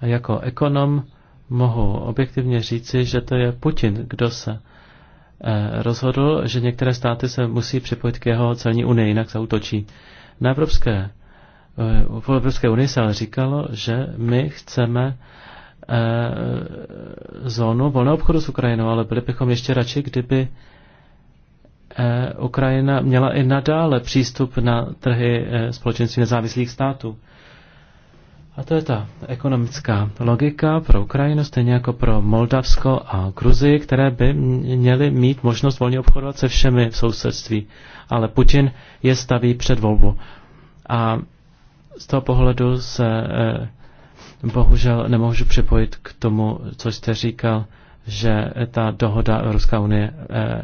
A jako ekonom mohu objektivně říci, že to je Putin, kdo se eh, rozhodl, že některé státy se musí připojit k jeho celní unii, jinak utočí. Na Evropské, eh, v Evropské unii se ale říkalo, že my chceme eh, zónu volného obchodu s Ukrajinou, ale byli bychom ještě radši, kdyby Ukrajina měla i nadále přístup na trhy společenství nezávislých států. A to je ta ekonomická logika pro Ukrajinu, stejně jako pro Moldavsko a Gruzii, které by měly mít možnost volně obchodovat se všemi v sousedství. Ale Putin je staví před volbu. A z toho pohledu se e, bohužel nemůžu připojit k tomu, co jste říkal, že ta dohoda Evropská unie e,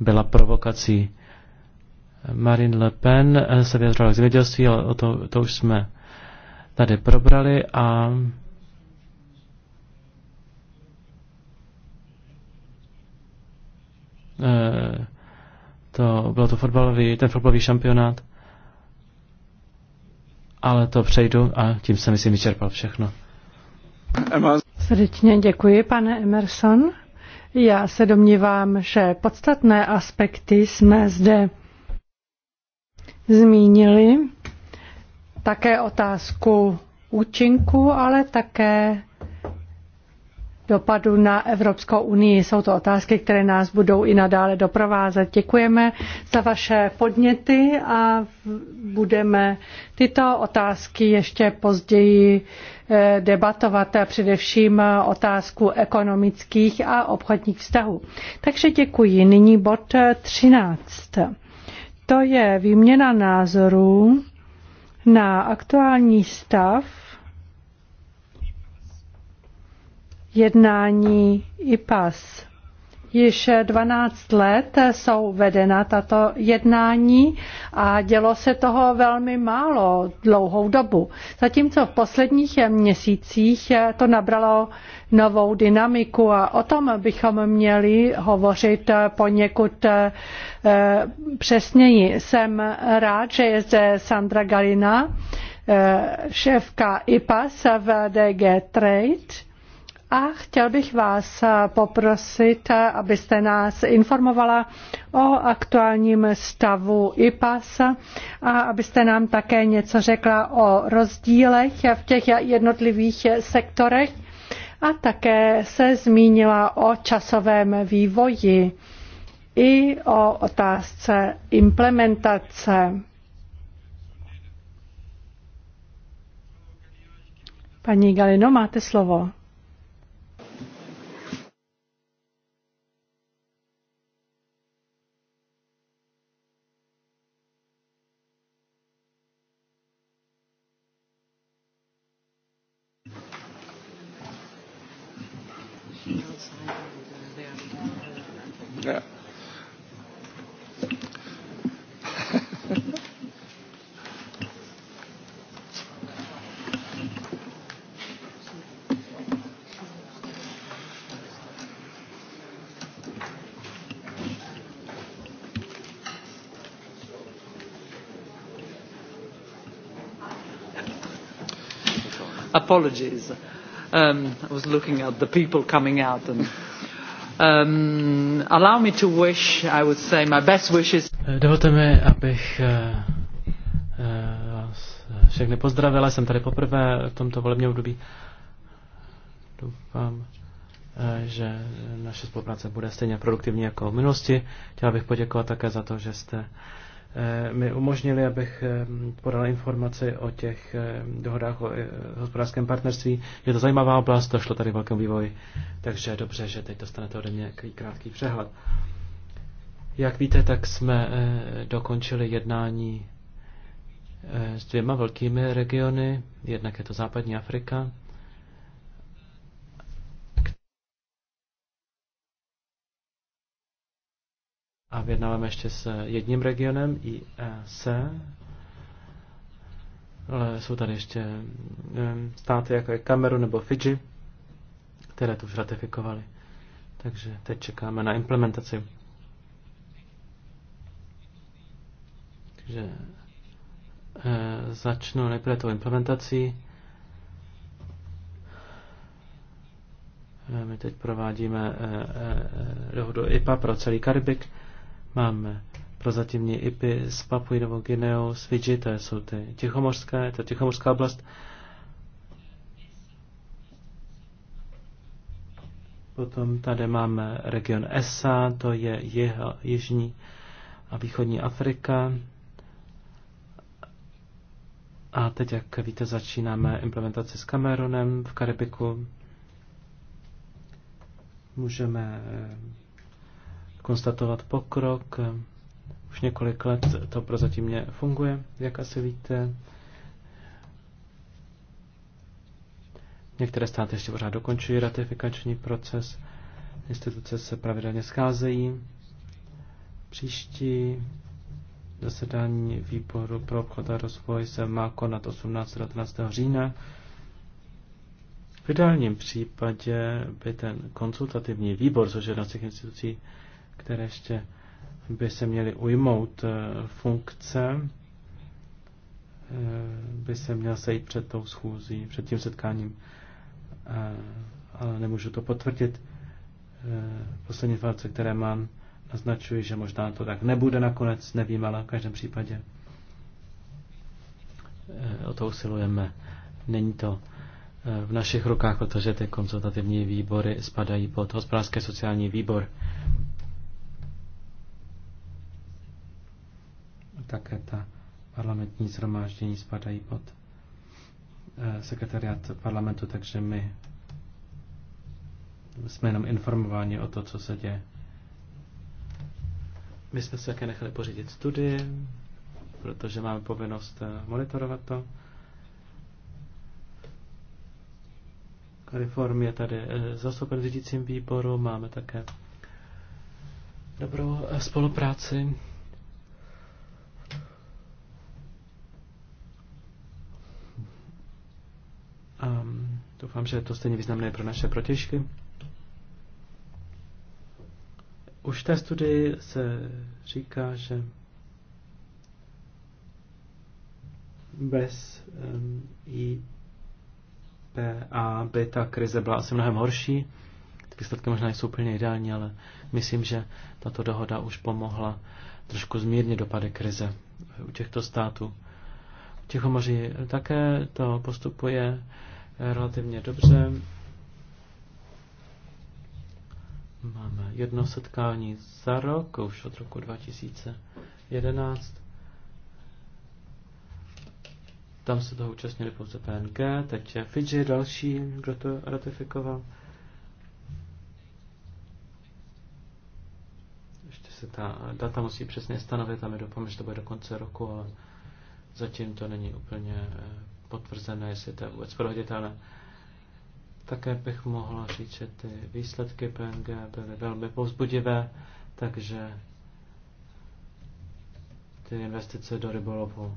byla provokací. Marine Le Pen e, se vyjadřovala k zemědělství, ale o to, to už jsme tady probrali a eh, to, bylo to fotbalový, ten fotbalový šampionát. Ale to přejdu a tím jsem myslím vyčerpal všechno. Srdečně děkuji, pane Emerson. Já se domnívám, že podstatné aspekty jsme zde zmínili také otázku účinku, ale také dopadu na Evropskou unii. Jsou to otázky, které nás budou i nadále doprovázet. Děkujeme za vaše podněty a budeme tyto otázky ještě později eh, debatovat, především otázku ekonomických a obchodních vztahů. Takže děkuji. Nyní bod 13. To je výměna názorů na aktuální stav jednání IPAS. Již 12 let jsou vedena tato jednání a dělo se toho velmi málo dlouhou dobu. Zatímco v posledních měsících to nabralo novou dynamiku a o tom bychom měli hovořit poněkud eh, přesněji. Jsem rád, že je zde Sandra Galina, eh, šéfka IPAS v DG Trade a chtěl bych vás poprosit, abyste nás informovala o aktuálním stavu IPAS a abyste nám také něco řekla o rozdílech v těch jednotlivých sektorech a také se zmínila o časovém vývoji i o otázce implementace. Paní Galino, máte slovo. apologies. Um, I was looking at the people coming out. And, um, allow me to wish, I would say, my best wishes. Eh, dovolte mi, abych eh, eh, vás všechny pozdravila. Jsem tady poprvé v tomto volebním období. Doufám, že naše spolupráce bude stejně produktivní jako v minulosti. Chtěla bych poděkovat také za to, že jste uh, Eh, mi umožnili, abych podal informaci o těch dohodách o eh, hospodářském partnerství. Je to zajímavá oblast, to šlo tady velkém vývoji, takže dobře, že teď dostanete ode mě krátký přehled. Jak víte, tak jsme eh, dokončili jednání s dvěma velkými regiony. Jednak je to západní Afrika, A vyjednáváme ještě s jedním regionem, IEC. Ale jsou tady ještě státy, jako je Kameru nebo Fidži, které to už ratifikovaly. Takže teď čekáme na implementaci. Takže e, začnu nejprve tou implementací. E, my teď provádíme e, e, dohodu IPA pro celý Karibik. E, Máme prozatímní IPy s Papuji nebo Gineou, s Fidži, to jsou ty tichomorské, to tichomorská oblast. Potom tady máme region ESA, to je jeho jižní a východní Afrika. A teď, jak víte, začínáme implementaci s Kamerunem v Karibiku. Můžeme konstatovat pokrok. Už několik let to mě funguje, jak asi víte. Některé státy ještě pořád dokončují ratifikační proces. Instituce se pravidelně scházejí. Příští zasedání výboru pro obchod a rozvoj se má konat 18. 19. října. V ideálním případě by ten konzultativní výbor, což je jedna z těch institucí, které ještě by se měly ujmout eh, funkce, eh, by se měl sejít před tou schůzí, před tím setkáním, eh, ale nemůžu to potvrdit. Poslední informace, které mám, naznačuji, že možná to tak nebude nakonec, nevím, ale v každém případě o to usilujeme. Není to v našich rukách, protože ty konzultativní výbory spadají pod hospodářské sociální výbor. také ta parlamentní zhromáždění spadají pod eh, sekretariat parlamentu, takže my jsme jenom informováni o to, co se děje. My jsme se také nechali pořídit studii, protože máme povinnost eh, monitorovat to. Reform je tady eh, zastoupen v řídícím výboru, máme také dobrou spolupráci A doufám, že je to stejně významné pro naše protěžky. Už v té studii se říká, že bez um, IPA by ta krize byla asi mnohem horší. Ty výsledky možná nejsou úplně ideální, ale myslím, že tato dohoda už pomohla trošku zmírnit dopady krize u těchto států. Tichomoří také to postupuje relativně dobře. Máme jedno setkání za rok, už od roku 2011. Tam se toho účastnili pouze PNG, teď je Fidži další, kdo to ratifikoval. Ještě se ta data musí přesně stanovit, tam je doufám, že to bude do konce roku, ale zatím to není úplně eh, potvrzené, jestli to je vůbec proveditelné. Také bych mohla říct, že ty výsledky PNG byly velmi povzbudivé, takže ty investice do rybolovu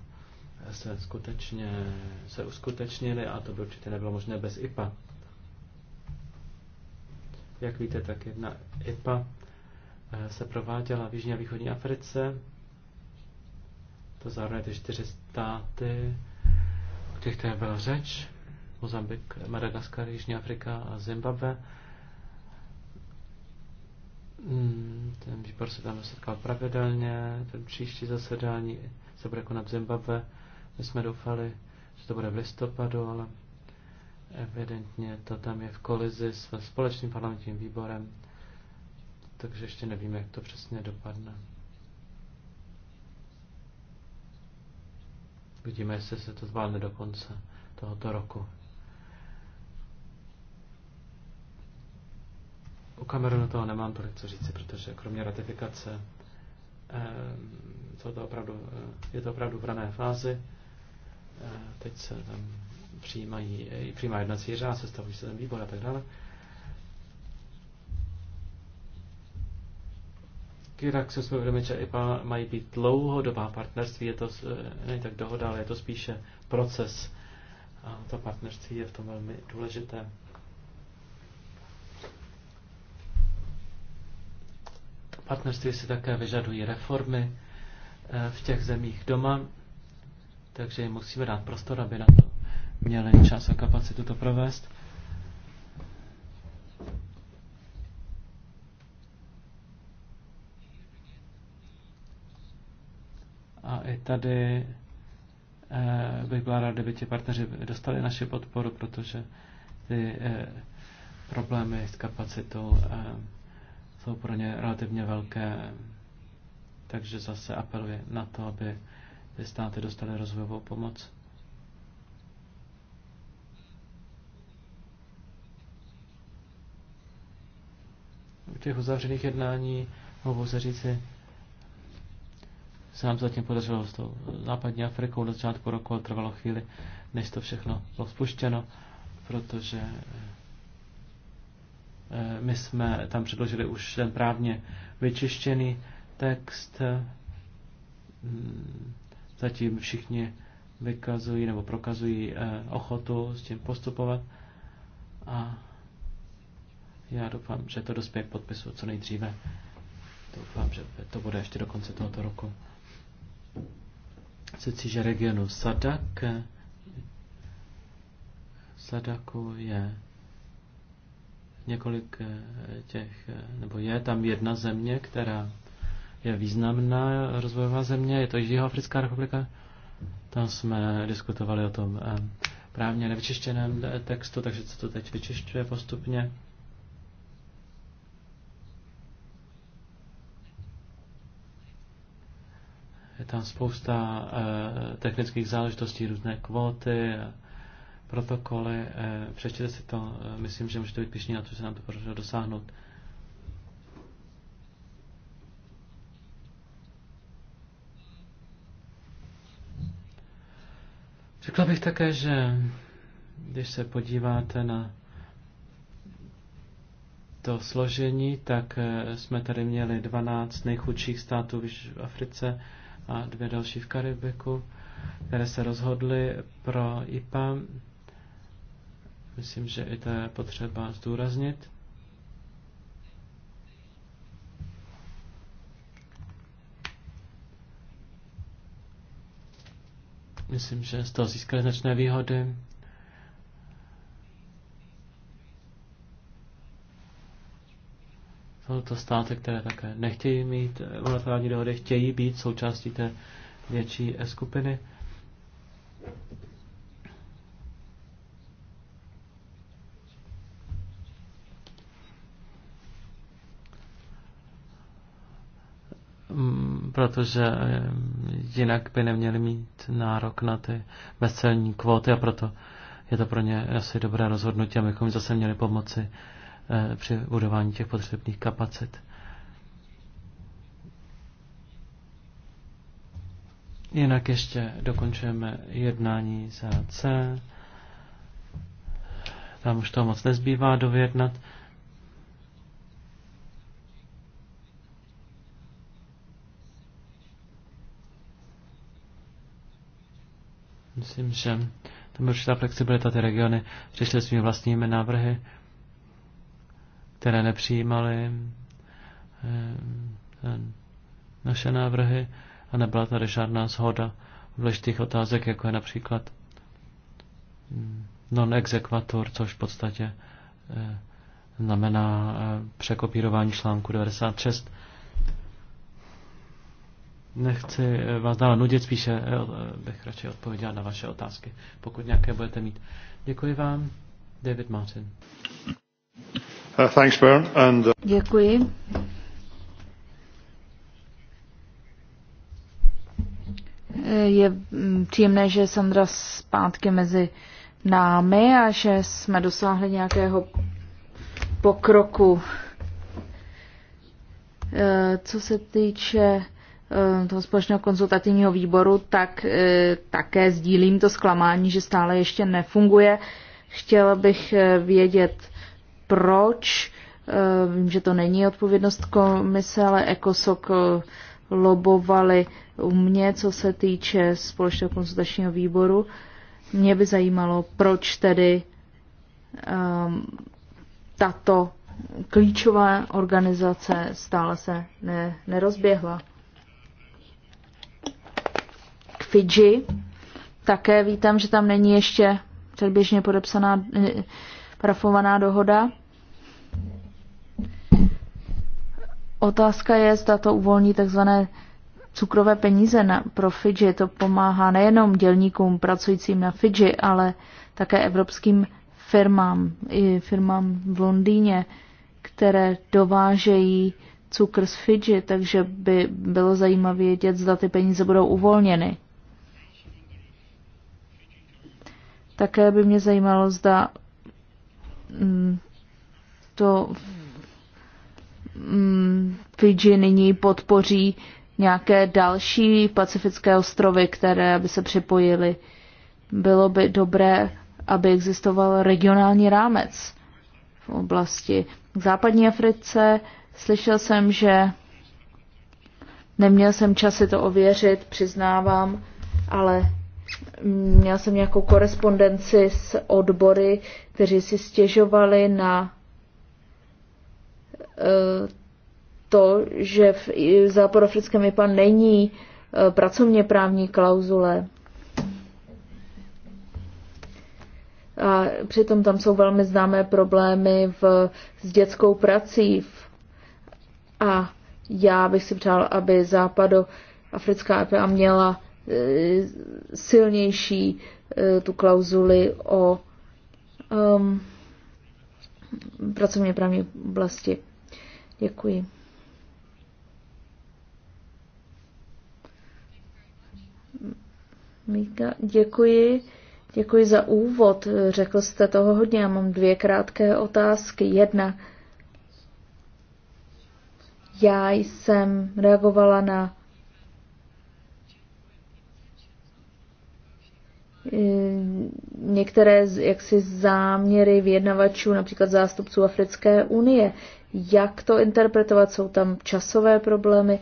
se skutečně se uskutečnily a to by určitě nebylo možné bez IPA. Jak víte, tak jedna IPA eh, se prováděla v Jižní a Východní Africe. To zahrnuje ty čtyři státy, těch které byla řeč, Mozambik, Madagaskar, Jižní Afrika a Zimbabwe. Mm, ten výbor se tam setkal pravidelně, ten příští zasedání se bude konat v Zimbabwe. My jsme doufali, že to bude v listopadu, ale evidentně to tam je v kolizi s společným parlamentním výborem, takže ještě nevíme, jak to přesně dopadne. Vidíme, jestli se to zvládne do konce tohoto roku. U Kamerunu toho nemám tolik co říci, protože kromě ratifikace to eh, to opravdu, eh, je to opravdu v rané fázi. Eh, teď se tam přijímají, přijímá jednací řád, sestavují se ten výbor a tak dále. k se jsme uvědomili, že IPA e mají být dlouhodobá partnerství, je to, eh, ne tak dohoda, ale je to spíše proces. A to partnerství je v tom velmi důležité. Partnerství si také vyžadují reformy eh, v těch zemích doma, takže jim musíme dát prostor, aby na to měli čas a kapacitu to provést. I tady eh, bych byla ráda, kdyby ti partneři dostali naši podporu, protože ty eh, problémy s kapacitou eh, jsou pro ně relativně velké. Takže zase apeluji na to, aby ty státy dostali rozvojovou pomoc. U těch uzavřených jednání mohu se říci, se nám zatím podařilo s tou západní Afrikou. Na začátku roku trvalo chvíli, než to všechno bylo spuštěno, protože eh, my jsme tam předložili už ten právně vyčištěný text. Mm, zatím všichni vykazují nebo prokazují eh, ochotu s tím postupovat a já doufám, že to dospěje k podpisu co nejdříve. Doufám, že to bude ještě do konce tohoto roku se týče regionu Sadak. Sadaku je několik eh, těch, eh, nebo je tam jedna země, která je významná rozvojová země, je to Africká republika. Tam jsme diskutovali o tom eh, právně nevyčištěném textu, takže se to teď vyčišťuje postupně. Je tam spousta uh, technických záležitostí, různé kvóty, protokoly. Uh, přečtěte si to, uh, myslím, že můžete být pišní na to, že se nám to podařilo dosáhnout. Řekla bych také, že když se podíváte na to složení, tak jsme tady měli 12 nejchudších států v Africe, a dvě další v Karibiku, které se rozhodly pro IPA. Myslím, že i to je potřeba zdůraznit. Myslím, že z toho získali značné výhody. Jsou to státy, které také nechtějí mít bilaterální dohody, chtějí být součástí té větší e skupiny. Mm, protože eh, jinak by neměli mít nárok na ty bezcelní kvóty a proto je to pro ně asi dobré rozhodnutí, abychom zase měli pomoci Eh, při budování těch potřebných kapacit. Jinak ještě dokončujeme jednání za C. Tam už to moc nezbývá dovědnat. Myslím, že tam určitá flexibilita ty regiony přišly svými vlastními návrhy které nepřijímaly eh, naše návrhy a nebyla tady žádná shoda v důležitých otázek, jako je například mm, non-exekvator, což v podstatě eh, znamená eh, překopírování článku 96. Nechci vás dále nudit, spíše bych radši odpověděl na vaše otázky, pokud nějaké budete mít. Děkuji vám, David Martin. Uh, uh, Děkuji. Eh, je mm, příjemné, že Sandra zpátky mezi námi a že jsme dosáhli nějakého pokroku. Eh, co se týče eh, toho společného konzultativního výboru, tak také sdílím to zklamání, že stále ještě nefunguje. Chtěla bych vědět, proč, eh, vím, že to není odpovědnost komise, ale ECOSOC eh, lobovali u mě, co se týče společného konzultačního výboru. Mě by zajímalo, proč tedy um, tato klíčová organizace stále se ne, nerozběhla. K Fidži také vítám, že tam není ještě předběžně podepsaná eh, parafovaná dohoda. Otázka je, zda to uvolní takzvané cukrové peníze na, pro Fidži. To pomáhá nejenom dělníkům pracujícím na Fidži, ale také evropským firmám, i firmám v Londýně, které dovážejí cukr z Fidži, takže by bylo zajímavé vědět, zda ty peníze budou uvolněny. Také by mě zajímalo, zda mm, to Mm, Fiji nyní podpoří nějaké další pacifické ostrovy, které by se připojily. Bylo by dobré, aby existoval regionální rámec v oblasti. K západní Africe slyšel jsem, že neměl jsem čas si to ověřit, přiznávám, ale měl jsem nějakou korespondenci s odbory, kteří si stěžovali na Eh, to, že v západoafrickém IPA není eh, pracovně právní klauzule. A přitom tam jsou velmi známé problémy v, s dětskou prací. V, a já bych si přál, aby západo africká EPA měla e, silnější e, tu klauzuli o um, pracovně právní oblasti. Děkuji. Míka, děkuji. Děkuji za úvod. Řekl jste toho hodně. Já mám dvě krátké otázky. Jedna. Já jsem reagovala na eh, některé jaksi záměry vyjednavačů, například zástupců Africké unie jak to interpretovat, jsou tam časové problémy,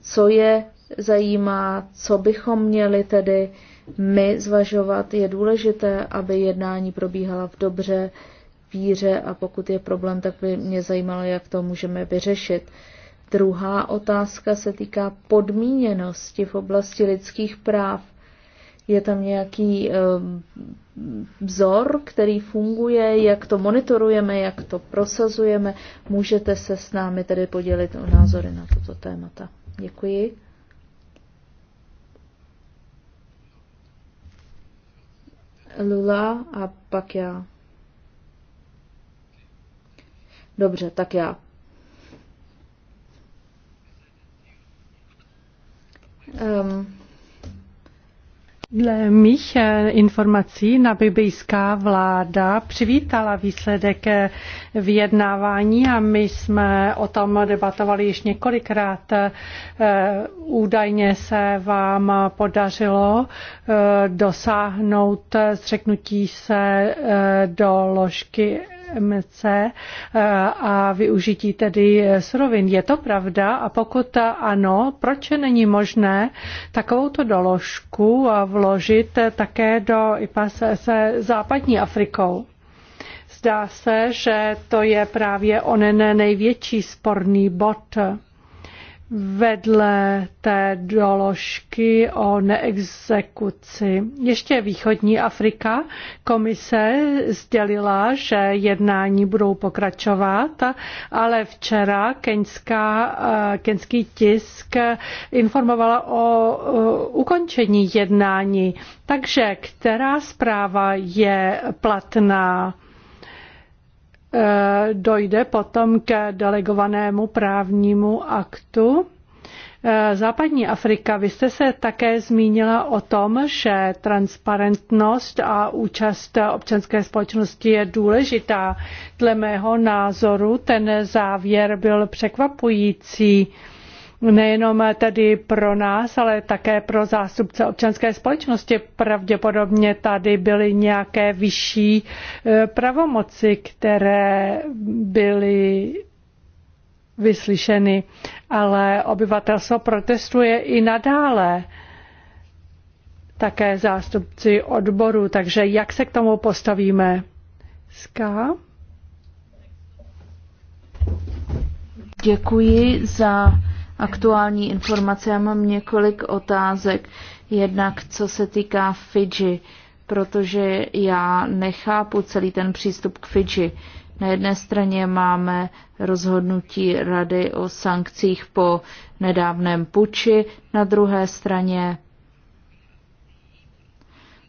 co je zajímá, co bychom měli tedy my zvažovat. Je důležité, aby jednání probíhala v dobře víře a pokud je problém, tak by mě zajímalo, jak to můžeme vyřešit. Druhá otázka se týká podmíněnosti v oblasti lidských práv je tam nějaký eh, vzor, který funguje, jak to monitorujeme, jak to prosazujeme. Můžete se s námi tedy podělit o názory na toto témata. Děkuji. Lula a pak já. Dobře, tak já. Um, Dle mých eh, informací nabibijská vláda přivítala výsledek eh, vyjednávání a my jsme o tom debatovali již několikrát. Eh, údajně se vám podařilo dosáhnout zřeknutí se do ložky MC eh, a využití tedy eh, surovin. Je to pravda? A pokud ano, proč není možné takovouto doložku eh, vložit také do IPAS se západní Afrikou? Zdá se, že to je právě onen největší sporný bod vedle té doložky o neexekuci. Ještě východní Afrika. Komise sdělila, že jednání budou pokračovat, ale včera keňská, eh, keňský tisk informovala o eh, ukončení jednání. Takže která zpráva je platná? Eh, dojde potom k delegovanému právnímu aktu. Eh, Západní Afrika, vy jste se také zmínila o tom, že transparentnost a účast občanské společnosti je důležitá. Dle mého názoru ten závěr byl překvapující nejenom tedy pro nás, ale také pro zástupce občanské společnosti. Pravděpodobně tady byly nějaké vyšší eh, pravomoci, které byly vyslyšeny, ale obyvatelstvo protestuje i nadále také zástupci odboru, takže jak se k tomu postavíme? Ská? Děkuji za aktuální informace. Já mám několik otázek. Jednak co se týká Fidži, protože já nechápu celý ten přístup k Fidži. Na jedné straně máme rozhodnutí Rady o sankcích po nedávném puči, na druhé straně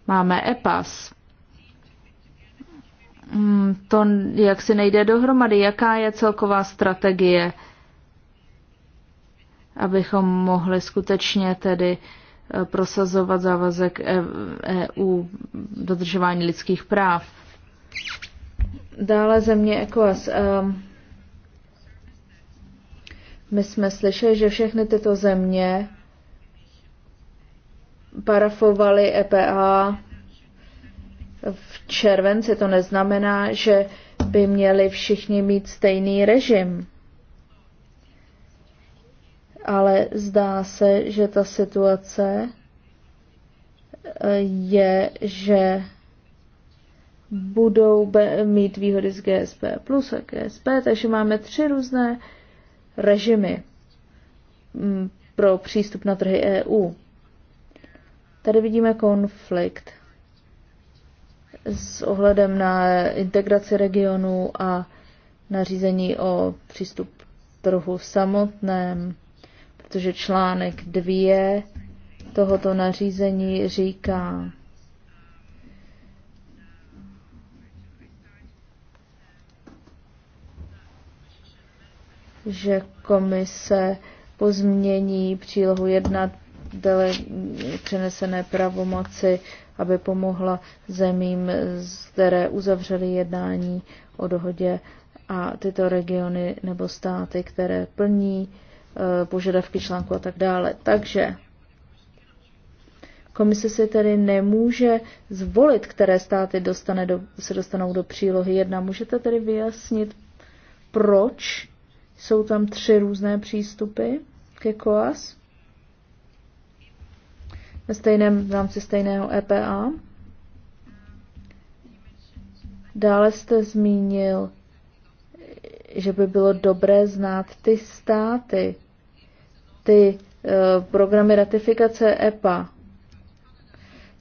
máme EPAS. Hmm, to jak si nejde dohromady, jaká je celková strategie abychom mohli skutečně tedy eh, prosazovat závazek EU e dodržování lidských práv. Dále země ECOWAS. Ehm, my jsme slyšeli, že všechny tyto země parafovaly EPA v červenci. To neznamená, že by měli všichni mít stejný režim ale zdá se, že ta situace eh, je, že budou mít výhody z GSP plus a GSP, takže máme tři různé režimy mm, pro přístup na trhy EU. Tady vidíme konflikt s ohledem na integraci regionu a nařízení o přístup trhu samotném protože článek 2 tohoto nařízení říká, že komise pozmění přílohu 1 dele přenesené pravomoci, aby pomohla zemím, které uzavřely jednání o dohodě a tyto regiony nebo státy, které plní Eh, požadavky článku a tak dále. Takže komise si tedy nemůže zvolit, které státy dostane do, se dostanou do přílohy 1. Můžete tedy vyjasnit, proč jsou tam tři různé přístupy ke COAS? Ve stejném v rámci stejného EPA. Dále jste zmínil, že by bylo dobré znát ty státy, ty eh, programy ratifikace EPA.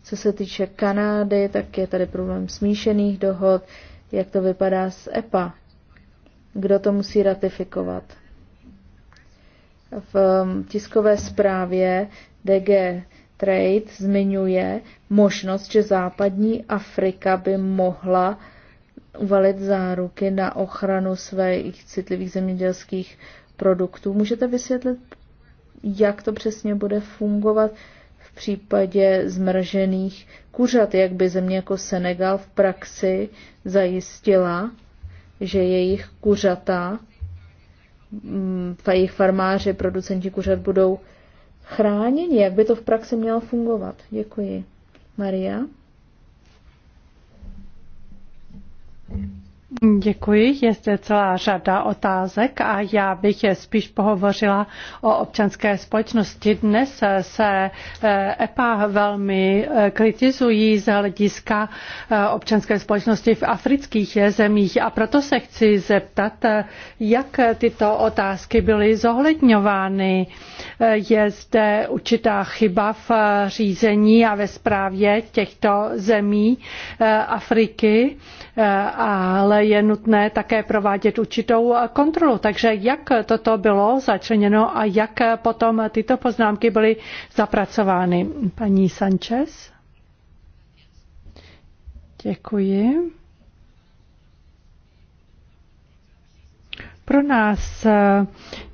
Co se týče Kanády, tak je tady problém smíšených dohod, jak to vypadá s EPA. Kdo to musí ratifikovat? V mm, tiskové zprávě DG Trade zmiňuje možnost, že západní Afrika by mohla uvalit záruky na ochranu svých citlivých zemědělských produktů. Můžete vysvětlit, jak to přesně bude fungovat v případě zmražených kuřat, jak by země jako Senegal v praxi zajistila, že jejich kuřata, mm, jejich farmáři, producenti kuřat budou chráněni, jak by to v praxi mělo fungovat. Děkuji. Maria? Děkuji. Je zde celá řada otázek a já bych je spíš pohovořila o občanské společnosti. Dnes se eh, EPA velmi eh, kritizují z hlediska eh, občanské společnosti v afrických zemích a proto se chci zeptat, jak tyto otázky byly zohledňovány. Je zde určitá chyba v řízení a ve správě těchto zemí Afriky, ale ale je nutné také provádět určitou kontrolu. Takže jak toto bylo začleněno a jak potom tyto poznámky byly zapracovány? Paní Sanchez? Děkuji. Pro nás eh,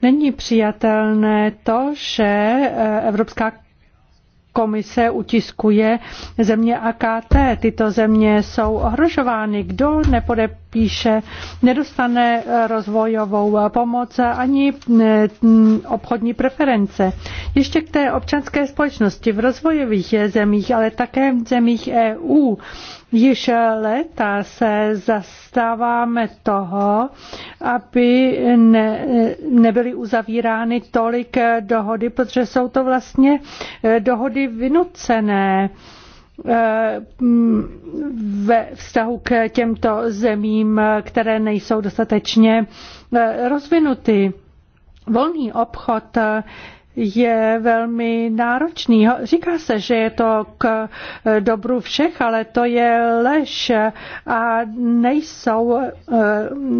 není přijatelné to, že eh, Evropská komise utiskuje země AKT. Tyto země jsou ohrožovány. Kdo nepodepíše, nedostane eh, rozvojovou eh, pomoc ani eh, mm, obchodní preference. Ještě k té občanské společnosti v rozvojových zemích, ale také v zemích EU Již léta se zastáváme toho, aby ne, nebyly uzavírány tolik dohody, protože jsou to vlastně eh, dohody vynucené eh, ve vztahu k těmto zemím, které nejsou dostatečně eh, rozvinuty. Volný obchod je velmi náročný. Říká se, že je to k eh, dobru všech, ale to je lež a nejsou eh,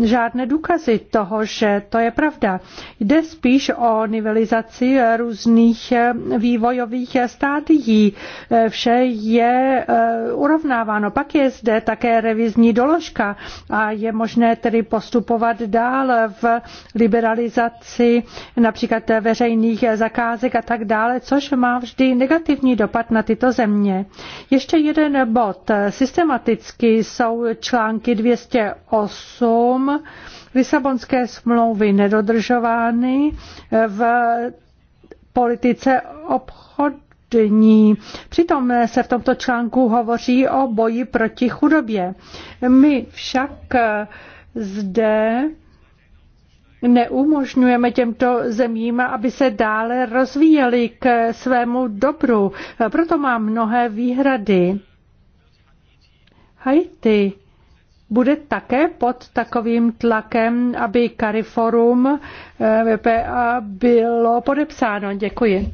žádné důkazy toho, že to je pravda. Jde spíš o nivelizaci různých eh, vývojových stádií. Vše je urovnáváno. Pak je zde také revizní doložka a je možné tedy postupovat dál v liberalizaci například veřejných zakázek a tak dále, což má vždy negativní dopad na tyto země. Ještě jeden bod. Systematicky jsou články 208 Lisabonské smlouvy nedodržovány v politice obchodní. Přitom se v tomto článku hovoří o boji proti chudobě. My však zde neumožňujeme těmto zemím, aby se dále rozvíjely k svému dobru. Proto mám mnohé výhrady. Haiti bude také pod takovým tlakem, aby CARIFORUM VPA eh, bylo podepsáno. Děkuji.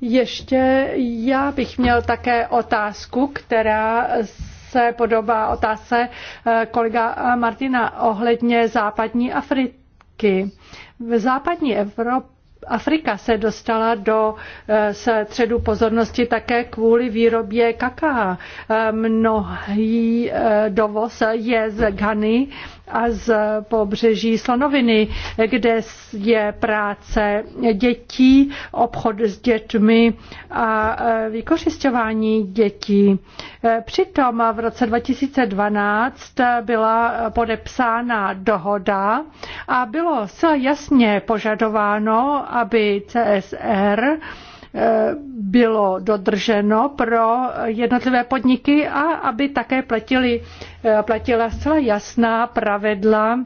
Ještě já bych měl také otázku, která se podobá otázce eh, kolega Martina ohledně západní Afriky války. V západní Evropě Afrika se dostala do eh, středu pozornosti také kvůli výrobě kaká. Eh, mnohý eh, dovoz je z Ghany a z pobřeží Slonoviny, kde je práce dětí, obchod s dětmi a e, vykořišťování dětí. E, přitom v roce 2012 byla podepsána dohoda a bylo zcela jasně požadováno, aby CSR bylo dodrženo pro jednotlivé podniky a aby také platili, platila zcela jasná pravidla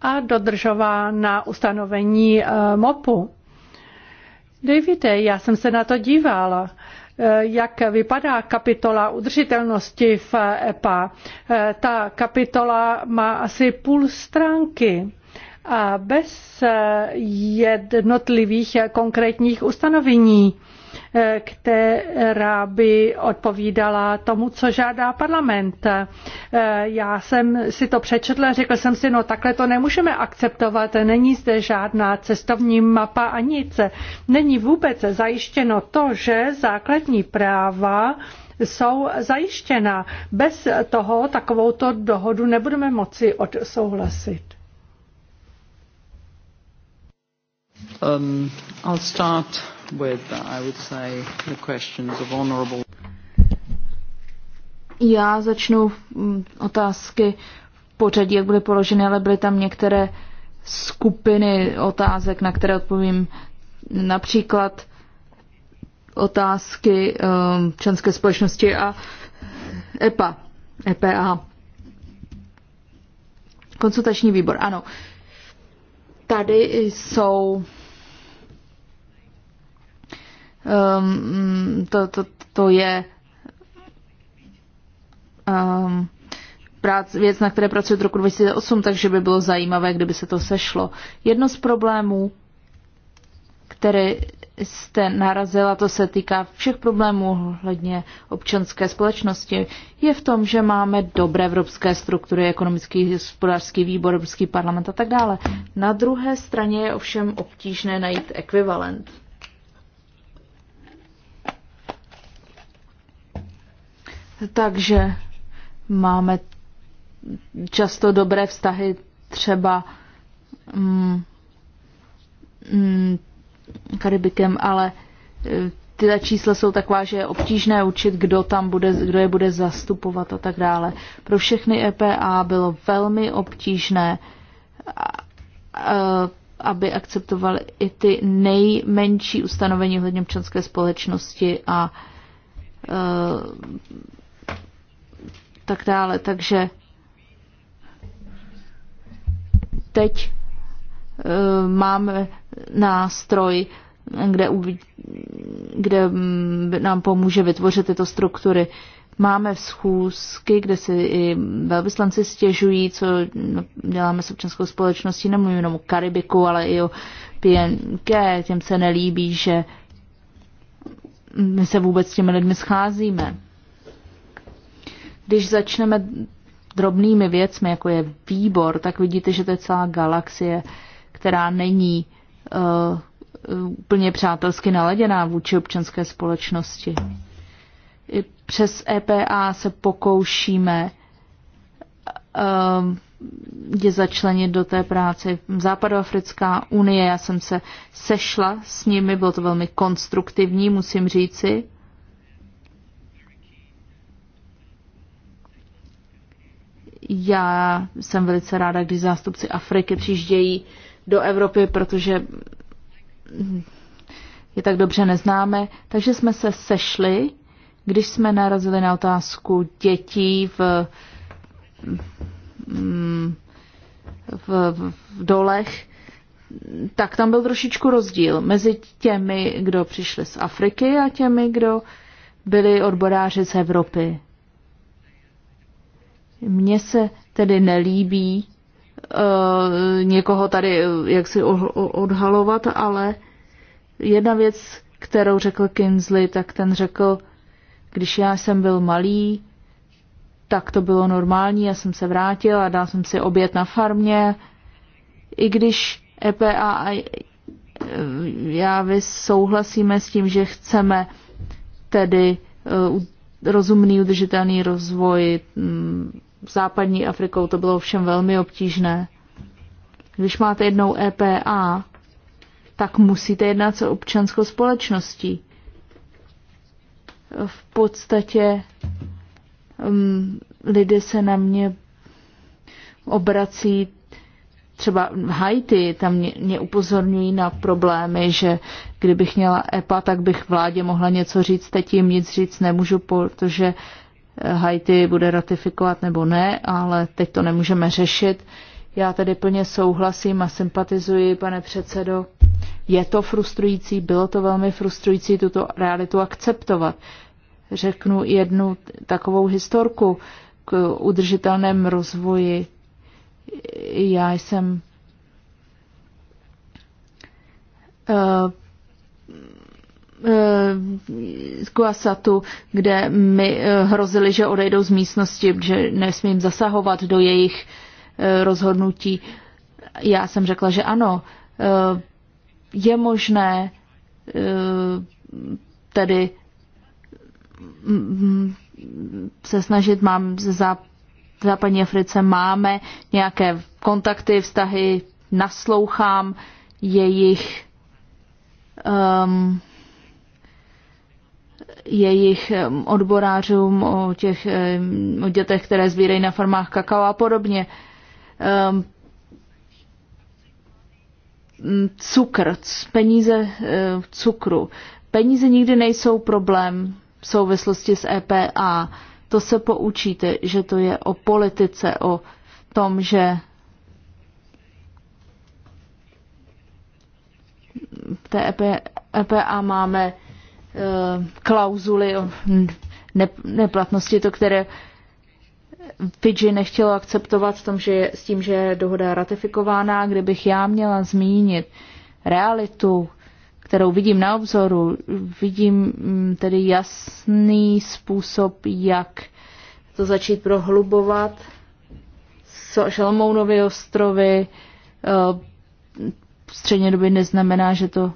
a dodržována ustanovení eh, MOPu. Davide, já jsem se na to dívala eh, jak vypadá kapitola udržitelnosti v EPA. Eh, ta kapitola má asi půl stránky a bez eh, jednotlivých eh, konkrétních ustanovení, eh, která by odpovídala tomu, co žádá parlament. Já jsem si to přečetla, řekl jsem si, no takhle to nemůžeme akceptovat, není zde žádná cestovní mapa a nic. Není vůbec zajištěno to, že základní práva jsou zajištěna. Bez toho takovouto dohodu nebudeme moci odsouhlasit. Já začnu mm, otázky pořadí, jak byly položeny, ale byly tam některé skupiny otázek, na které odpovím. Například otázky um, členské společnosti a EPA. EPA. Konsultační výbor, ano. Tady jsou um, to, to, to je um, prác, věc, na které pracuji od roku 2008, takže by bylo zajímavé, kdyby se to sešlo. Jedno z problémů, které jste narazila, to se týká všech problémů ohledně občanské společnosti, je v tom, že máme dobré evropské struktury, ekonomický, hospodářský výbor, Evropský parlament a tak dále. Na druhé straně je ovšem obtížné najít ekvivalent Takže máme často dobré vztahy třeba mm, mm, Karibikem, ale e, tyhle čísla jsou taková, že je obtížné učit, kdo tam bude, kdo je bude zastupovat a tak dále. Pro všechny EPA bylo velmi obtížné, aby akceptovali i ty nejmenší ustanovení hledně občanské společnosti a e, tak dále. Takže teď eh, máme nástroj, kde, kde mm, nám pomůže vytvořit tyto struktury. Máme schůzky, kde si i velvyslanci stěžují, co děláme s občanskou společností, nemluvím jenom o Karibiku, ale i o PNK, těm se nelíbí, že my se vůbec s těmi lidmi scházíme. Když začneme drobnými věcmi, jako je výbor, tak vidíte, že to je celá galaxie, která není uh, úplně přátelsky naladěná vůči občanské společnosti. I přes EPA se pokoušíme uh, je začlenit do té práce. Západoafrická unie, já jsem se sešla s nimi, bylo to velmi konstruktivní, musím říci. Já jsem velice ráda, když zástupci Afriky přijíždějí do Evropy, protože je tak dobře neznáme. Takže jsme se sešli, když jsme narazili na otázku dětí v, mm, v, v dolech, tak tam byl trošičku rozdíl mezi těmi, kdo přišli z Afriky a těmi, kdo byli odboráři z Evropy. Mně se tedy nelíbí uh, někoho tady eh, jaksi odhalovat, ale jedna věc, kterou řekl Kinsley, tak ten řekl, když já jsem byl malý, tak to bylo normální, já jsem se vrátil a dal jsem si oběd na farmě. I když EPA a eh, já vy souhlasíme s tím, že chceme tedy rozumný udržitelný rozvoj, mm, západní Afrikou to bylo všem velmi obtížné. Když máte jednou EPA, tak musíte jednat se občanskou společností. V podstatě um, lidé se na mě obrací třeba v Haiti, tam mě, mě upozorňují na problémy, že kdybych měla EPA, tak bych vládě mohla něco říct, teď jim nic říct nemůžu, protože uh, Haiti bude ratifikovat nebo ne, ale teď to nemůžeme řešit. Já tedy plně souhlasím a sympatizuji, pane předsedo. Je to frustrující, bylo to velmi frustrující tuto realitu akceptovat. Řeknu jednu takovou historku k udržitelném rozvoji. Já jsem eh, Eh, z Kuasatu, kde mi eh, hrozili, že odejdou z místnosti, že nesmím zasahovat do jejich eh, rozhodnutí. Já jsem řekla, že ano, je možné tedy mm, mm, se snažit, mám ze západní Africe, máme nějaké kontakty, vztahy, naslouchám jejich um, jejich odborářům, o těch o dětech, které sbírají na farmách kakao a podobně. Cukr, peníze e, cukru. Peníze nikdy nejsou problém v souvislosti s EPA. To se poučíte, že to je o politice, o tom, že v té EPA e máme Eh, klauzuly o neplatnosti, to, které Fidži nechtělo akceptovat v tom, že s tím, že je dohoda ratifikována, kdybych já měla zmínit realitu, kterou vidím na obzoru, vidím mm, tedy jasný způsob, jak to začít prohlubovat. Šalmounovy ostrovy eh, středně doby neznamená, že to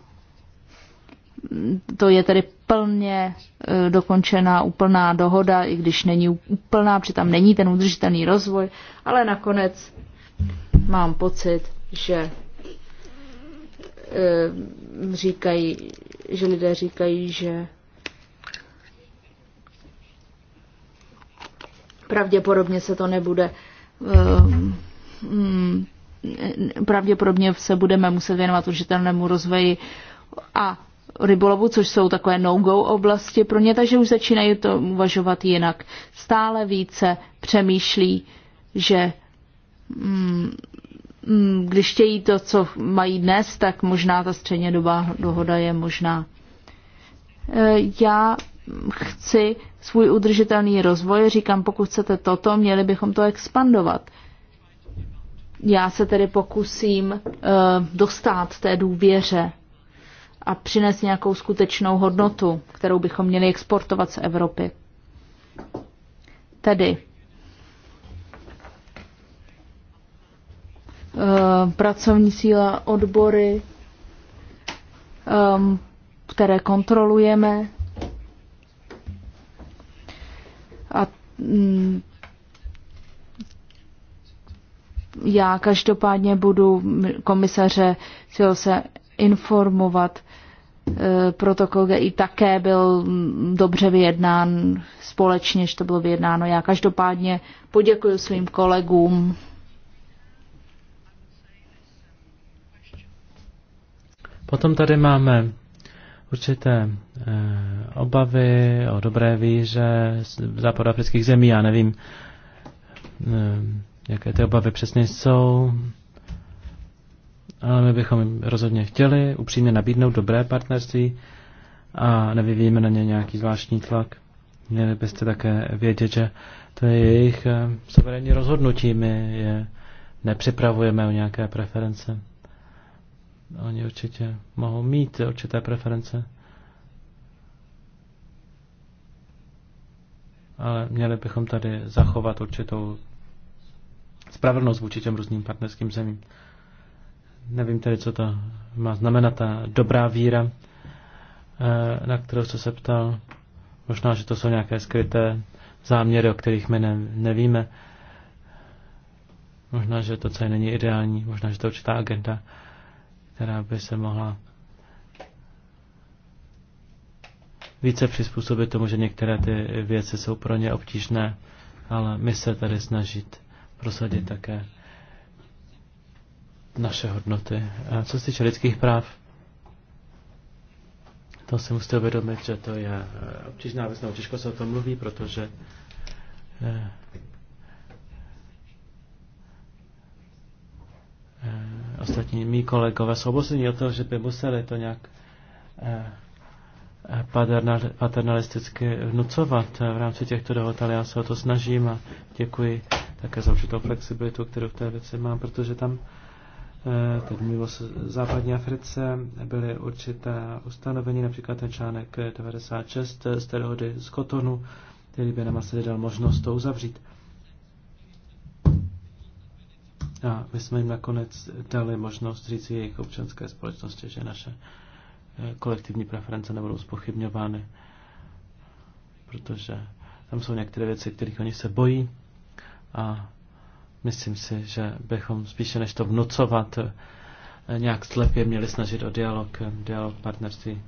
to je tedy plně e, dokončená úplná dohoda, i když není úplná, protože tam není ten udržitelný rozvoj, ale nakonec mám pocit, že e, říkají, že lidé říkají, že pravděpodobně se to nebude e, mm, pravděpodobně se budeme muset věnovat užitelnému rozvoji a rybolovu, což jsou takové no-go oblasti pro ně, takže už začínají to uvažovat jinak. Stále více přemýšlí, že mm, mm když chtějí to, co mají dnes, tak možná ta středně doba dohoda je možná. E, já chci svůj udržitelný rozvoj, říkám, pokud chcete toto, měli bychom to expandovat. Já se tedy pokusím uh, e, dostat té důvěře a přines nějakou skutečnou hodnotu, kterou bychom měli exportovat z Evropy. Tedy eh, pracovní síla, odbory, eh, které kontrolujeme. A mm, já každopádně budu komisaře se informovat. Eh, protokol i také byl mm, dobře vyjednán společně, že to bylo vyjednáno. Já každopádně poděkuji svým kolegům. Potom tady máme určité eh, obavy o dobré víře západoafrických zemí. Já nevím, eh, jaké ty obavy přesně jsou ale my bychom jim rozhodně chtěli upřímně nabídnout dobré partnerství a nevyvíjíme na ně nějaký zvláštní tlak. Měli byste také vědět, že to je jejich eh, suverénní rozhodnutí. My je nepřipravujeme o nějaké preference. Oni určitě mohou mít určité preference. Ale měli bychom tady zachovat určitou spravedlnost vůči těm různým partnerským zemím. Nevím tedy, co to má znamenat ta dobrá víra, eh, na kterou jste se ptal. Možná, že to jsou nějaké skryté záměry, o kterých my nevíme. Možná, že to celé není ideální, možná, že to je určitá agenda, která by se mohla více přizpůsobit tomu, že některé ty věci jsou pro ně obtížné, ale my se tady snažit prosadit také naše hodnoty. A co se týče lidských práv, to si musíte uvědomit, že to je eh, obtížná věc, nebo těžko se o tom mluví, protože eh, eh, ostatní mý kolegové jsou obosení o to, že by museli to nějak paternalisticky vnucovat v rámci těchto dohod, ale já se o to snažím a děkuji také za určitou flexibilitu, kterou v té věci mám, protože tam Eh, teď mimo západní Africe, byly určité ustanovení, například ten článek 96 z té dohody z Kotonu, který by nám asi dal možnost to uzavřít. A my jsme jim nakonec dali možnost říct jejich občanské společnosti, že naše eh, kolektivní preference nebudou spochybňovány, protože tam jsou některé věci, kterých oni se bojí a Myslím si, že bychom spíše než to vnucovat eh, nějak slepě měli snažit o dialog, eh, dialog partnerství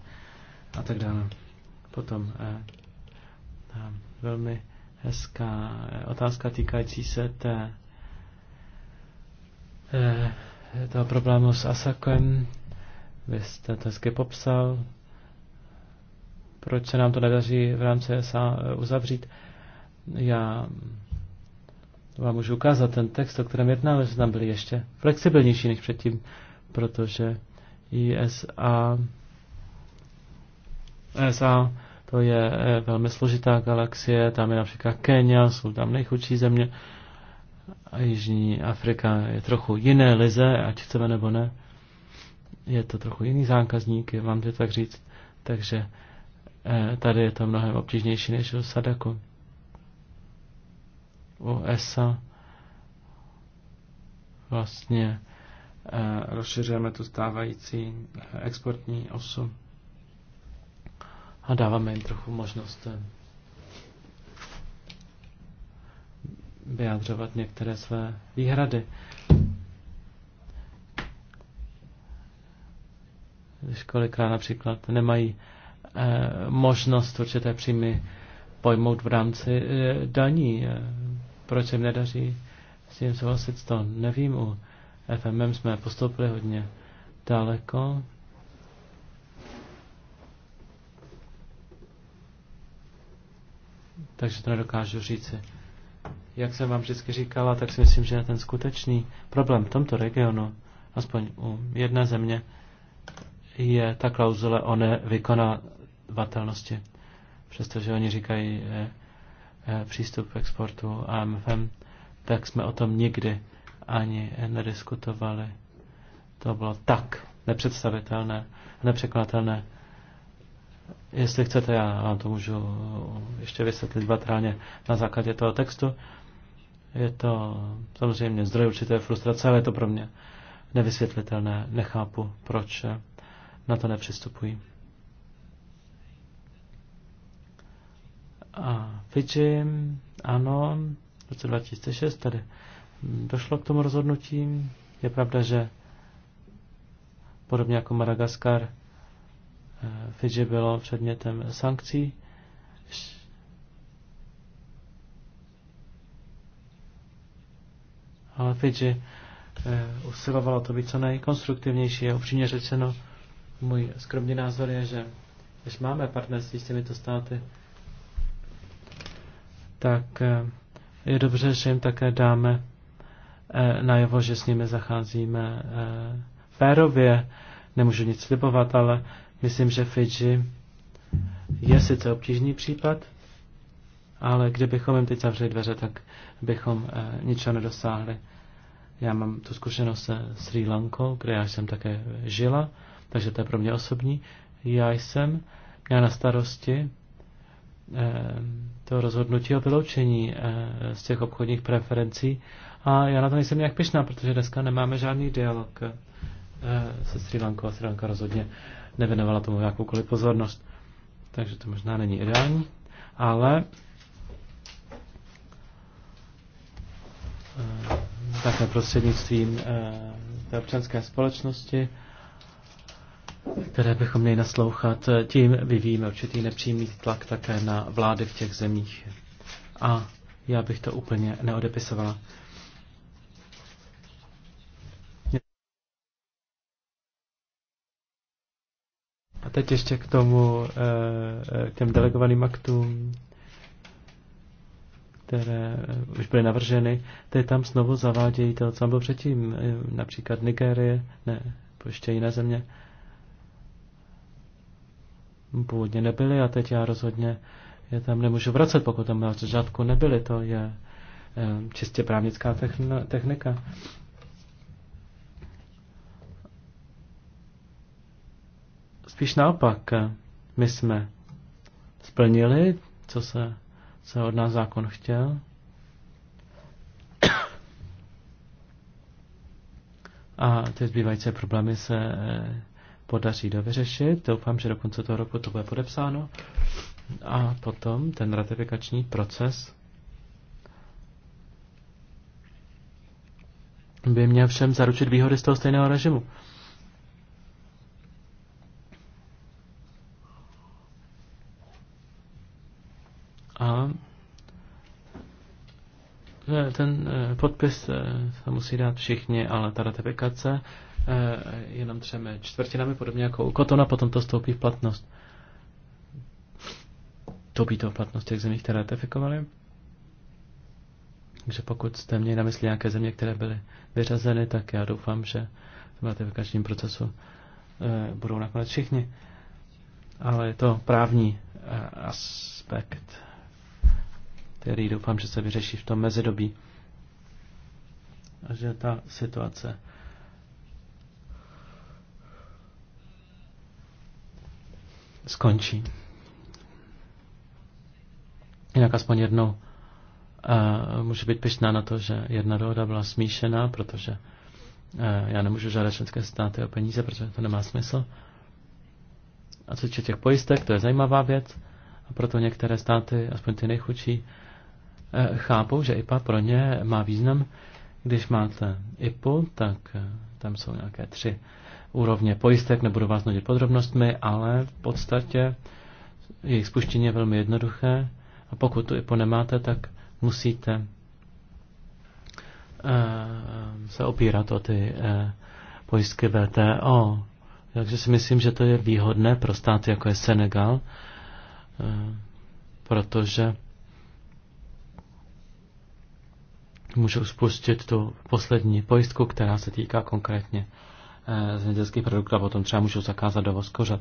a tak dále. Potom eh, velmi hezká otázka týkající se té, toho problému s Asakem. Vy jste to hezky popsal. Proč se nám to nedaří v rámci SA uzavřít? Já vám můžu ukázat ten text, o kterém jednáme, že tam byli ještě flexibilnější než předtím, protože ISA, ISA to je eh, velmi složitá galaxie, tam je například Kenia, jsou tam nejchudší země, a Jižní Afrika je trochu jiné lize, ať chceme nebo ne. Je to trochu jiný zákazník, mám to tak říct, takže eh, tady je to mnohem obtížnější než u Sadaku u vlastně eh, rozšiřujeme tu stávající eh, exportní osu a dáváme jim trochu možnost eh, vyjádřovat některé své výhrady. Když kolikrát například nemají možnost určité příjmy pojmout v rámci daní proč se nedaří s tím souhlasit, to nevím. U FMM jsme postoupili hodně daleko. Takže to nedokážu říci. Jak jsem vám vždycky říkala, tak si myslím, že ten skutečný problém v tomto regionu, aspoň u jedné země, je ta klauzule o nevykonavatelnosti. Přestože oni říkají, Eh, přístup k exportu AMFM, tak jsme o tom nikdy ani nediskutovali. To bylo tak nepředstavitelné, nepřekonatelné. Jestli chcete, já vám to můžu ještě vysvětlit batrálně na základě toho textu. Je to samozřejmě zdroj určité frustrace, ale je to pro mě nevysvětlitelné. Nechápu, proč na to nepřistupují. a Fidži, ano, v roce 2006 tady došlo k tomu rozhodnutí. Je pravda, že podobně jako Madagaskar, eh, Fidži bylo předmětem sankcí. Ale Fidži eh, usilovalo to být co nejkonstruktivnější. A upřímně řečeno, můj skromný názor je, že když máme partnerství s těmito státy, tak eh, je dobře, že jim také dáme eh, najevo, že s nimi zacházíme eh, férově. Nemůžu nic slibovat, ale myslím, že Fidži je sice obtížný případ, ale kdybychom jim teď zavřeli dveře, tak bychom ničeho nedosáhli. Já mám tu zkušenost se Sri Lankou, kde já jsem také žila, takže to je pro mě osobní. Já jsem měla na starosti Eh, to rozhodnutí o vyloučení eh, z těch obchodních preferencí. A já na to nejsem nějak pišná, protože dneska nemáme žádný dialog eh, se Sri Lankou a Sri Lanka rozhodně nevěnovala tomu jakoukoliv pozornost. Takže to možná není ideální, ale také prostřednictvím té občanské společnosti které bychom měli naslouchat. Eh, tím vyvíjíme určitý nepřímý tlak také na vlády v těch zemích. A já bych to úplně neodepisovala. A teď ještě k tomu, eh, k těm delegovaným aktům, které eh, už byly navrženy. Teď tam znovu zavádějí to, co bylo předtím, například Nigérie, ne, ještě jiné země původně nebyly a teď já rozhodně je tam nemůžu vracet, pokud tam na řadku nebyly. To je eh, čistě právnická technika. Spíš naopak, eh, my jsme splnili, co se, co od nás zákon chtěl. A ty zbývající problémy se eh, podaří dovyřešit. Doufám, že do konce toho roku to bude podepsáno. A potom ten ratifikační proces by měl všem zaručit výhody z toho stejného režimu. A ten eh, eh, podpis eh, se musí dát všichni, ale ta ratifikace Eh, jenom třemi čtvrtinami, podobně jako u kotona, potom to stoupí v platnost. by to v platnost těch zemí, které ratifikovaly. Takže pokud jste měli na mysli nějaké země, které byly vyřazeny, tak já doufám, že v ratifikačním procesu eh, budou nakonec všichni. Ale je to právní eh, aspekt, který doufám, že se vyřeší v tom mezidobí. A že ta situace skončí. Jinak aspoň jednou uh, eh, můžu být pišná na to, že jedna dohoda byla smíšená, protože uh, já nemůžu žádat členské státy o peníze, protože to nemá smysl. A co týče těch pojistek, to je zajímavá věc. A proto některé státy, aspoň ty nejchudší, eh, chápou, že IPA pro ně má význam. Když máte IPu, tak tam jsou nějaké tři úrovně pojistek, nebudu vás nudit podrobnostmi, ale v podstatě jejich spuštění je velmi jednoduché a pokud tu IPO nemáte, tak musíte eh, se opírat o ty eh, pojistky VTO. Takže si myslím, že to je výhodné pro státy, jako je Senegal, eh, protože můžou spustit tu poslední pojistku, která se týká konkrétně Eh, zemědělských produktů a potom třeba můžou zakázat dovoz kořat.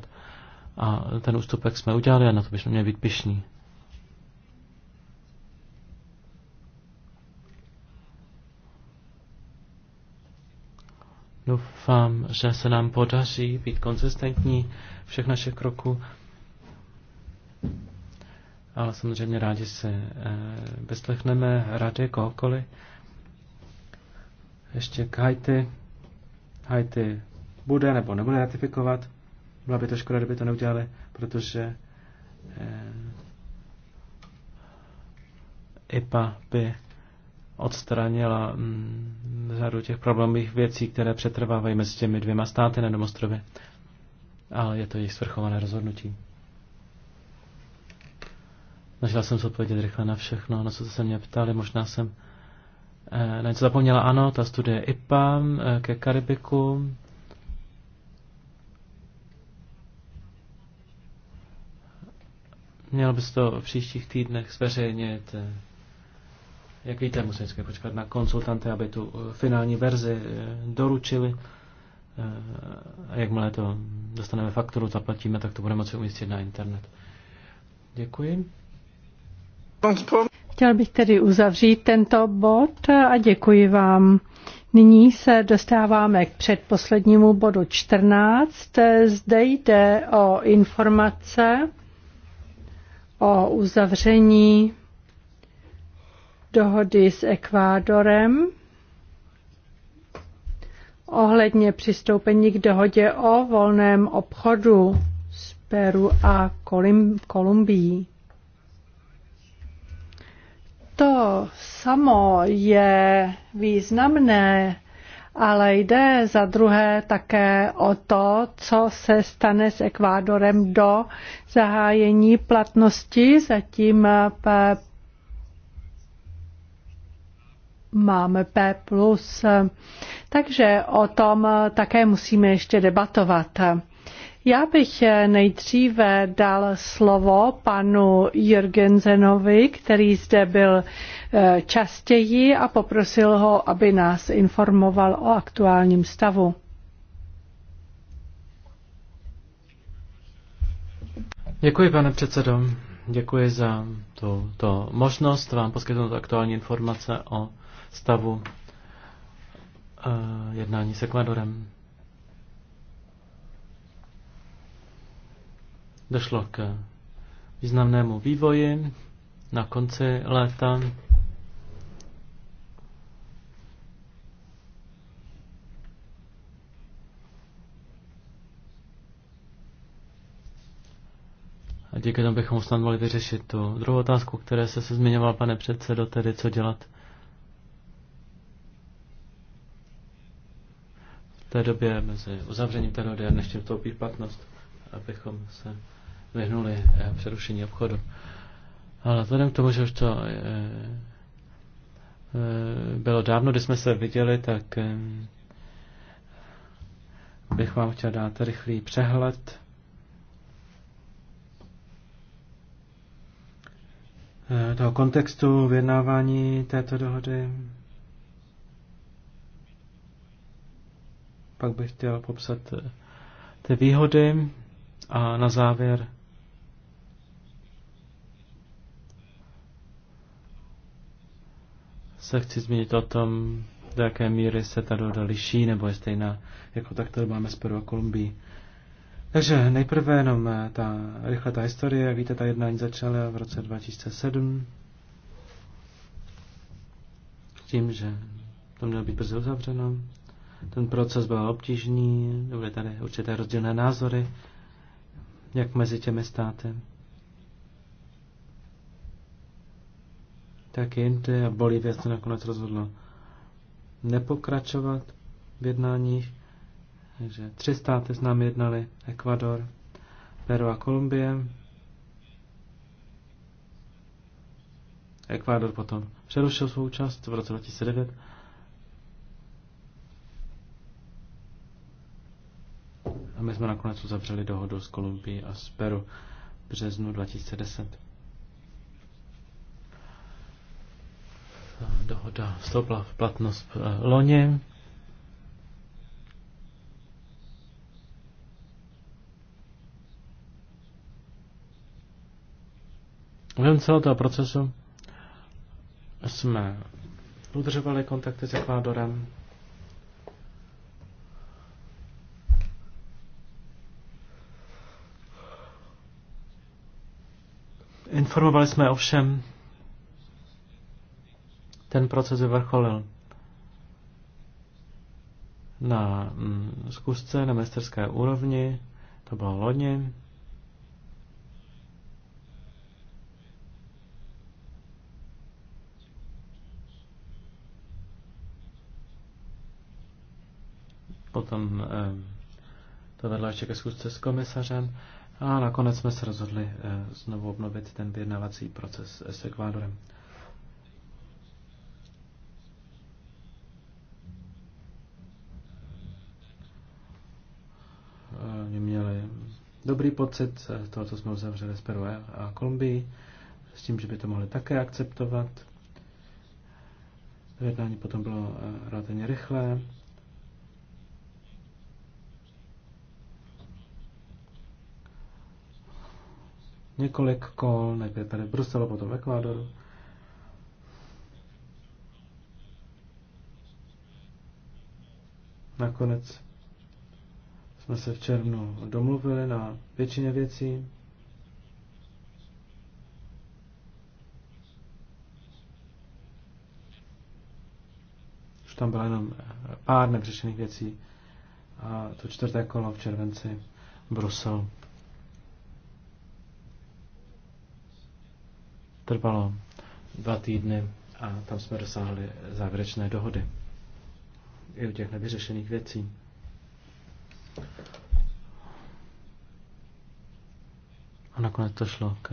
A ten ústupek jsme udělali a na to bychom měli být pišní. Doufám, že se nám podaří být konzistentní všech našich kroků. Ale samozřejmě rádi se, eh, vyslechneme rady kohokoliv. Ještě k Haiti. Haiti bude nebo nebude ratifikovat. Byla by to škoda, kdyby to neudělali, protože eh, IPA by odstranila mm, řadu těch problémových věcí, které přetrvávají mezi těmi dvěma státy na domostrově. Ale je to jejich svrchované rozhodnutí. Snažila jsem se odpovědět rychle na všechno, na co se mě ptali. Možná jsem Eh, na něco zapomněla, ano, ta studie IPA eh, ke Karibiku. Měl bys to v příštích týdnech zveřejnit. Eh, jak víte, musím vždycky počkat na konsultanty, aby tu finální verzi doručili. A jakmile to dostaneme fakturu, zaplatíme, tak to budeme moci umístit na internet. Děkuji. Chtěl bych tedy uzavřít tento bod a děkuji vám. Nyní se dostáváme k předposlednímu bodu 14. Zde jde o informace o uzavření dohody s Ekvádorem ohledně přistoupení k dohodě o volném obchodu s Peru a Kolumbií. To samo je významné, ale jde za druhé také o to, co se stane s Ekvádorem do zahájení platnosti. Zatím P... máme P+. Takže o tom také musíme ještě debatovat. Já bych eh, nejdříve dal slovo panu Jürgensenovi, který zde byl eh, častěji a poprosil ho, aby nás informoval o aktuálním stavu. Děkuji, pane předsedo. Děkuji za tu, to možnost vám poskytnout aktuální informace o stavu uh, jednání s Ekvadorem. Došlo k významnému vývoji na konci léta. A díky tomu bychom snad mohli vyřešit tu druhou otázku, které se, se zmiňoval, pane předsedo, tedy co dělat v té době mezi uzavřením té dohody a než tím vstoupí v platnost abychom se vyhnuli eh, přerušení obchodu. Ale vzhledem k tomu, že už to eh, eh, bylo dávno, kdy jsme se viděli, tak bych vám chtěl dát rychlý přehled. toho kontextu vyjednávání této dohody. Pak bych chtěl popsat ty výhody a na závěr se chci zmínit o tom, do jaké míry se ta doda liší, nebo je stejná jako ta, kterou máme s Peru a Kolumbii. Takže nejprve jenom eh, ta rychle ta historie, jak víte, ta jednání začala v roce 2007 tím, že to mělo být brzy uzavřeno. Ten proces byl obtížný, byly tady určité rozdílné názory jak mezi těmi státy, tak jinde a Bolívie se nakonec rozhodla nepokračovat v jednáních. Takže tři státy s námi jednali, Ekvador, Peru a Kolumbie. Ekvádor potom přerušil svou část v roce 2009 my jsme nakonec uzavřeli dohodu s Kolumbií a s Peru v březnu 2010. Dohoda vstoupila v platnost v eh, loni. Během celého toho procesu jsme udržovali kontakty s Ekvádorem, Informovali jsme ovšem, ten proces vyvrcholil na mm, zkusce na mesterské úrovni, to bylo loni. Potom eh, to vedlo ještě ke zkusce s komisařem a nakonec jsme se rozhodli eh, znovu obnovit ten vyjednávací proces eh, s Ekvádorem. Eh, měli dobrý pocit toho, co jsme uzavřeli s Peru a Kolumbií, s tím, že by to mohli také akceptovat. Jednání potom bylo relativně rychlé, několik kol, nejprve tady v Bruselu, potom v Ekvádoru. Nakonec jsme se v červnu domluvili na většině věcí. Už tam bylo jenom pár nepřešených věcí a to čtvrté kolo v červenci Brusel. Trvalo dva týdny a tam jsme dosáhli závěrečné dohody. I u těch nevyřešených věcí. A nakonec to šlo k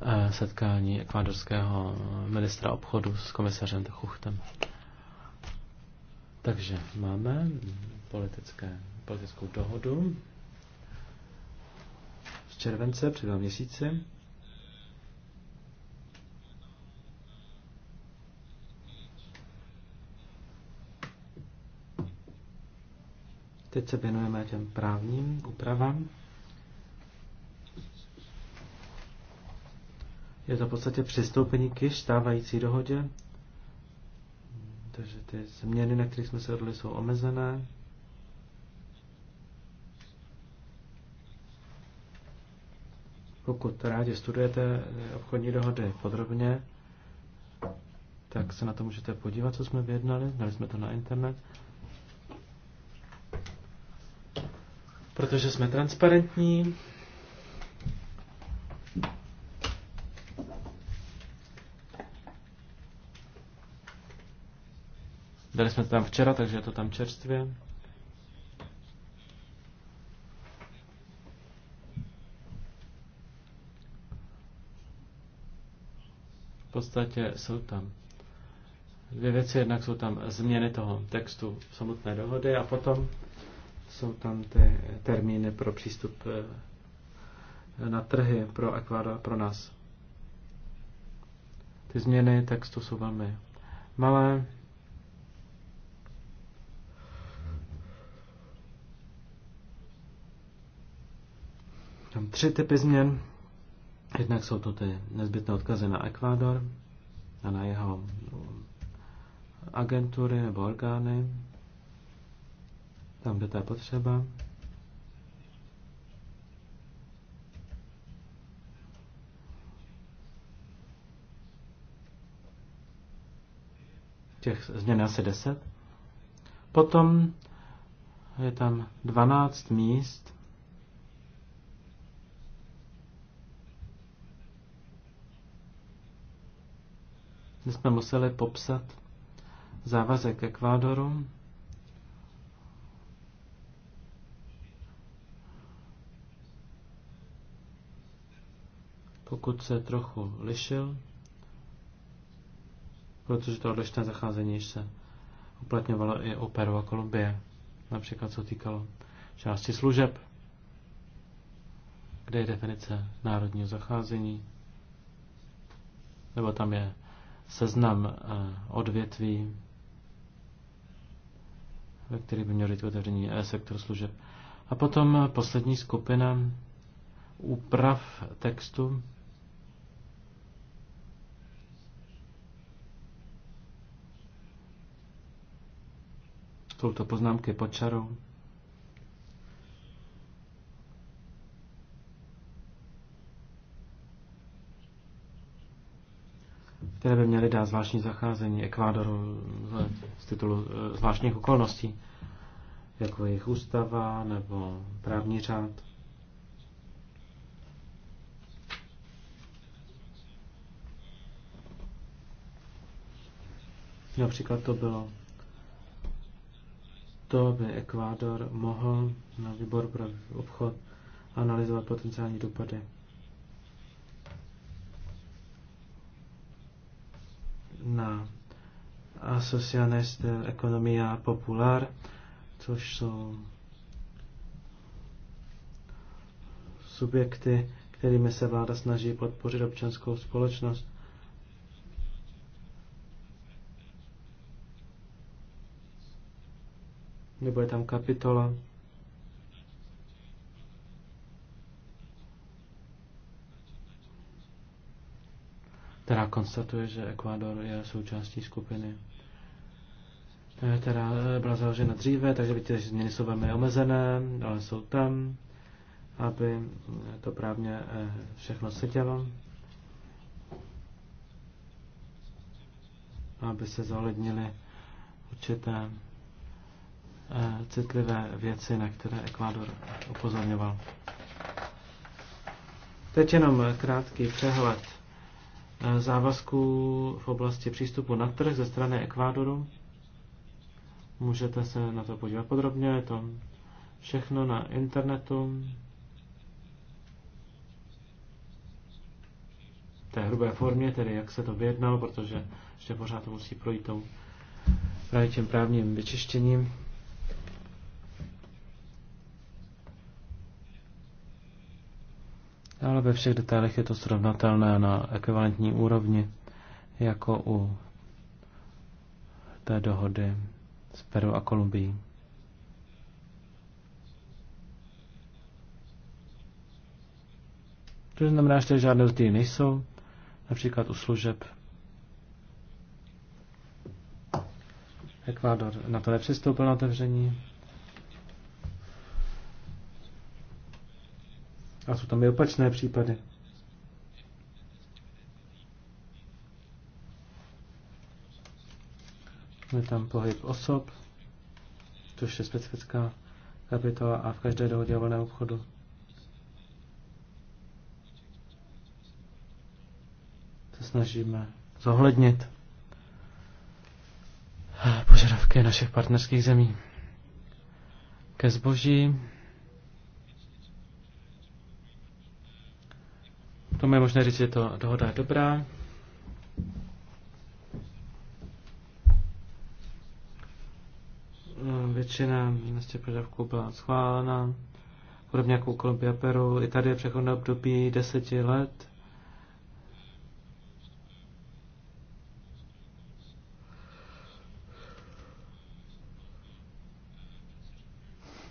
eh, setkání ekvádorského ministra obchodu s komisařem Chuchtem. Takže máme politické, politickou dohodu z července před dva měsíci. Teď se věnujeme těm právním úpravám. Je to v podstatě přistoupení k již stávající dohodě, takže ty změny, na kterých jsme se odli, jsou omezené. Pokud rádi studujete obchodní dohody podrobně, tak se na to můžete podívat, co jsme vyjednali. Dali jsme to na internet. protože jsme transparentní. Dali jsme to tam včera, takže je to tam čerstvě. V podstatě jsou tam dvě věci. Jednak jsou tam změny toho textu samotné dohody a potom jsou tam ty termíny pro přístup eh, na trhy pro Ekvádor, pro nás. Ty změny textu jsou velmi malé. Tam tři typy změn. Jednak jsou to ty nezbytné odkazy na Ekvádor a na jeho no, agentury nebo orgány, tam, kde to je potřeba. Těch změn asi 10. Potom je tam 12 míst, My jsme museli popsat závazek Ekvádoru, pokud se trochu lišil, protože to odlišné zacházení se uplatňovalo i u Peru a Kolumbie, například co týkalo části služeb, kde je definice národního zacházení, nebo tam je seznam eh, odvětví, ve který by měl být otevřený eh, sektor služeb. A potom poslední skupina úprav textu, touto to poznámky pod čarou. které by měly dát zvláštní zacházení Ekvádoru z titulu eh, zvláštních okolností, jako jejich ústava nebo právní řád. Například to bylo to aby Ekvádor mohl na výbor pro obchod analyzovat potenciální dopady. na Asociaciones de Economía Popular, což jsou subjekty, kterými se vláda snaží podpořit občanskou společnost. nebo je tam kapitola. která konstatuje, že Ekvádor je součástí skupiny, eh, která eh, byla založena dříve, takže že změny jsou velmi omezené, ale jsou tam, aby eh, to právně všechno sedělo, aby se zohlednili určité Eh, citlivé věci, na které Ekvádor upozorňoval. Teď jenom krátký přehled eh, závazků v oblasti přístupu na trh ze strany Ekvádoru. Můžete se na to podívat podrobně, je to všechno na internetu. V té hrubé formě, tedy jak se to vyjednalo, protože ještě pořád to musí projít tou právě tím právním vyčištěním. ale ve všech detailech je to srovnatelné na ekvivalentní úrovni jako u té dohody s Peru a Kolumbií. To znamená, že žádné rozdíly nejsou, například u služeb. Ekvádor na to nepřistoupil na otevření. A jsou tam i opačné případy. Je tam pohyb osob, což je specifická kapitola a v každé dohodě o volném obchodu. Se snažíme zohlednit požadavky našich partnerských zemí. Ke zboží To je možné říct, že to dohoda je dobrá. Většina vlastně požadavků byla schválena, podobně jako u Kolumbia Peru. I tady je přechodné období deseti let.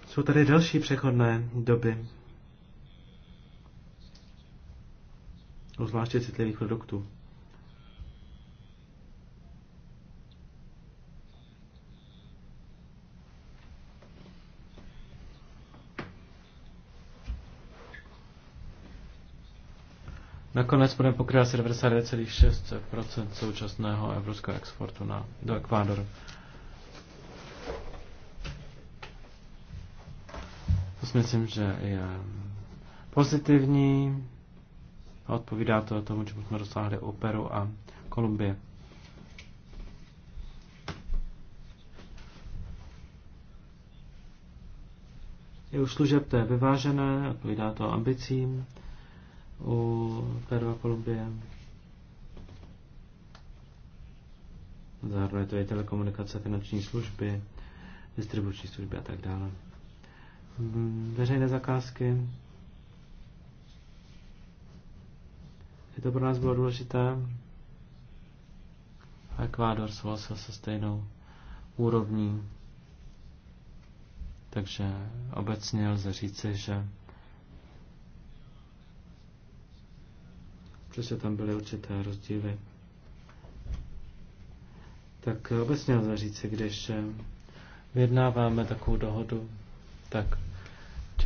Jsou tady další přechodné doby. zvláště citlivých produktů. Nakonec budeme pokrývat 99,6 současného evropského exportu na, do Ekvádoru. To si myslím, že je pozitivní. A odpovídá to tomu, čemu jsme dosáhli u Peru a Kolumbie. Je u služeb to je vyvážené, odpovídá to ambicím u Peru a Kolumbie. Zahrnuje to i telekomunikace, finanční služby, distribuční služby a tak dále. Veřejné zakázky Je to pro nás bylo důležité. Ekvádor se se stejnou úrovní. Takže obecně lze říci, že přesně tam byly určité rozdíly. Tak obecně lze říci, když eh, vyjednáváme takovou dohodu, tak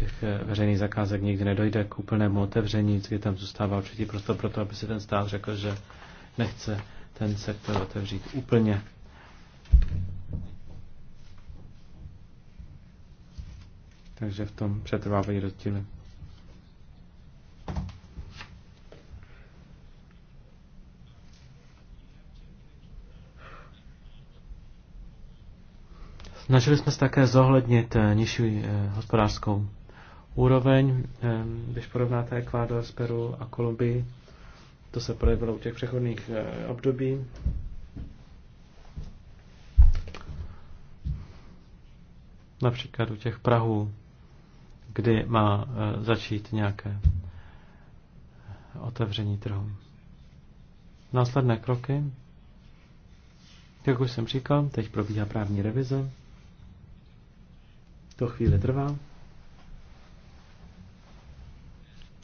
těch eh, veřejných zakázek nikdy nedojde k úplnému otevření, je tam zůstává určitý prostor pro to, aby si ten stát řekl, že nechce ten sektor otevřít úplně. Takže v tom přetrvávají rozdíly. Snažili jsme se také zohlednit eh, nižší eh, hospodářskou úroveň. Když porovnáte Ekvádor s Peru a Kolumbii, to se projevilo u těch přechodných eh, období. Například u těch Prahů, kdy má eh, začít nějaké otevření trhu. Následné kroky, jak už jsem říkal, teď probíhá právní revize. To chvíli trvá.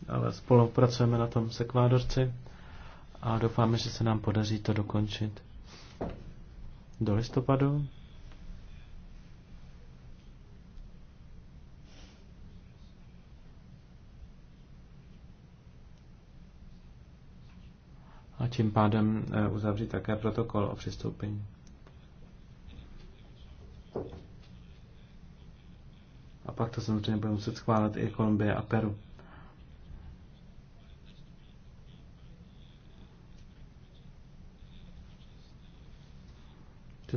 ale spolupracujeme na tom se Ekvádorci a doufáme, že se nám podaří to dokončit do listopadu. A tím pádem eh, uzavřít také protokol o přistoupení. A pak to samozřejmě bude muset schválit i Kolumbie a Peru.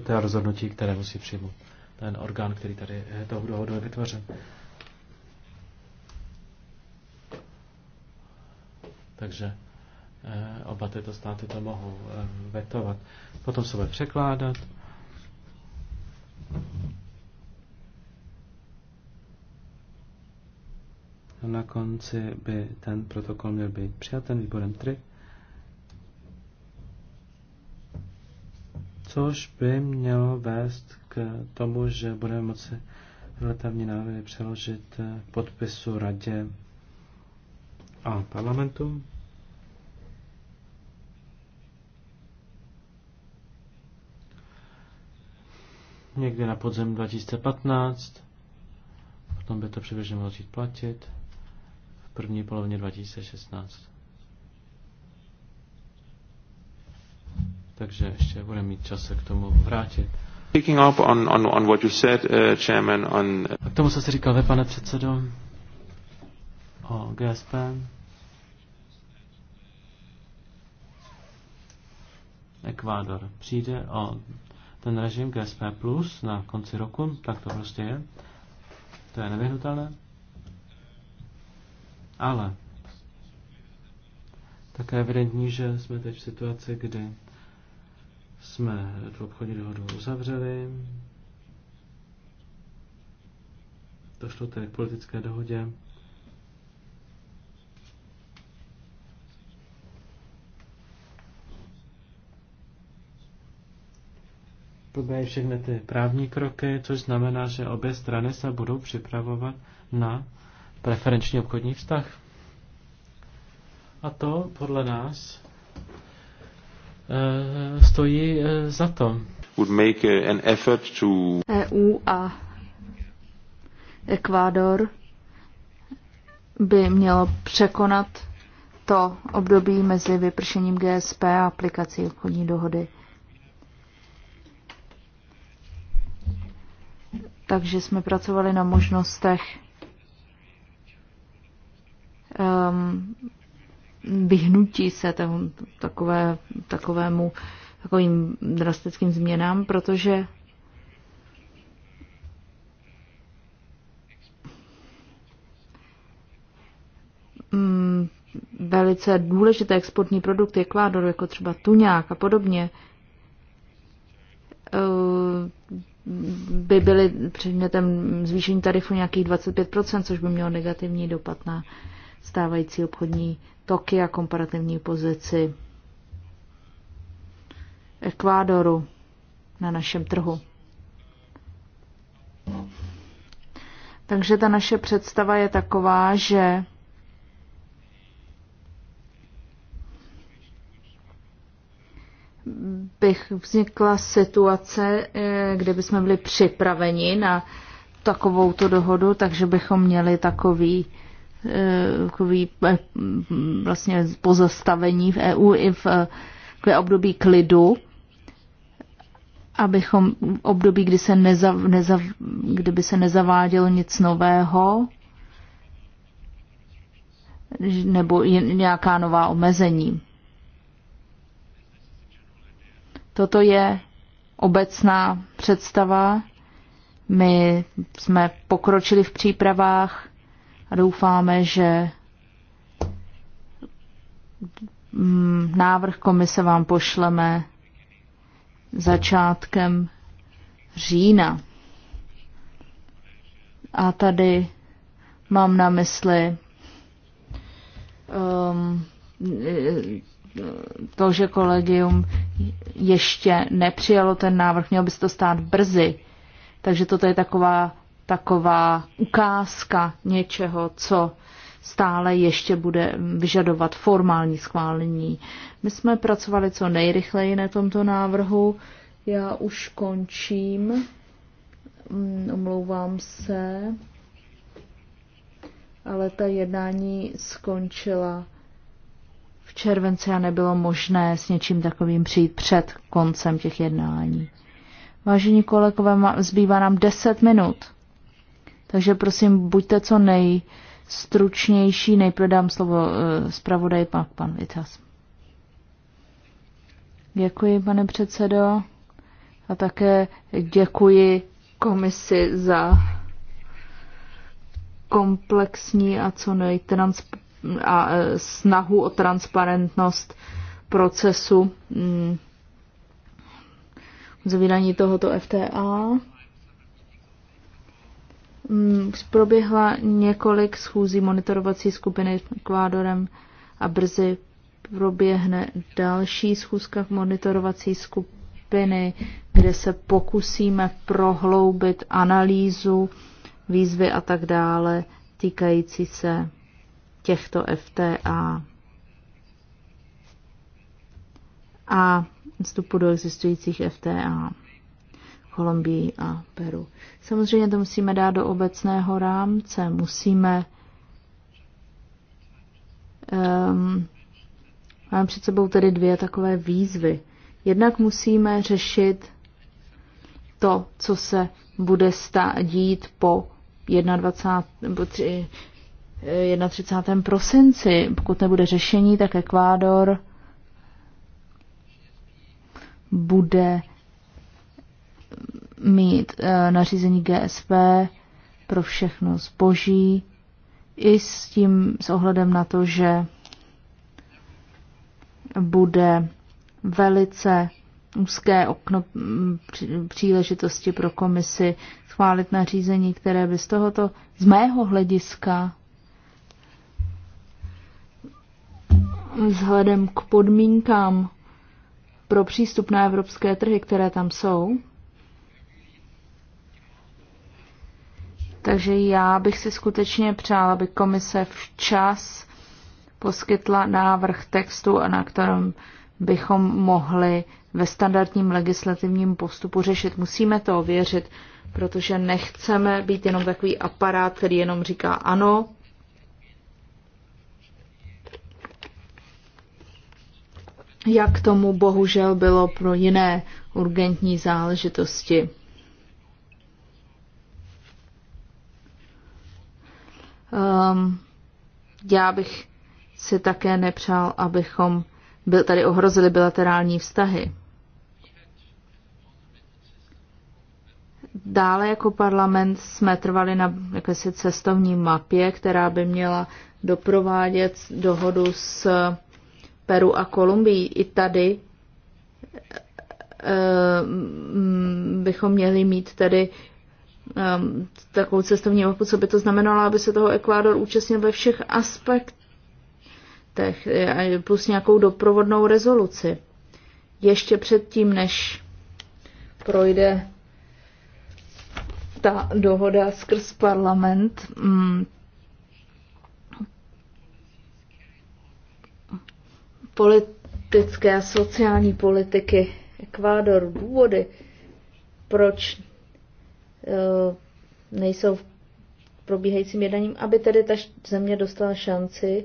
to je rozhodnutí, které musí přijmout ten orgán, který tady toho dohodu je vytvořen. Takže eh, oba tyto státy to mohou eh, vetovat. Potom se bude překládat. Na konci by ten protokol měl být přijat ten výborem 3. což by mělo vést k tomu, že budeme moci letavní návrhy přeložit eh, podpisu radě a parlamentu. Někdy na podzem 2015, potom by to přibližně mohlo začít platit v první polovině 2016. takže ještě budeme mít čas se k tomu vrátit. Picking up on, on, on what you said, uh, chairman, on... A k tomu, co si říkal pane předsedo, o GSP. Ekvádor přijde o ten režim GSP Plus na konci roku, tak to prostě je. To je nevyhnutelné. Ale také evidentní, že jsme teď v situaci, kdy jsme tu obchodní dohodu uzavřeli. Došlo tedy k politické dohodě. probíhají všechny ty právní kroky, což znamená, že obě strany se budou připravovat na preferenční obchodní vztah. A to podle nás Eh, stojí eh, za to. Would make an effort to... EU a Ekvádor by mělo překonat to období mezi vypršením GSP a aplikací obchodní dohody. Takže jsme pracovali na možnostech um, vyhnutí se tomu, takové, takovému takovým drastickým změnám, protože mm, velice důležité exportní produkty Ekvádor, jako třeba tuňák a podobně, eh, by byly předmětem zvýšení tarifu nějakých 25%, což by mělo negativní dopad na stávající obchodní toky a komparativní pozici Ekvádoru na našem trhu. Takže ta naše představa je taková, že bych vznikla situace, eh, kde bychom byli připraveni na takovou dohodu, takže bychom měli takový Eh, eh, vlastně pozastavení v EU i v eh, období klidu, abychom v období, kdy se neza, neza, kdyby se nezavádělo nic nového, nebo nějaká nová omezení. Toto je obecná představa. My jsme pokročili v přípravách a doufáme, že mm, návrh komise vám pošleme začátkem října. A tady mám na mysli um, to, že kolegium ještě nepřijalo ten návrh, mělo by se to stát brzy. Takže toto je taková taková ukázka něčeho, co stále ještě bude vyžadovat formální schválení. My jsme pracovali co nejrychleji na tomto návrhu. Já už končím. Mm, omlouvám se. Ale ta jednání skončila v červenci a nebylo možné s něčím takovým přijít před koncem těch jednání. Vážení kolegové, zbývá nám 10 minut. Takže prosím, buďte co nejstručnější. Nejprve dám slovo eh, zpravodaj, pak pan Vitas. Děkuji, pane předsedo. A také děkuji komisi za komplexní a co nejtrans a eh, snahu o transparentnost procesu mm, zavírání tohoto FTA. Mm, proběhla několik schůzí monitorovací skupiny s Ekvádorem a brzy proběhne další schůzka monitorovací skupiny, kde se pokusíme prohloubit analýzu výzvy a tak dále týkající se těchto FTA a vstupu do existujících FTA. Kolumbii a Peru. Samozřejmě to musíme dát do obecného rámce, musíme um, máme před sebou tedy dvě takové výzvy. Jednak musíme řešit to, co se bude stát dít po 21, 31. prosinci. Pokud nebude řešení, tak Ekvádor bude mít eh, nařízení GSP pro všechno zboží, i s tím s ohledem na to, že bude velice úzké okno mm, příležitosti pro komisi schválit nařízení, které by z tohoto, z mého hlediska, vzhledem k podmínkám pro přístup na evropské trhy, které tam jsou, Takže já bych si skutečně přála, aby komise včas poskytla návrh textu, na kterém bychom mohli ve standardním legislativním postupu řešit. Musíme to ověřit, protože nechceme být jenom takový aparát, který jenom říká ano, jak tomu bohužel bylo pro jiné urgentní záležitosti. Um, já bych si také nepřál, abychom byl, tady ohrozili bilaterální vztahy. Dále jako parlament jsme trvali na jakési cestovní mapě, která by měla doprovádět dohodu s Peru a Kolumbií. I tady eh, mm, bychom měli mít tedy um, takovou cestovní mapu, co by to znamenalo, aby se toho Ekvádor účastnil ve všech aspektech, plus nějakou doprovodnou rezoluci. Ještě předtím, než projde ta dohoda skrz parlament, um, politické a sociální politiky Ekvádor, důvody, proč Eh, nejsou v probíhajícím jednáním, aby tedy ta země dostala šanci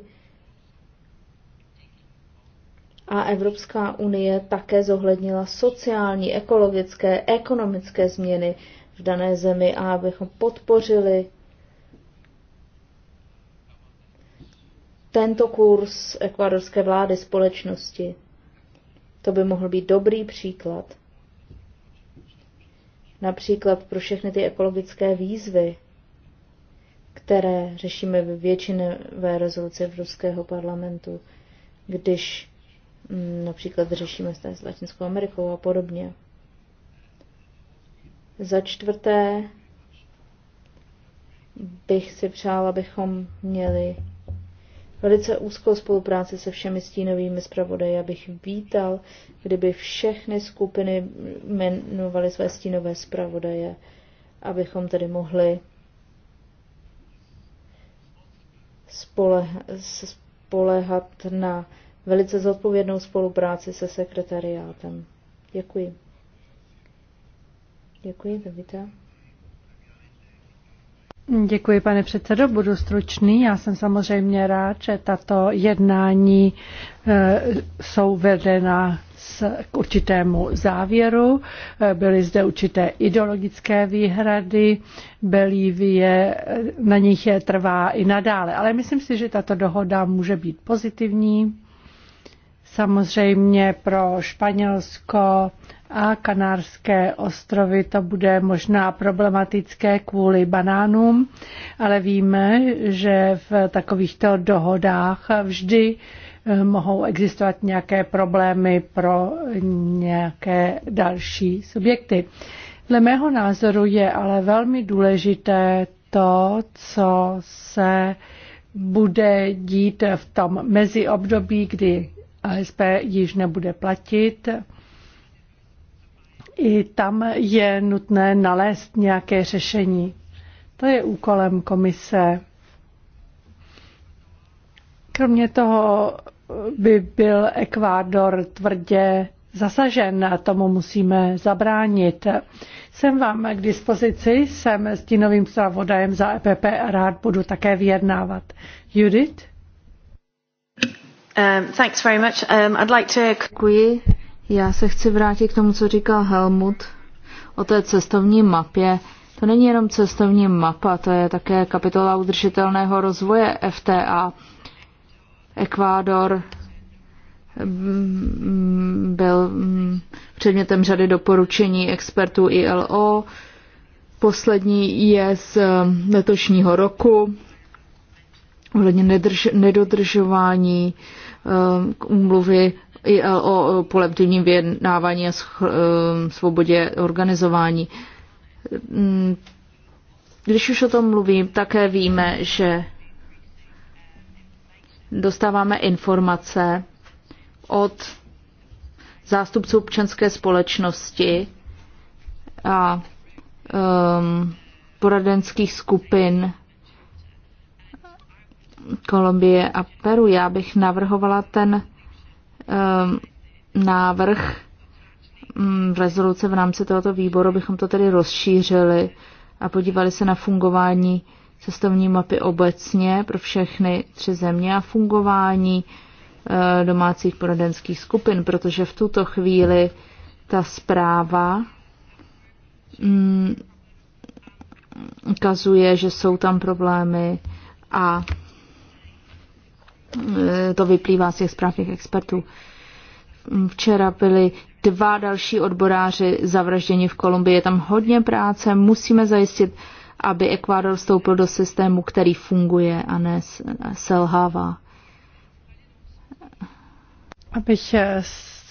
a Evropská unie také zohlednila sociální, ekologické, ekonomické změny v dané zemi a abychom podpořili tento kurz ekvadorské vlády společnosti. To by mohl být dobrý příklad. Například pro všechny ty ekologické výzvy, které řešíme ve většinové v ruského parlamentu, když mm, například řešíme s Latinskou Amerikou a podobně. Za čtvrté bych si přála, abychom měli velice úzkou spolupráci se všemi stínovými zpravodaji. Abych vítal, kdyby všechny skupiny jmenovaly své stínové zpravodaje, abychom tedy mohli spole, spolehat na velice zodpovědnou spolupráci se sekretariátem. Děkuji. Děkuji, Davida. Děkuji, pane předsedo. Budu stručný. Já jsem samozřejmě rád, že tato jednání e, jsou vedena k určitému závěru. E, byly zde určité ideologické výhrady. Belívie e, na nich je trvá i nadále. Ale myslím si, že tato dohoda může být pozitivní Samozřejmě pro Španělsko a Kanárské ostrovy to bude možná problematické kvůli banánům, ale víme, že v takovýchto dohodách vždy eh, mohou existovat nějaké problémy pro nějaké další subjekty. Dle mého názoru je ale velmi důležité to, co se bude dít v tom meziobdobí, kdy ASP již nebude platit. I tam je nutné nalézt nějaké řešení. To je úkolem komise. Kromě toho by byl Ekvádor tvrdě zasažen a tomu musíme zabránit. Jsem vám k dispozici, jsem s novým zpravodajem za EPP a rád budu také vyjednávat. Judith? Um, um, Děkuji. Já se chci vrátit k tomu, co říkal Helmut o té cestovní mapě. To není jenom cestovní mapa, to je také kapitola udržitelného rozvoje FTA. Ekvádor mm, byl mm, předmětem řady doporučení expertů ILO. Poslední je z mm, letošního roku ohledně nedodržování úmluvy e, o kolektivním vyjednávání a e, svobodě organizování. Mm, když už o tom mluvím, také víme, že dostáváme informace od zástupců občanské společnosti a um, poradenských skupin Kolumbie a Peru. Já bych navrhovala ten um, návrh um, rezoluce v rámci tohoto výboru, bychom to tedy rozšířili a podívali se na fungování cestovní mapy obecně pro všechny tři země a fungování uh, domácích poradenských skupin, protože v tuto chvíli ta zpráva um, ukazuje, že jsou tam problémy a Eh, to vyplývá z těch zpráv expertů. Mm, Včera byli dva další odboráři zavražděni v Kolumbii. Je tam hodně práce, musíme zajistit, aby Ekvádor vstoupil do systému, který funguje a ne selhává. Abych eh,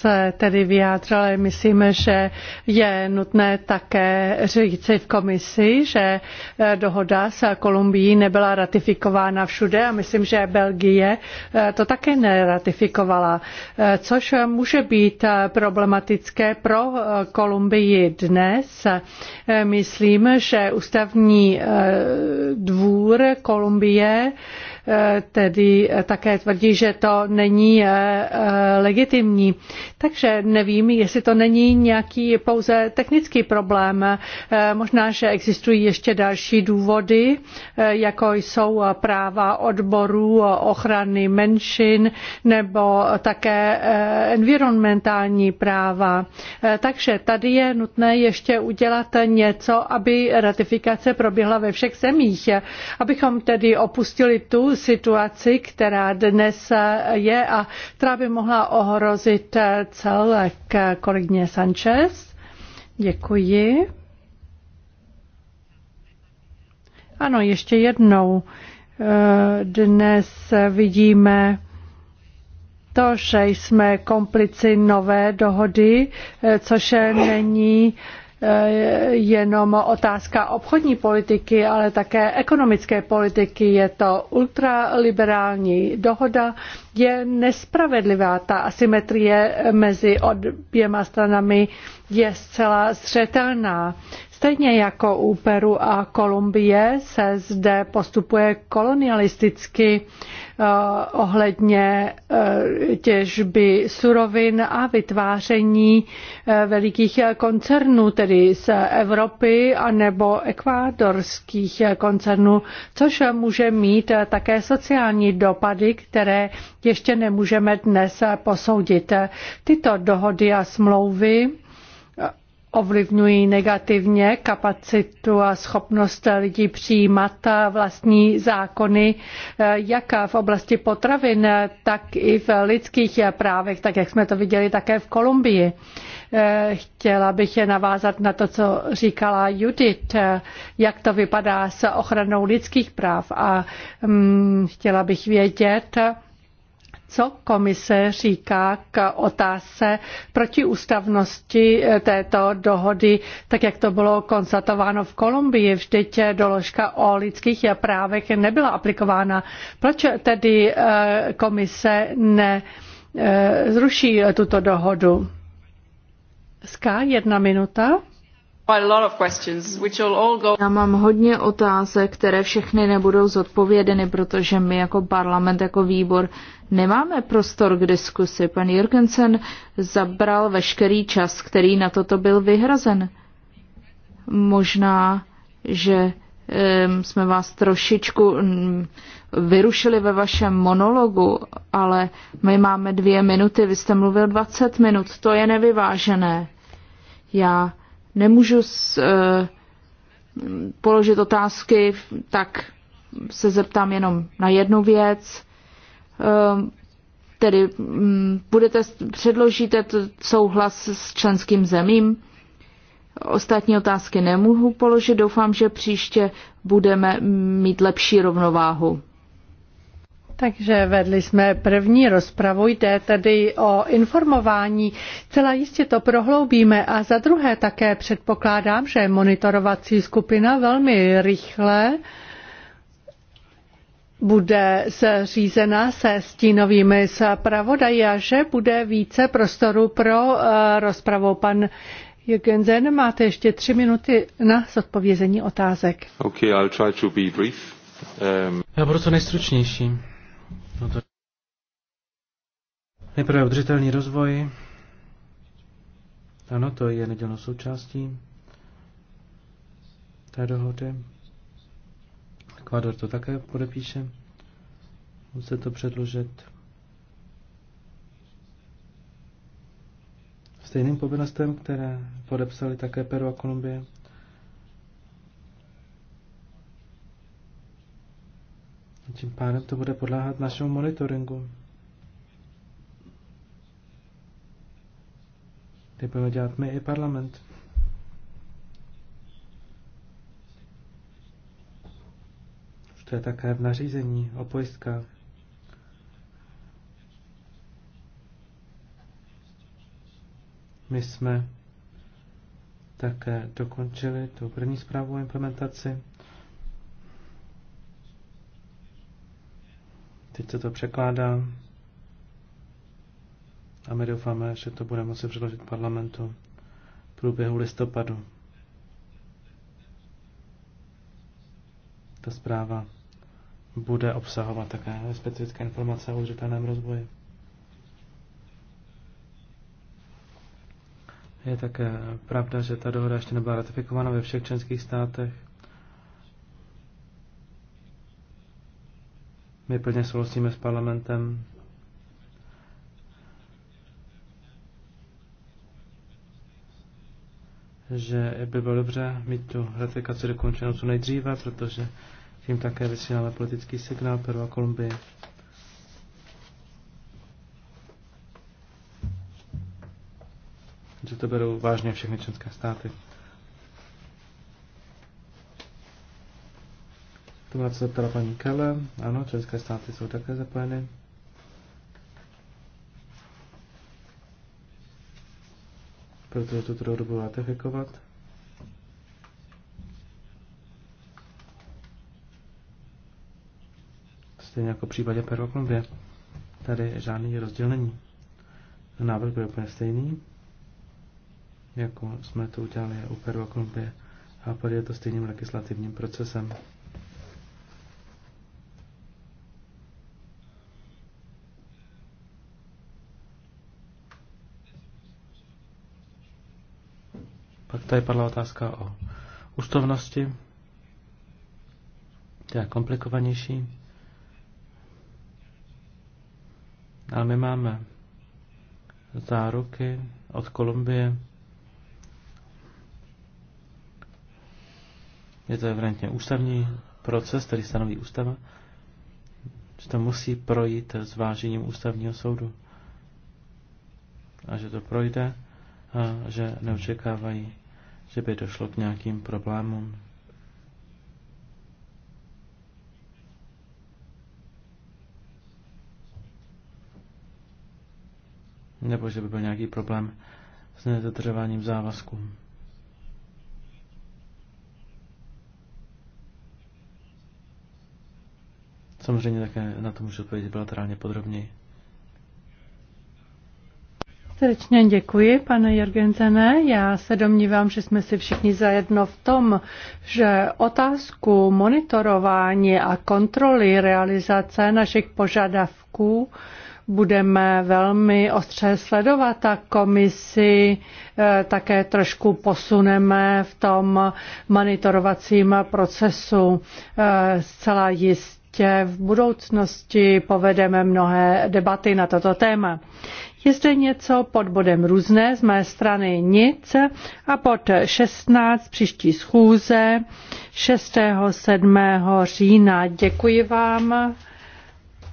se tedy vyjádřil, ale myslím, že je nutné také říci v komisi, že eh, dohoda s Kolumbií nebyla ratifikována všude a myslím, že Belgie eh, to také neratifikovala, eh, což může být problematické pro Kolumbii dnes. Myslím, že ústavní dvůr Kolumbie tedy také tvrdí, že to není eh, eh, legitimní. Takže nevím, jestli to není nějaký pouze technický problém. Eh, možná, že existují ještě další důvody, jako jsou práva odborů ochrany menšin nebo také environmentální práva. Takže tady je nutné ještě udělat něco, aby ratifikace proběhla ve všech zemích, abychom tedy opustili tu situaci, která dnes je a která by mohla ohrozit celek kolegyně Sanchez. Děkuji. Ano, ještě jednou. Dnes vidíme to, že jsme komplici nové dohody, což není jenom otázka obchodní politiky, ale také ekonomické politiky. Je to ultraliberální dohoda, je nespravedlivá. Ta asymetrie mezi oběma stranami je zcela zřetelná. Stejně jako u Peru a Kolumbie se zde postupuje kolonialisticky. Eh, ohledně eh, těžby surovin a vytváření eh, velikých koncernů, tedy z Evropy anebo ekvádorských koncernů, což může mít také sociální dopady, které ještě nemůžeme dnes posoudit. Tyto dohody a smlouvy ovlivňují negativně kapacitu a schopnost lidí přijímat vlastní zákony, eh, jak v oblasti potravin, tak i v lidských právech, tak jak jsme to viděli také v Kolumbii. Eh, chtěla bych je navázat na to, co říkala Judith, eh, jak to vypadá s ochranou lidských práv a mm, chtěla bych vědět, co komise říká k otázce protiústavnosti eh, této dohody, tak jak to bylo konstatováno v Kolumbii. Vždyť eh, doložka o lidských právech nebyla aplikována. Proč tedy eh, komise nezruší tuto dohodu? Ská jedna minuta. Já mám hodně otázek, které všechny nebudou zodpovědeny, protože my jako parlament, jako výbor nemáme prostor k diskusi. Pan Jürgensen zabral veškerý čas, který na toto byl vyhrazen. Možná, že jsme vás trošičku mm, vyrušili ve vašem monologu, ale my máme dvě minuty, vy jste mluvil 20 minut, to je nevyvážené. Já nemůžu s, e, položit otázky, tak se zeptám jenom na jednu věc. E, tedy mm, budete, předložíte souhlas s členským zemím? Ostatní otázky nemohu položit. Doufám, že příště budeme mít lepší rovnováhu. Takže vedli jsme první rozpravu, jde tedy o informování. Celá jistě to prohloubíme a za druhé také předpokládám, že monitorovací skupina velmi rychle bude zřízena se stínovými zpravodaji a že bude více prostoru pro eh, rozpravu. Pan Jürgensen, máte ještě tři minuty na zodpovězení otázek. Okay, I'll try to be brief. Um... Já budu co nejstručnější. No to... Nejprve udržitelný rozvoj. Ano, to je nedělnou součástí té dohody. Ekvador to také podepíše. Musí to předložit stejným povinnostem, které podepsali také Peru a Kolumbie. Tím pádem to bude podléhat našemu monitoringu. Ty budeme dělat my i parlament. Už to je také v nařízení o pojistkách. My jsme také dokončili tu první zprávu o implementaci. Teď se to překládá a my doufáme, že to bude muset předložit parlamentu v průběhu listopadu. Ta zpráva bude obsahovat také specifické informace o udržitelném rozvoji. Je také pravda, že ta dohoda ještě nebyla ratifikována ve všech členských státech. My plně souhlasíme s parlamentem. že by bylo dobře mít tu ratifikaci dokončenou co nejdříve, protože tím také vysíláme politický signál Peru a Kolumbii. Že to berou vážně všechny členské státy. To byla se ptala paní Kele. Ano, české státy jsou také zapojeny. Protože tuto trochu budou ratifikovat. Stejně jako v případě Peru Tady žádný rozdíl není. Návrh byl úplně stejný, jako jsme to udělali u Peru a Kolumbie a je to stejným legislativním procesem. Tady padla otázka o ústavnosti, to je komplikovanější. Ale my máme záruky od Kolumbie. Je to evidentně ústavní proces, který stanoví ústava, že to musí projít vážením ústavního soudu. A že to projde, a že neočekávají že by došlo k nějakým problémům. Nebo že by byl nějaký problém s nedodržováním závazků. Samozřejmě také na to můžu odpovědět bilaterálně podrobněji. Srdečně děkuji, pane Jorgensene. Já se domnívám, že jsme si všichni zajedno v tom, že otázku monitorování a kontroly realizace našich požadavků budeme velmi ostře sledovat a komisi eh, také trošku posuneme v tom monitorovacím procesu. Eh, zcela jistě Jistě v budoucnosti povedeme mnohé debaty na toto téma. Je zde něco pod bodem různé, z mé strany nic a pod 16 příští schůze 6. 7. října. Děkuji vám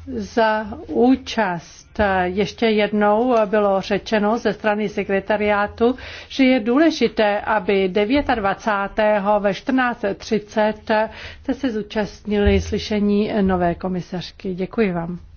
za účast. Ještě jednou bylo řečeno ze strany sekretariátu, že je důležité, aby 29. ve 14.30 jste se zúčastnili slyšení nové komisařky. Děkuji vám.